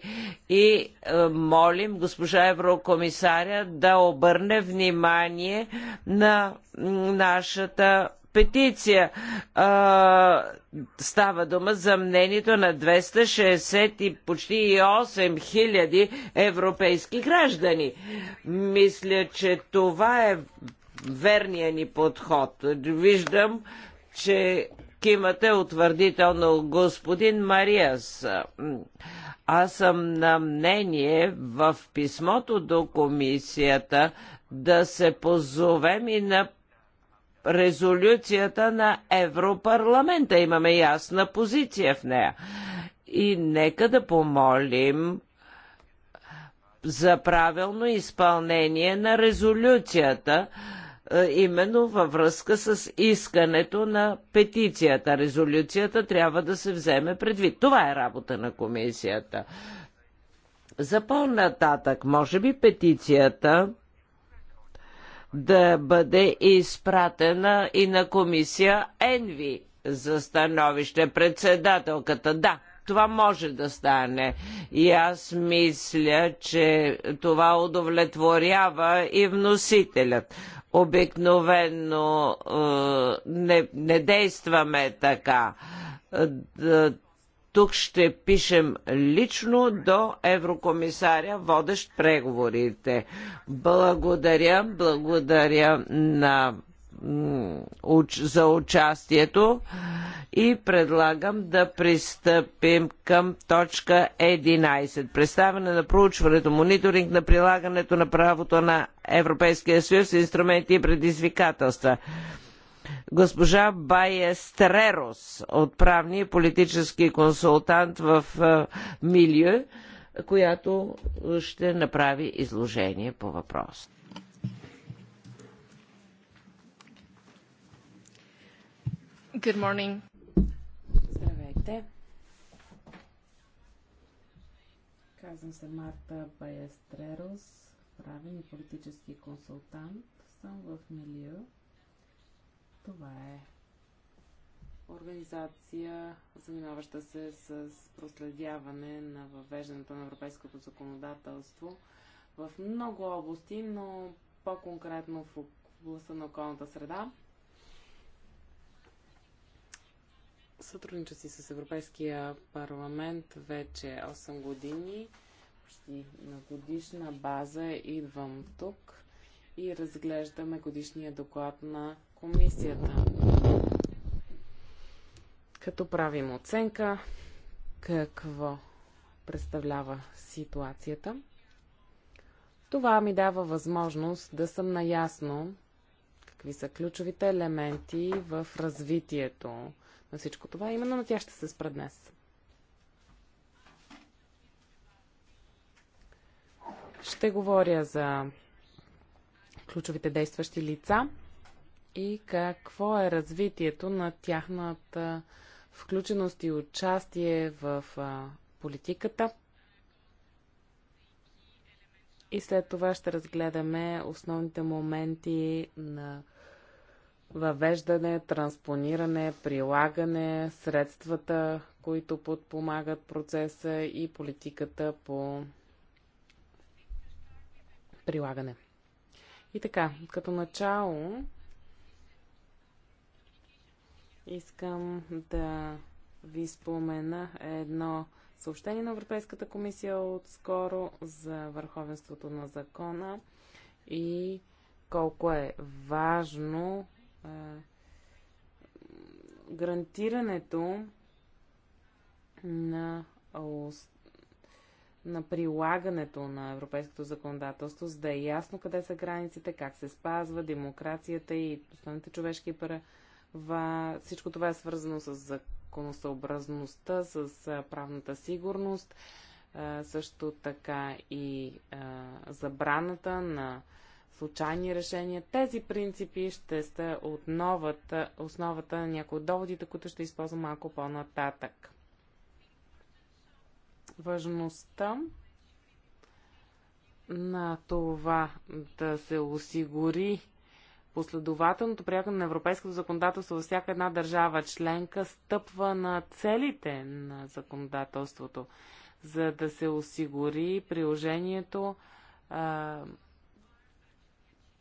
и е, молим госпожа Еврокомисаря да обърне внимание на нашата петиция. А, става дума за мнението на 260 и почти 8 хиляди европейски граждани. Мисля, че това е верния ни подход. Виждам, че кимате утвърдително господин Мариас. Аз съм на мнение в писмото до комисията да се позовем и на резолюцията на Европарламента. Имаме ясна позиция в нея. И нека да помолим за правилно изпълнение на резолюцията, е, именно във връзка с искането на петицията. Резолюцията трябва да се вземе предвид. Това е работа на комисията. За по-нататък, може би петицията да бъде изпратена и на комисия Енви за становище председателката. Да, това може да стане. И аз мисля, че това удовлетворява и вносителят. Обикновено е, не, не действаме така е, тук ще пишем лично до еврокомисаря, водещ преговорите. Благодаря, благодаря на за участието и предлагам да пристъпим към точка 11. Представяне на проучването, мониторинг на прилагането на правото на Европейския съюз, инструменти и предизвикателства госпожа Байестрерос от правния политически консултант в Милио, която ще направи изложение по въпроса. Good morning. Здравейте. Казвам се Марта Байестрерос, правен и политически консултант. Съм в Милио това е организация, занимаваща се с проследяване на въвеждането на европейското законодателство в много области, но по-конкретно в областта на околната среда. Сътруднича си с Европейския парламент вече 8 години. Почти на годишна база идвам тук и разглеждаме годишния доклад на комисията, като правим оценка какво представлява ситуацията. Това ми дава възможност да съм наясно какви са ключовите елементи в развитието на всичко това. Именно на тях ще се спра днес. Ще говоря за ключовите действащи лица, и какво е развитието на тяхната включеност и участие в политиката. И след това ще разгледаме основните моменти на въвеждане, транспониране, прилагане, средствата, които подпомагат процеса и политиката по прилагане. И така, като начало Искам да ви спомена едно съобщение на Европейската комисия от скоро за върховенството на закона и колко е важно е, гарантирането на, на прилагането на европейското законодателство, за да е ясно къде са границите, как се спазва демокрацията и основните човешки права това, всичко това е свързано с законосъобразността, с правната сигурност, също така и забраната на случайни решения. Тези принципи ще са основата, основата на някои от доводите, които ще използвам малко по-нататък. Важността на това да се осигури последователното прилагане на европейското законодателство във всяка една държава членка стъпва на целите на законодателството, за да се осигури приложението.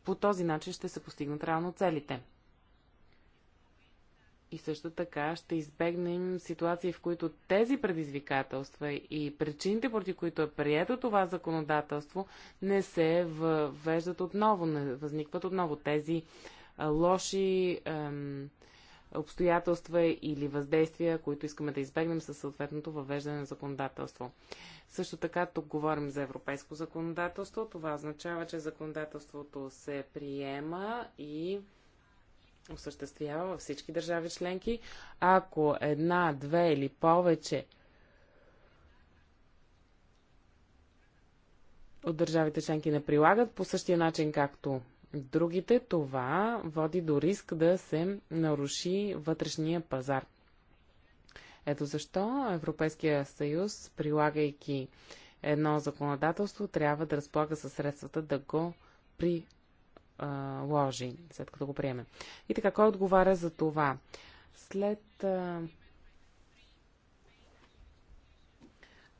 По този начин ще се постигнат реално целите. И също така ще избегнем ситуации, в които тези предизвикателства и причините, поради които е прието това законодателство, не се въвеждат отново, не възникват отново тези а, лоши ам, обстоятелства или въздействия, които искаме да избегнем със съответното въвеждане на законодателство. Също така тук говорим за европейско законодателство. Това означава, че законодателството се приема и осъществява във всички държави членки. Ако една, две или повече от държавите членки не прилагат по същия начин, както другите, това води до риск да се наруши вътрешния пазар. Ето защо Европейския съюз, прилагайки едно законодателство, трябва да разполага със средствата да го при ложи, след като го приеме. И така, кой отговаря за това? След а,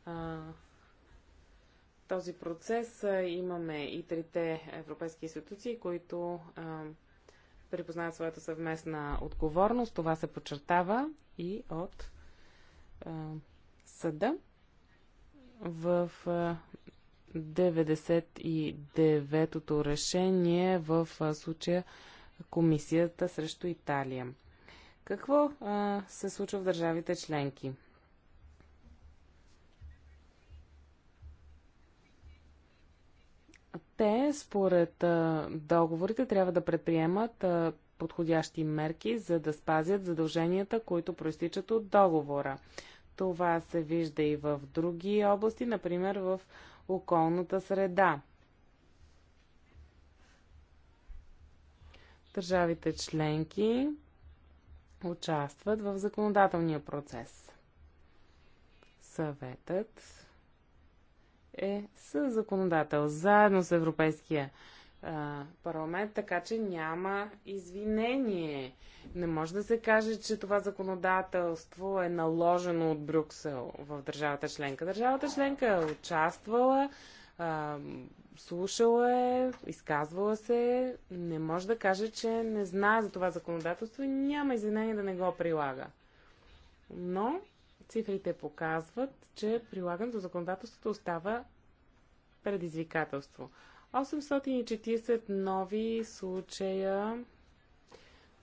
а, този процес а, имаме и трите европейски институции, които а, припознават своята съвместна отговорност. Това се подчертава и от а, съда в 99 то решение в случая Комисията срещу Италия. Какво а, се случва в държавите членки? Те, според а, договорите, трябва да предприемат а, подходящи мерки, за да спазят задълженията, които проистичат от договора. Това се вижда и в други области, например в околната среда. Държавите членки участват в законодателния процес. Съветът е със законодател, заедно с Европейския парламент, така че няма извинение. Не може да се каже, че това законодателство е наложено от Брюксел в държавата членка. Държавата членка е участвала, а, слушала е, изказвала се, не може да каже, че не знае за това законодателство и няма извинение да не го прилага. Но цифрите показват, че прилагането законодателството остава предизвикателство. 840 нови случая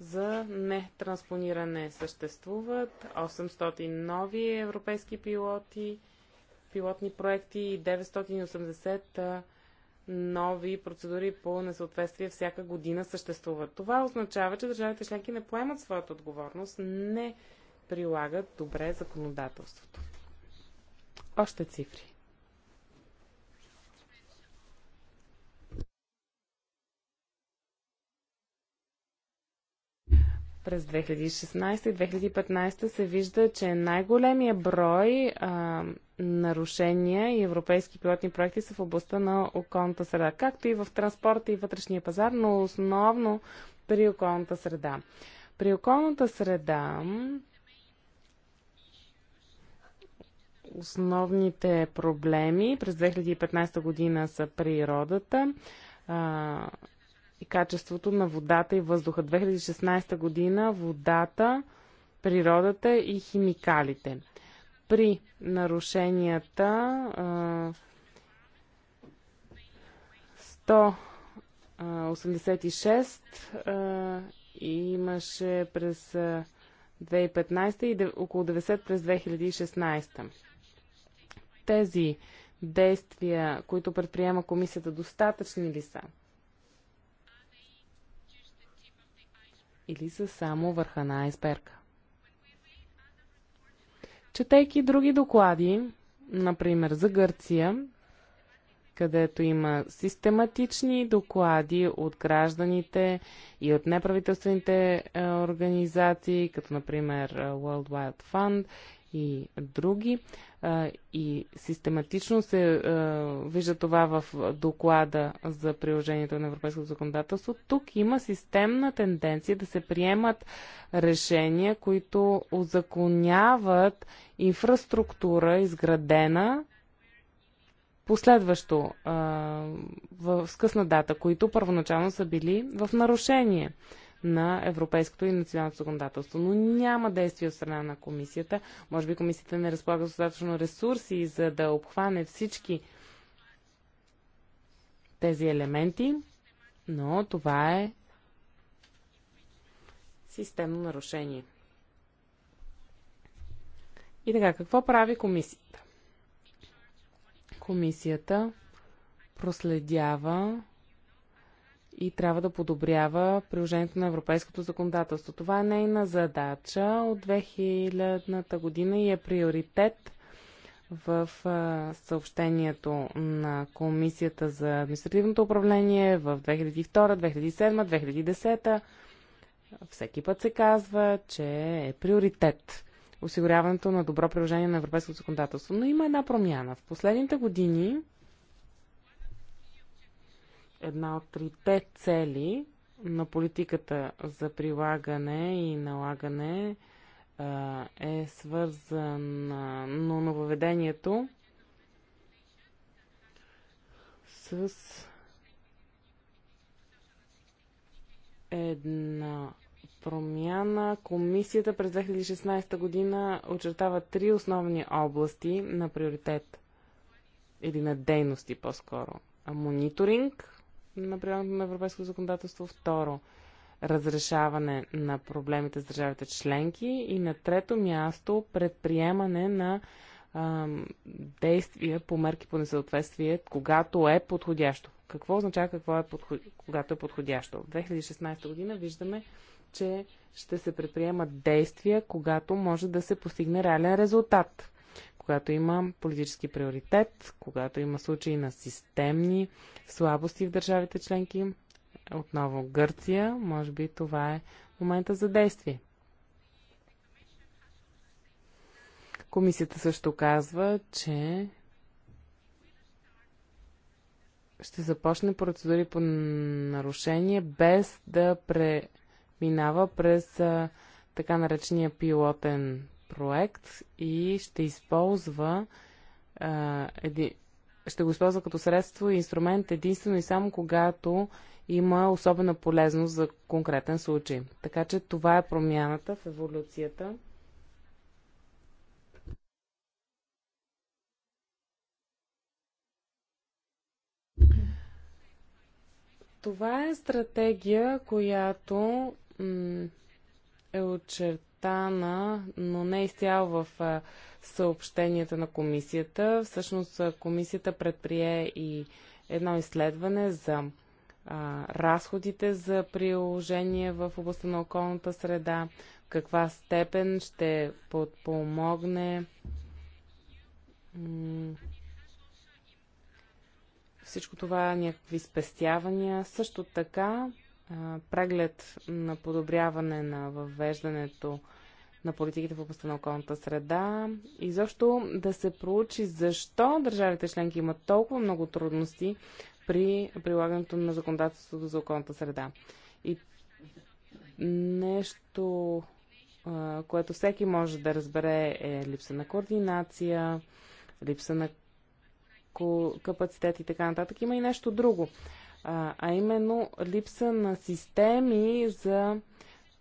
за нетранспониране съществуват, 800 нови европейски пилоти, пилотни проекти и 980 нови процедури по несъответствие всяка година съществуват. Това означава, че държавите членки не поемат своята отговорност, не прилагат добре законодателството. Още цифри. през 2016 и 2015 се вижда, че най-големия брой а, нарушения и европейски пилотни проекти са в областта на околната среда, както и в транспорта и вътрешния пазар, но основно при околната среда. При околната среда основните проблеми през 2015 година са природата, а, и качеството на водата и въздуха. 2016 година водата, природата и химикалите. При нарушенията 186 имаше през 2015 и около 90 през 2016. Тези действия, които предприема комисията, достатъчни ли са? или са само върха на айсберга. Четейки други доклади, например за Гърция, където има систематични доклади от гражданите и от неправителствените е, организации, като например е, World Wide Fund и други. И систематично се вижда това в доклада за приложението на европейското законодателство. Тук има системна тенденция да се приемат решения, които озаконяват инфраструктура, изградена последващо в скъсна дата, които първоначално са били в нарушение на европейското и националното законодателство. Но няма действия от страна на комисията. Може би комисията не разполага достатъчно ресурси, за да обхване всички тези елементи, но това е системно нарушение. И така, какво прави комисията? Комисията проследява и трябва да подобрява приложението на европейското законодателство. Това е нейна задача от 2000-та година и е приоритет в съобщението на Комисията за административното управление в 2002, 2007, 2010. Всеки път се казва, че е приоритет осигуряването на добро приложение на европейското законодателство. Но има една промяна. В последните години една от трите цели на политиката за прилагане и налагане а, е свързана но нововведението с една промяна. Комисията през 2016 година очертава три основни области на приоритет или на дейности по-скоро. Мониторинг, на прилагането на европейско законодателство. Второ, разрешаване на проблемите с държавите членки. И на трето място, предприемане на а, действия по мерки по несъответствие, когато е подходящо. Какво означава какво е подход... когато е подходящо? В 2016 година виждаме, че ще се предприемат действия, когато може да се постигне реален резултат когато има политически приоритет, когато има случаи на системни слабости в държавите членки, отново Гърция, може би това е момента за действие. Комисията също казва, че ще започне процедури по нарушение без да преминава през така наречения пилотен проект и ще използва а, еди, ще го използва като средство и инструмент единствено и само когато има особена полезност за конкретен случай. Така че това е промяната в еволюцията. Това е стратегия, която е очертана, но не изцяло в съобщенията на комисията. Всъщност комисията предприе и едно изследване за а, разходите за приложение в областта на околната среда, в каква степен ще подпомогне всичко това някакви спестявания. Също така преглед на подобряване на въвеждането на политиките в областта на околната среда и защо да се проучи защо държавите членки имат толкова много трудности при прилагането на законодателството за околната среда. И нещо, което всеки може да разбере е липса на координация, липса на капацитет и така нататък. Има и нещо друго а, а именно липса на системи за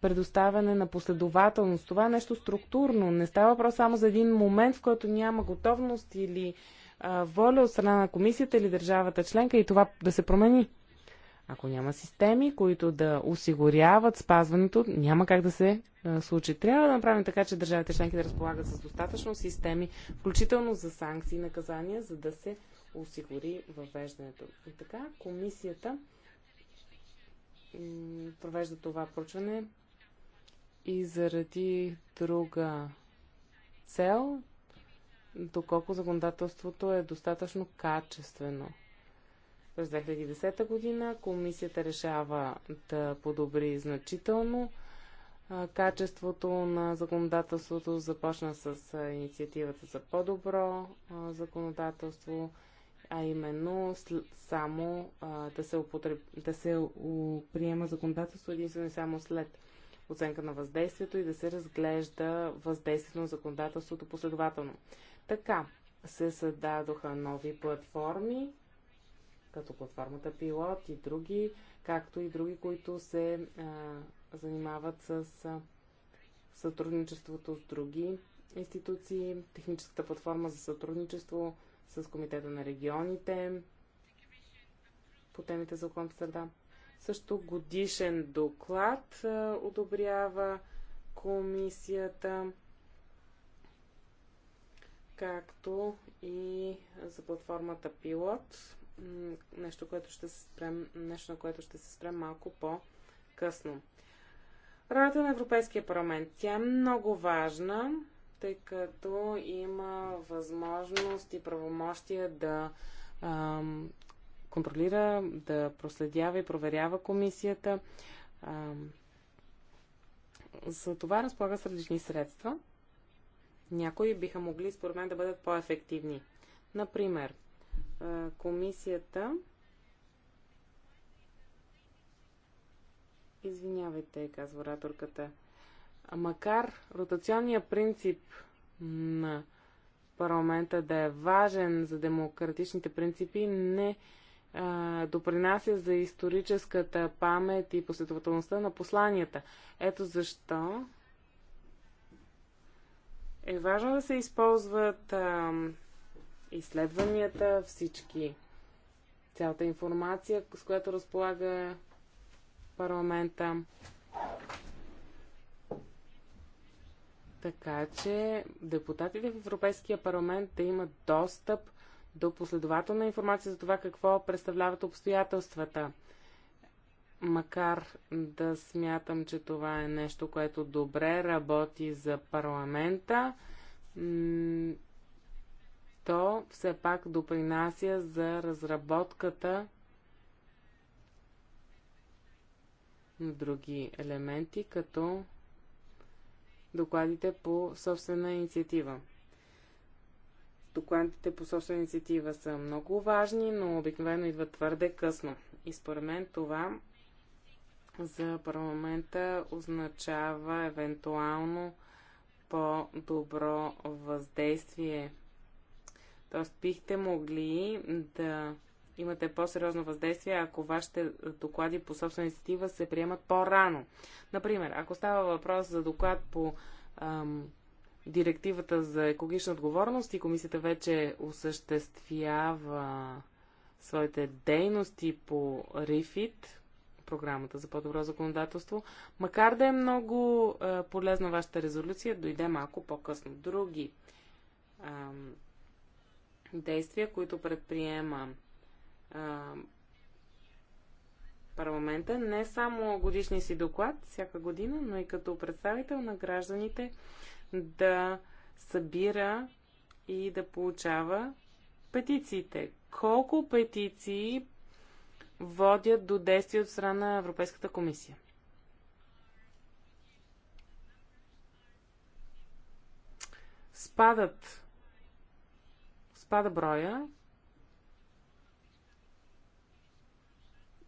предоставяне на последователност. Това е нещо структурно. Не става въпрос само за един момент, в който няма готовност или а, воля от страна на комисията или държавата членка и това да се промени. Ако няма системи, които да осигуряват спазването, няма как да се а, случи. Трябва да направим така, че държавите членки да разполагат с достатъчно системи, включително за санкции и наказания, за да се осигури въвеждането. И така, комисията провежда това проучване и заради друга цел, доколко законодателството е достатъчно качествено. През 2010 година комисията решава да подобри значително качеството на законодателството. Започна с инициативата за по-добро законодателство, а именно само а, да, се употреб... да се приема законодателство единствено и само след оценка на въздействието и да се разглежда въздействието на законодателството последователно. Така се създадоха нови платформи, като платформата Пилот и други, както и други, които се а, занимават с а, сътрудничеството с други институции, техническата платформа за сътрудничество с Комитета на регионите по темите за околната среда. Също годишен доклад одобрява комисията, както и за платформата Пилот, нещо, което ще се спрем, нещо на което ще се спрем малко по-късно. Ролята на Европейския парламент. Тя е много важна тъй като има възможност и правомощия да ам, контролира, да проследява и проверява комисията. Ам, за това разполага с различни средства. Някои биха могли, според мен, да бъдат по-ефективни. Например, комисията. Извинявайте, казва ораторката макар ротационният принцип на парламента да е важен за демократичните принципи, не а, допринася за историческата памет и последователността на посланията. Ето защо е важно да се използват а, изследванията, всички, цялата информация, с която разполага парламента така че депутатите в Европейския парламент да имат достъп до последователна информация за това какво представляват обстоятелствата. Макар да смятам, че това е нещо, което добре работи за парламента, то все пак допринася за разработката на други елементи, като докладите по собствена инициатива. Докладите по собствена инициатива са много важни, но обикновено идват твърде късно. И според мен това за парламента означава евентуално по-добро въздействие. Тоест бихте могли да имате по-сериозно въздействие, ако вашите доклади по собствена инициатива се приемат по-рано. Например, ако става въпрос за доклад по ам, директивата за екологична отговорност и комисията вече осъществява своите дейности по РИФИТ, програмата за по-добро законодателство, макар да е много е, полезна вашата резолюция, дойде малко по-късно. Други ам, действия, които предприемам, парламента не само годишния си доклад всяка година, но и като представител на гражданите да събира и да получава петициите. Колко петиции водят до действия от страна на Европейската комисия? Спадат. Спада броя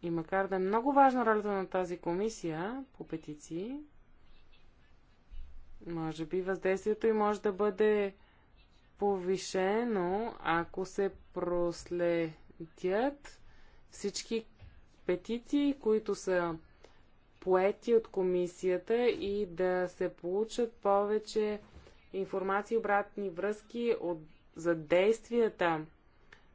И макар да е много важна ролята на тази комисия по петиции, може би въздействието и може да бъде повишено, ако се проследят всички петиции, които са поети от комисията и да се получат повече информации, обратни връзки от, за действията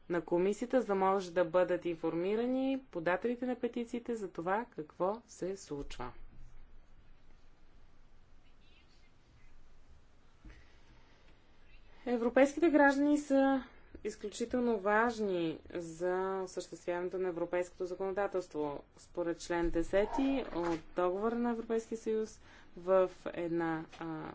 на комисията, за да може да бъдат информирани подателите на петициите за това какво се случва. Европейските граждани са изключително важни за осъществяването на европейското законодателство. Според член 10 от договора на Европейския съюз в една а,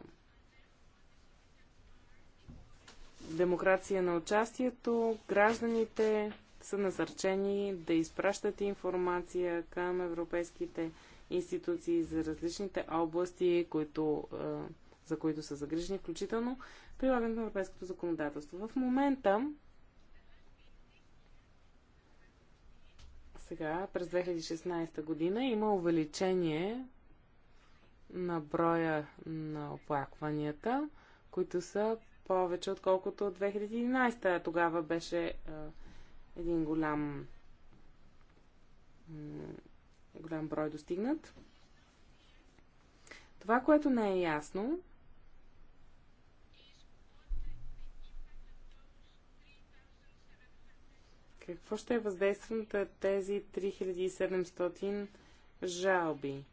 демокрация на участието, гражданите са насърчени да изпращат информация към европейските институции за различните области, които, е, за които са загрижени, включително прилагането на европейското законодателство. В момента сега, през 2016 година, има увеличение на броя на оплакванията, които са повече, отколкото от 2011. Тогава беше е, един голям, голям брой достигнат. Това, което не е ясно, какво ще е въздействието на тези 3700 жалби?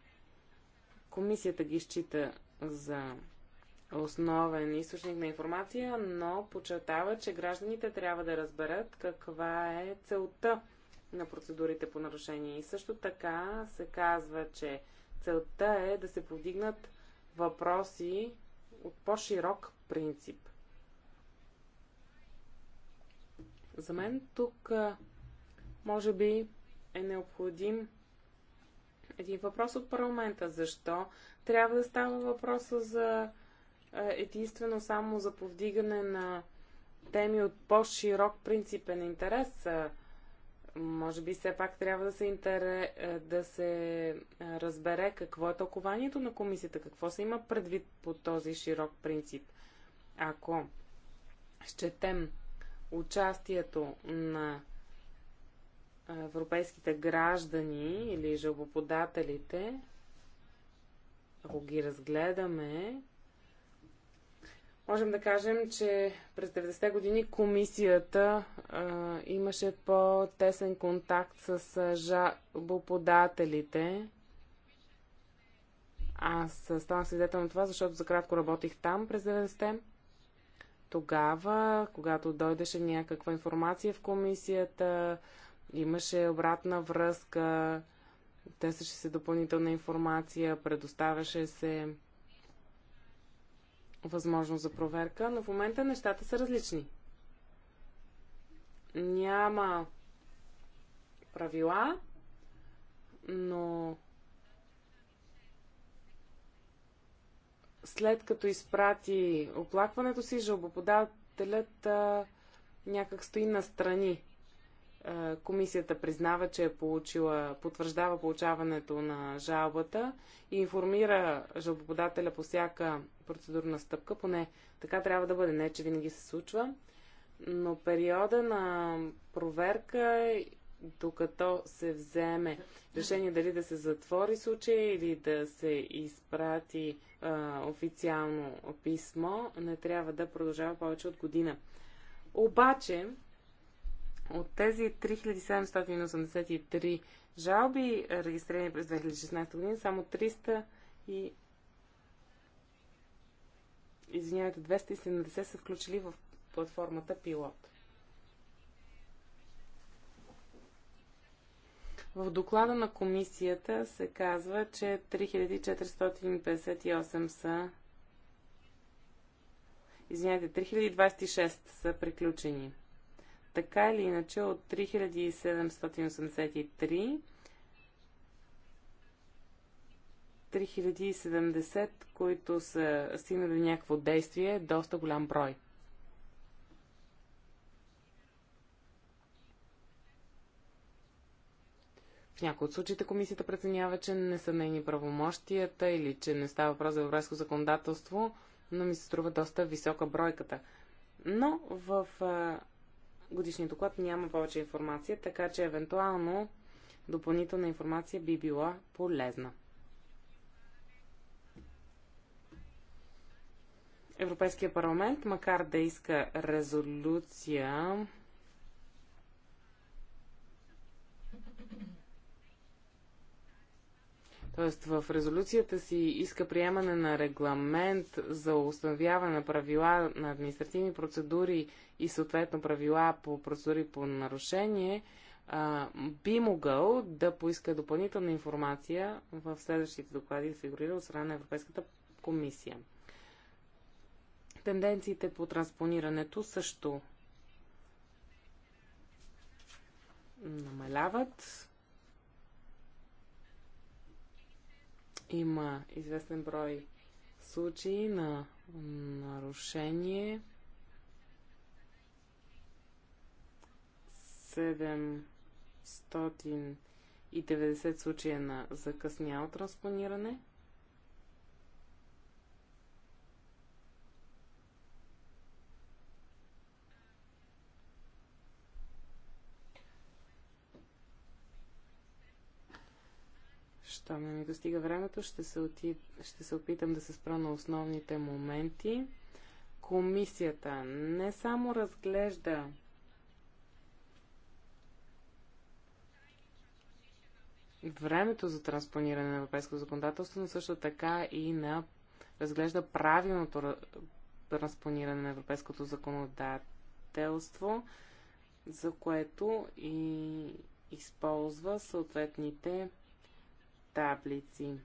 Комисията ги счита за основен източник на информация, но подчертава, че гражданите трябва да разберат каква е целта на процедурите по нарушение. И също така се казва, че целта е да се повдигнат въпроси от по-широк принцип. За мен тук може би е необходим един въпрос от парламента. Защо трябва да става въпроса за е, единствено само за повдигане на теми от по-широк принципен интерес. Е, може би все пак трябва да се, интере, е, да се разбере какво е тълкованието на комисията, какво се има предвид по този широк принцип. Ако щетем участието на европейските граждани или жалбоподателите, ако ги разгледаме Можем да кажем, че през 90-те години комисията а, имаше по-тесен контакт с жалбоподателите. Аз станах свидетел на това, защото за кратко работих там през 90-те. Тогава, когато дойдеше някаква информация в комисията, имаше обратна връзка, търсеше се допълнителна информация, предоставяше се възможност за проверка, но в момента нещата са различни. Няма правила, но след като изпрати оплакването си, жалбоподателят а, някак стои настрани. Е, комисията признава, че е получила, потвърждава получаването на жалбата и информира жалбоподателя по всяка процедурна стъпка, поне така трябва да бъде, не че винаги се случва, но периода на проверка докато се вземе решение дали да се затвори случая или да се изпрати а, е, официално писмо, не трябва да продължава повече от година. Обаче, от тези 3783 жалби, регистрирани през 2016 година, само 300 и извинявайте, 270 са включили в платформата Пилот. В доклада на комисията се казва, че 3458 са Извинявайте, 3026 са приключени. Така или иначе от 3783 3070, които са стигнали някакво действие, е доста голям брой. В някои от случаите комисията преценява, че не са нейни правомощията или че не става въпрос за европейско законодателство, но ми се струва доста висока бройката. Но в годишния доклад няма повече информация, така че евентуално допълнителна информация би била полезна. Европейския парламент, макар да иска резолюция Тоест в резолюцията си иска приемане на регламент за установяване на правила на административни процедури и съответно правила по процедури по нарушение, а, би могъл да поиска допълнителна информация в следващите доклади да фигурира от страна на Европейската комисия. Тенденциите по транспонирането също намаляват има известен брой случаи на нарушение. 790 случая на закъснял транспониране – щом не ми достига времето, ще се, оти... ще се опитам да се спра на основните моменти. Комисията не само разглежда времето за транспониране на европейско законодателство, но също така и на разглежда правилното транспониране на европейското законодателство, за което и използва съответните таблици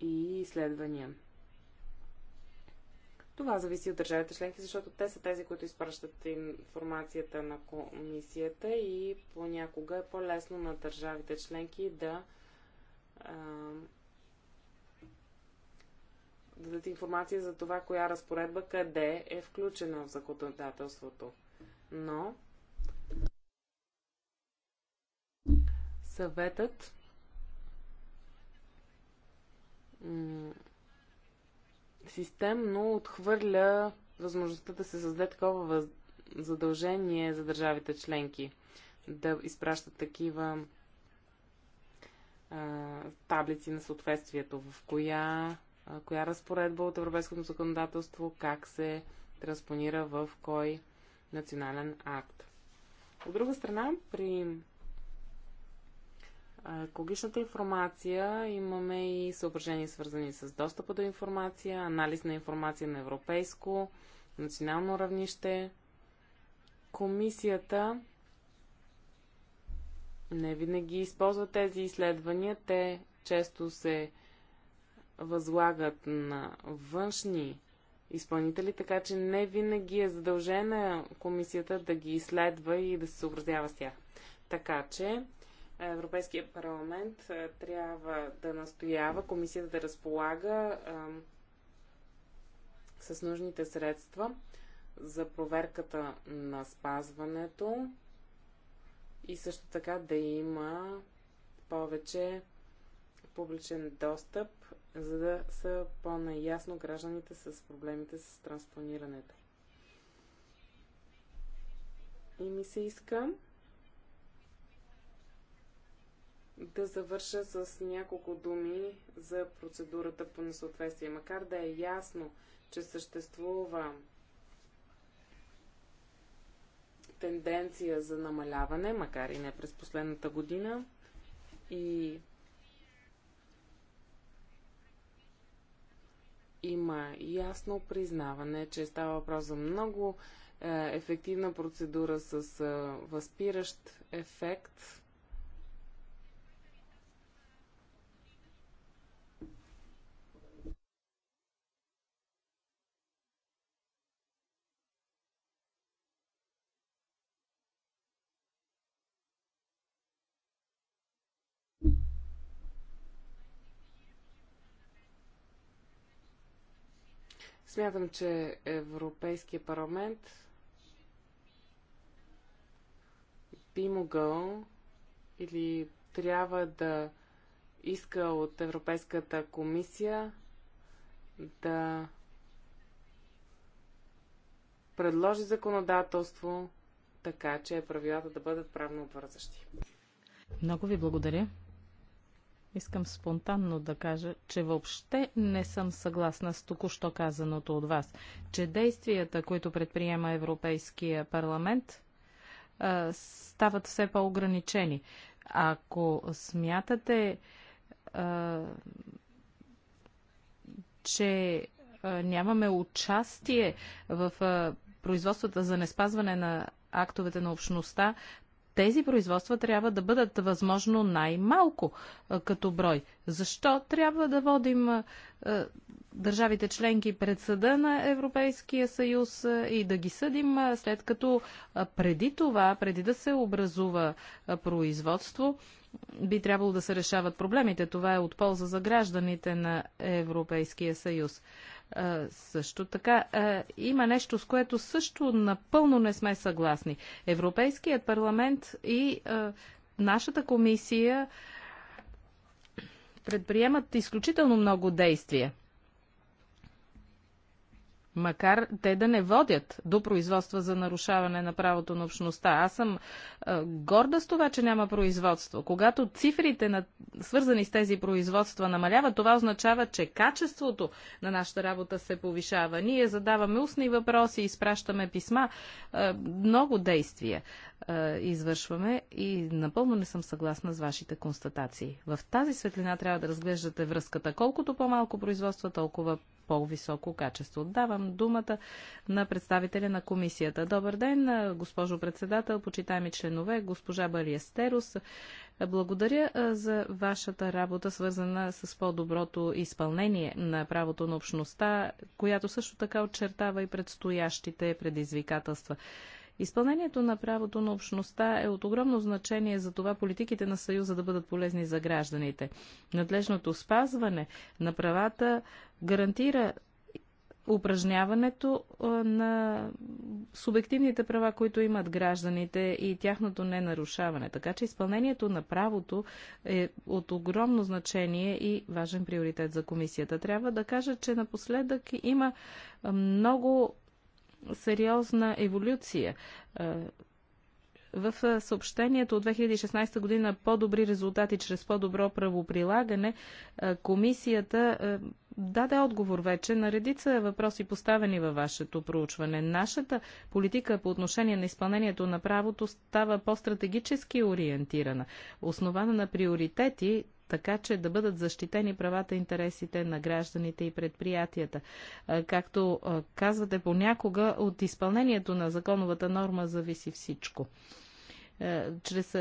и изследвания. Това зависи от държавите членки, защото те са тези, които изпращат информацията на комисията и понякога е по-лесно на държавите членки да а, дадат информация за това, коя разпоредба къде е включена в законодателството. Но Съветът системно отхвърля възможността да се създаде такова задължение за държавите членки да изпращат такива а, таблици на съответствието, в коя, а, коя разпоредба от европейското законодателство, как се транспонира в кой национален акт. От друга страна, при екологичната информация имаме и съображения свързани с достъпа до информация, анализ на информация на европейско, национално равнище. Комисията не винаги използва тези изследвания. Те често се възлагат на външни изпълнители, така че не винаги е задължена комисията да ги изследва и да се съобразява с тях. Така че Европейския парламент трябва да настоява комисията да разполага а, с нужните средства за проверката на спазването и също така да има повече публичен достъп, за да са по-наясно гражданите с проблемите с транспонирането. И ми се иска да завърша с няколко думи за процедурата по несъответствие. Макар да е ясно, че съществува тенденция за намаляване, макар и не през последната година, и има ясно признаване, че става въпрос за много е, ефективна процедура с е, възпиращ ефект Смятам, че Европейския парламент би могъл или трябва да иска от Европейската комисия да предложи законодателство така, че правилата да бъдат правно обвързащи. Много ви благодаря. Искам спонтанно да кажа, че въобще не съм съгласна с току-що казаното от вас, че действията, които предприема Европейския парламент, стават все по-ограничени. Ако смятате, че нямаме участие в производствата за неспазване на актовете на общността, тези производства трябва да бъдат възможно най-малко като брой. Защо трябва да водим държавите членки пред съда на Европейския съюз и да ги съдим, след като преди това, преди да се образува производство, би трябвало да се решават проблемите. Това е от полза за гражданите на Европейския съюз също така има нещо, с което също напълно не сме съгласни. Европейският парламент и нашата комисия предприемат изключително много действия макар те да не водят до производства за нарушаване на правото на общността. Аз съм горда с това, че няма производство. Когато цифрите, на, свързани с тези производства, намаляват, това означава, че качеството на нашата работа се повишава. Ние задаваме устни въпроси, изпращаме писма, много действия извършваме и напълно не съм съгласна с вашите констатации. В тази светлина трябва да разглеждате връзката. Колкото по-малко производства, толкова по-високо качество. Давам думата на представителя на комисията. Добър ден, госпожо председател, почитаеми членове, госпожа Бариестерус, Благодаря за вашата работа, свързана с по-доброто изпълнение на правото на общността, която също така очертава и предстоящите предизвикателства. Изпълнението на правото на общността е от огромно значение за това политиките на Съюза да бъдат полезни за гражданите. Надлежното спазване на правата гарантира упражняването на субективните права, които имат гражданите и тяхното ненарушаване. Така че изпълнението на правото е от огромно значение и важен приоритет за комисията. Трябва да кажа, че напоследък има много сериозна еволюция. Е, в е, съобщението от 2016 година по-добри резултати чрез по-добро правоприлагане, е, комисията даде отговор вече на редица въпроси поставени във вашето проучване. Нашата политика по отношение на изпълнението на правото става по-стратегически ориентирана, основана на приоритети, така че да бъдат защитени правата и интересите на гражданите и предприятията. Както казвате понякога, от изпълнението на законовата норма зависи всичко. Чрез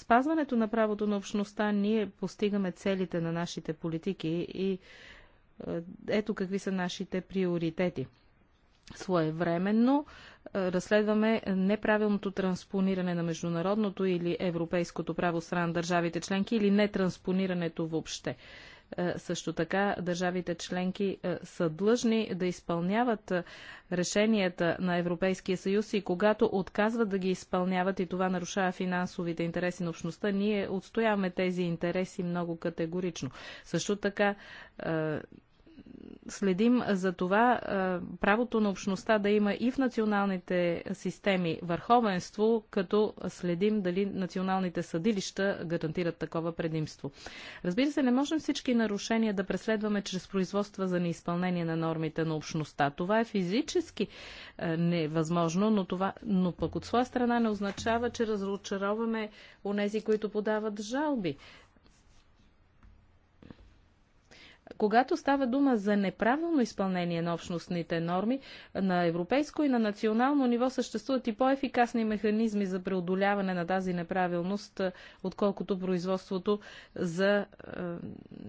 спазването на правото на общността ние постигаме целите на нашите политики и е, ето какви са нашите приоритети. Своевременно е, разследваме неправилното транспониране на международното или европейското право страна държавите членки или нетранспонирането въобще. Е, също така държавите членки е, са длъжни да изпълняват е, решенията на Европейския съюз и когато отказват да ги изпълняват и това нарушава финансовите интереси на общността, ние отстояваме тези интереси много категорично. Също така следим за това правото на общността да има и в националните системи върховенство, като следим дали националните съдилища гарантират такова предимство. Разбира се, не можем всички нарушения да преследваме чрез производства за неизпълнение на нормите на общността. Това е физически невъзможно, но, това, но пък от своя страна не означава, че разочароваме онези, които подават жалби. Когато става дума за неправилно изпълнение на общностните норми, на европейско и на национално ниво съществуват и по-ефикасни механизми за преодоляване на тази неправилност, е, отколкото производството за е,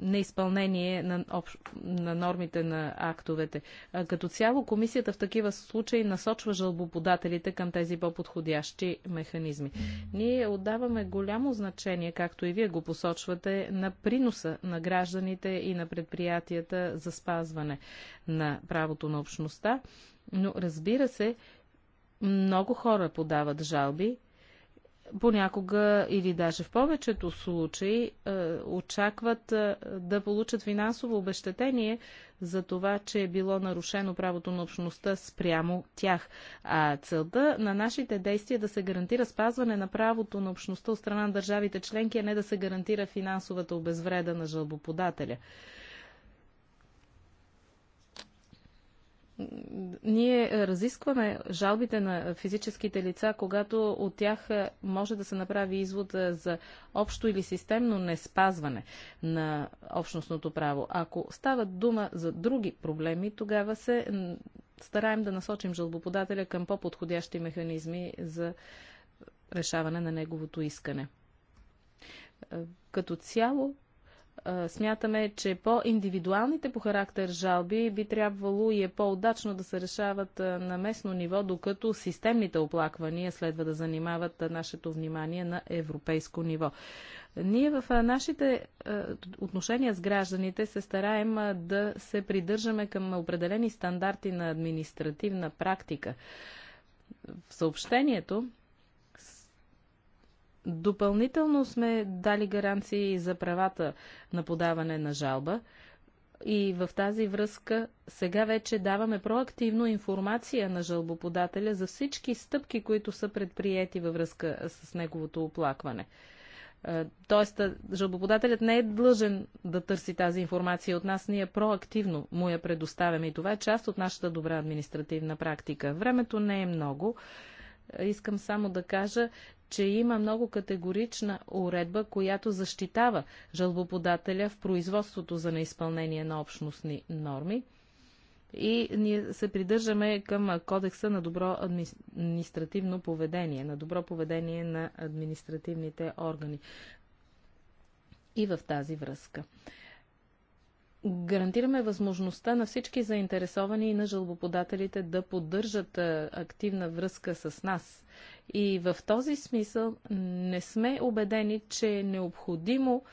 неизпълнение на, общ... на нормите на актовете. Е, като цяло, комисията в такива случаи насочва жалбоподателите към тези по-подходящи механизми. Ние отдаваме голямо значение, както и вие го посочвате, на приноса на гражданите и на предприятията предприятията за спазване на правото на общността. Но разбира се, много хора подават жалби. Понякога или даже в повечето случаи е, очакват е, да получат финансово обещетение за това, че е било нарушено правото на общността спрямо тях. А целта на нашите действия е да се гарантира спазване на правото на общността от страна на държавите членки, а не да се гарантира финансовата обезвреда на жалбоподателя. ние разискваме жалбите на физическите лица, когато от тях е, може да се направи извод е, за общо или системно неспазване на общностното право. Ако става дума за други проблеми, тогава се стараем да насочим жалбоподателя към по-подходящи механизми за решаване на неговото искане. Е, като цяло смятаме, че по-индивидуалните по характер жалби би трябвало и е по-удачно да се решават на местно ниво, докато системните оплаквания следва да занимават нашето внимание на европейско ниво. Ние в нашите отношения с гражданите се стараем да се придържаме към определени стандарти на административна практика. В съобщението Допълнително сме дали гаранции за правата на подаване на жалба и в тази връзка сега вече даваме проактивно информация на жалбоподателя за всички стъпки, които са предприяти във връзка с неговото оплакване. Е, тоест, е, жалбоподателят не е длъжен да търси тази информация от нас. Ние проактивно му я предоставяме и това е част от нашата добра административна практика. Времето не е много. Е, искам само да кажа, че има много категорична уредба, която защитава жалбоподателя в производството за неизпълнение на общностни норми. И ние се придържаме към кодекса на добро административно поведение, на добро поведение на административните органи. И в тази връзка гарантираме възможността на всички заинтересовани и на жалбоподателите да поддържат активна връзка с нас. И в този смисъл не сме убедени, че е необходимо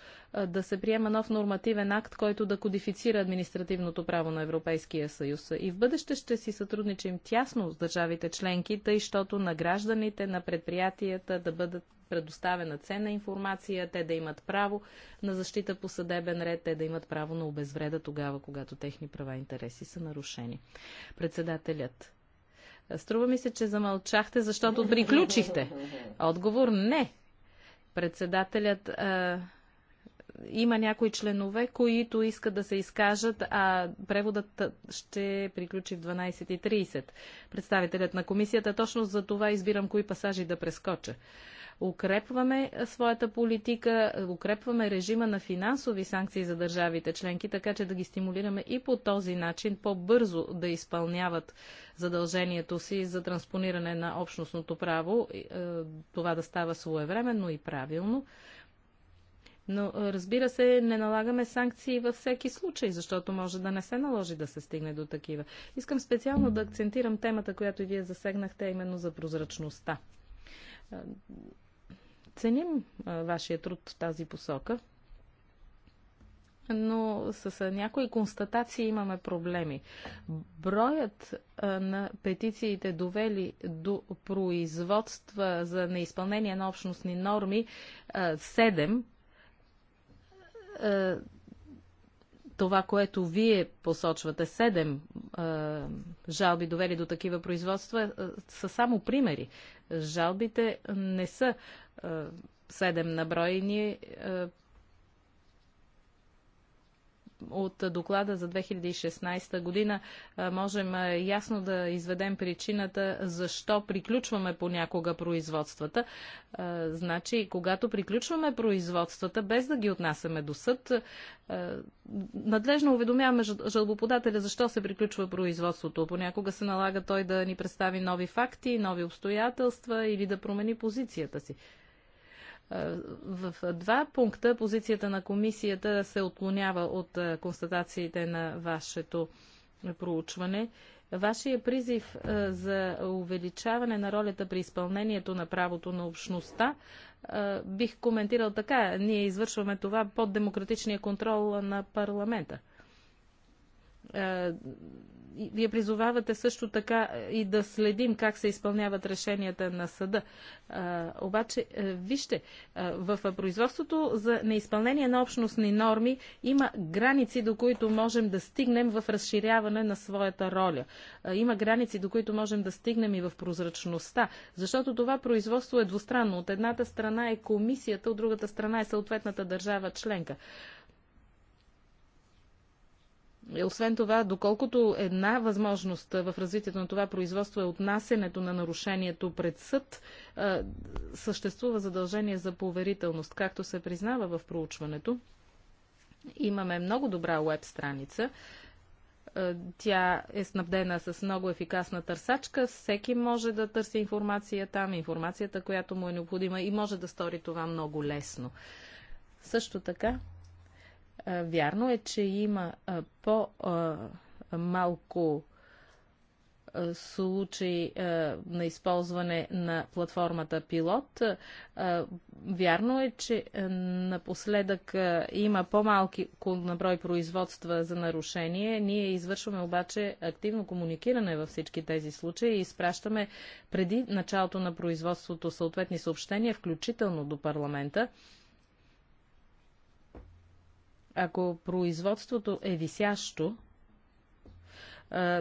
да се приема нов нормативен акт, който да кодифицира административното право на Европейския съюз. И в бъдеще ще си сътрудничим тясно с държавите членки, тъй щото на гражданите, на предприятията да бъдат предоставена ценна информация, те да имат право на защита по съдебен ред, те да имат право на обезвреда тогава, когато техни права и интереси са нарушени. Председателят. Струва ми се, че замълчахте, защото приключихте. Отговор не. Председателят. А има някои членове, които искат да се изкажат, а преводът ще приключи в 12.30. Представителят на комисията точно за това избирам кои пасажи да прескоча укрепваме своята политика, укрепваме режима на финансови санкции за държавите членки, така че да ги стимулираме и по този начин по-бързо да изпълняват задължението си за транспониране на общностното право, това да става своевременно и правилно. Но разбира се, не налагаме санкции във всеки случай, защото може да не се наложи да се стигне до такива. Искам специално да акцентирам темата, която и вие засегнахте, именно за прозрачността. Ценим вашия труд в тази посока, но с някои констатации имаме проблеми. Броят на петициите довели до производства за неизпълнение на общностни норми 7 това, което вие посочвате, седем жалби довели до такива производства, са само примери. Жалбите не са 7 на е, от доклада за 2016 година е, можем е, ясно да изведем причината защо приключваме понякога производствата. Значи, когато приключваме производствата, без да ги отнасяме до съд, надлежно уведомяваме жалбоподателя защо се приключва производството. Понякога се налага той да ни представи нови факти, нови обстоятелства или да промени позицията си. В два пункта позицията на комисията се отклонява от констатациите на вашето проучване. Вашия призив за увеличаване на ролята при изпълнението на правото на общността бих коментирал така. Ние извършваме това под демократичния контрол на парламента вие призовавате също така е, и да следим как се изпълняват решенията на съда. А, обаче, е, вижте, е, в производството за неизпълнение на общностни норми има граници, до които можем да стигнем в разширяване на своята роля. А, има граници, до които можем да стигнем и в прозрачността, защото това производство е двустранно. От едната страна е комисията, от другата страна е съответната държава членка. Е, освен това, доколкото една възможност в развитието на това производство е отнасенето на нарушението пред съд, съществува задължение за поверителност, както се признава в проучването. Имаме много добра веб страница, тя е снабдена с много ефикасна търсачка. Всеки може да търси информация там, информацията, която му е необходима и може да стори това много лесно. Също така, Вярно е, че има по-малко случаи на използване на платформата Пилот. вярно е, че напоследък има по-малки на брой производства за нарушение. Ние извършваме обаче активно комуникиране във всички тези случаи и изпращаме преди началото на производството съответни съобщения, включително до парламента ако производството е висящо,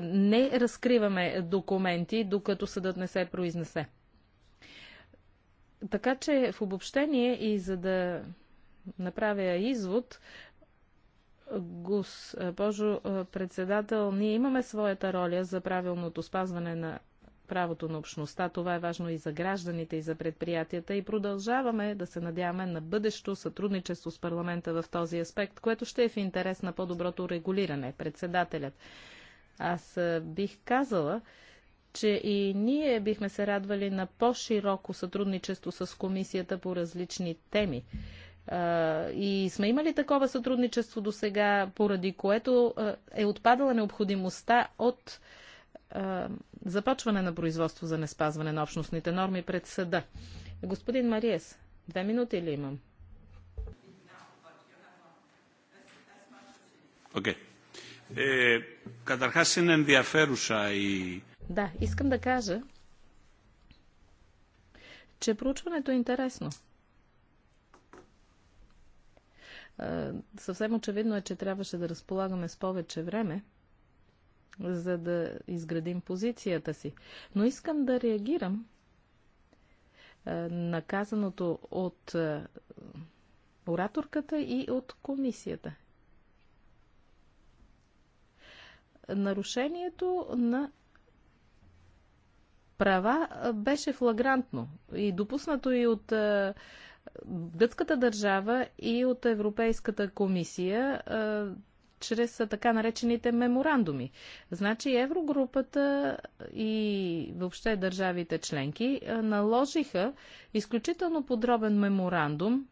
не разкриваме документи, докато съдът не се произнесе. Така че в обобщение и за да направя извод, госпожо председател, ние имаме своята роля за правилното спазване на правото на общността. Това е важно и за гражданите, и за предприятията. И продължаваме да се надяваме на бъдещо сътрудничество с парламента в този аспект, което ще е в интерес на по-доброто регулиране. Председателят. Аз бих казала, че и ние бихме се радвали на по-широко сътрудничество с комисията по различни теми. И сме имали такова сътрудничество до сега, поради което е отпадала необходимостта от а, започване на производство за неспазване на общностните норми пред съда. Господин Мариес, две минути ли имам? Okay. Е, ενδιαφέρουσα е Да, искам да кажа, че проучването е интересно. Е, съвсем очевидно е, че трябваше да разполагаме с повече време – за да изградим позицията си. Но искам да реагирам на казаното от ораторката и от комисията. Нарушението на права беше флагрантно и допуснато и от гръцката държава и от Европейската комисия чрез така наречените меморандуми. Значи Еврогрупата и въобще държавите членки наложиха изключително подробен меморандум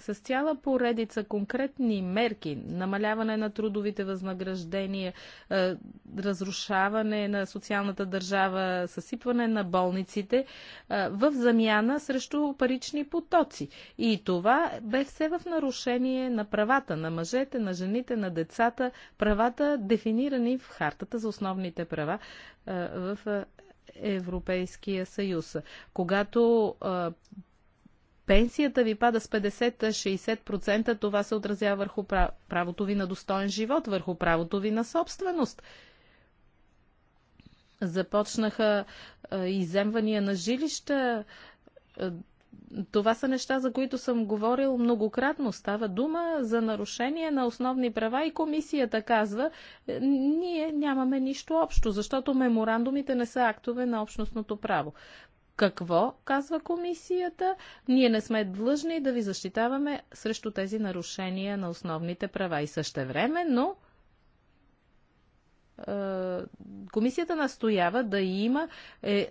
с цяла поредица конкретни мерки, намаляване на трудовите възнаграждения, е, разрушаване на социалната държава, съсипване на болниците, е, в замяна срещу парични потоци. И това бе все в нарушение на правата на мъжете, на жените, на децата, правата дефинирани в Хартата за основните права е, в Европейския съюз. Когато пенсията ви пада с 50-60%, това се отразява върху правото ви на достоен живот, върху правото ви на собственост. Започнаха иземвания на жилища. това са неща, за които съм говорил многократно. Става дума за нарушение на основни права и комисията казва, е, ние нямаме нищо общо, защото меморандумите не са актове на общностното право. Какво казва комисията? Ние не сме длъжни да ви защитаваме срещу тези нарушения на основните права. И също време, но е, комисията настоява да има е,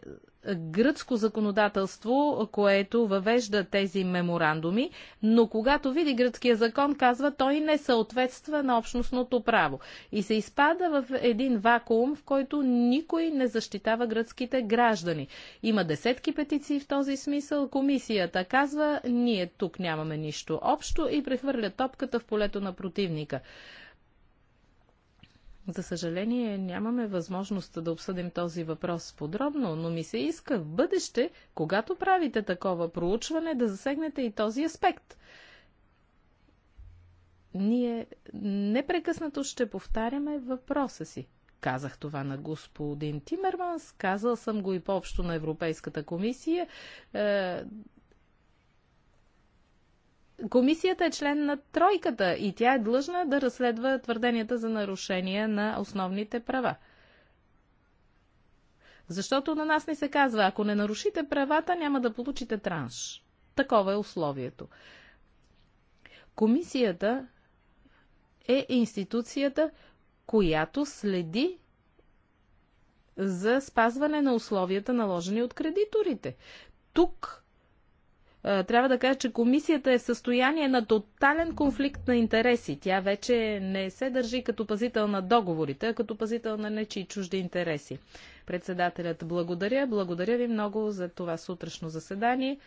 гръцко законодателство, което въвежда тези меморандуми, но когато види гръцкия закон, казва, той не съответства на общностното право. И се изпада в един вакуум, в който никой не защитава гръцките граждани. Има десетки петиции в този смисъл. Комисията казва, ние тук нямаме нищо общо и прехвърля топката в полето на противника. За съжаление, нямаме възможност да обсъдим този въпрос подробно, но ми се иска в бъдеще, когато правите такова проучване, да засегнете и този аспект. Ние непрекъснато ще повтаряме въпроса си. Казах това на господин Тимерманс, казал съм го и по-общо на Европейската комисия. Е, Комисията е член на тройката и тя е длъжна да разследва твърденията за нарушение на основните права. Защото на нас не се казва, ако не нарушите правата, няма да получите транш. Такова е условието. Комисията е институцията, която следи за спазване на условията, наложени от кредиторите. Тук трябва да кажа, че комисията е в състояние на тотален конфликт на интереси. Тя вече не се държи като пазител на договорите, а като пазител на нечи и чужди интереси. Председателят, благодаря. Благодаря ви много за това сутрешно заседание.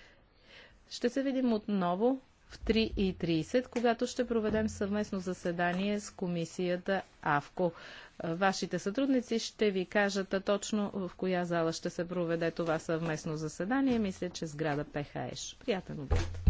Ще се видим отново в 3.30, когато ще проведем съвместно заседание с комисията АВКО. Е, вашите сътрудници ще ви кажат точно в коя зала ще се проведе това съвместно заседание. Мисля, че сграда ПХЕШ. Приятен обед!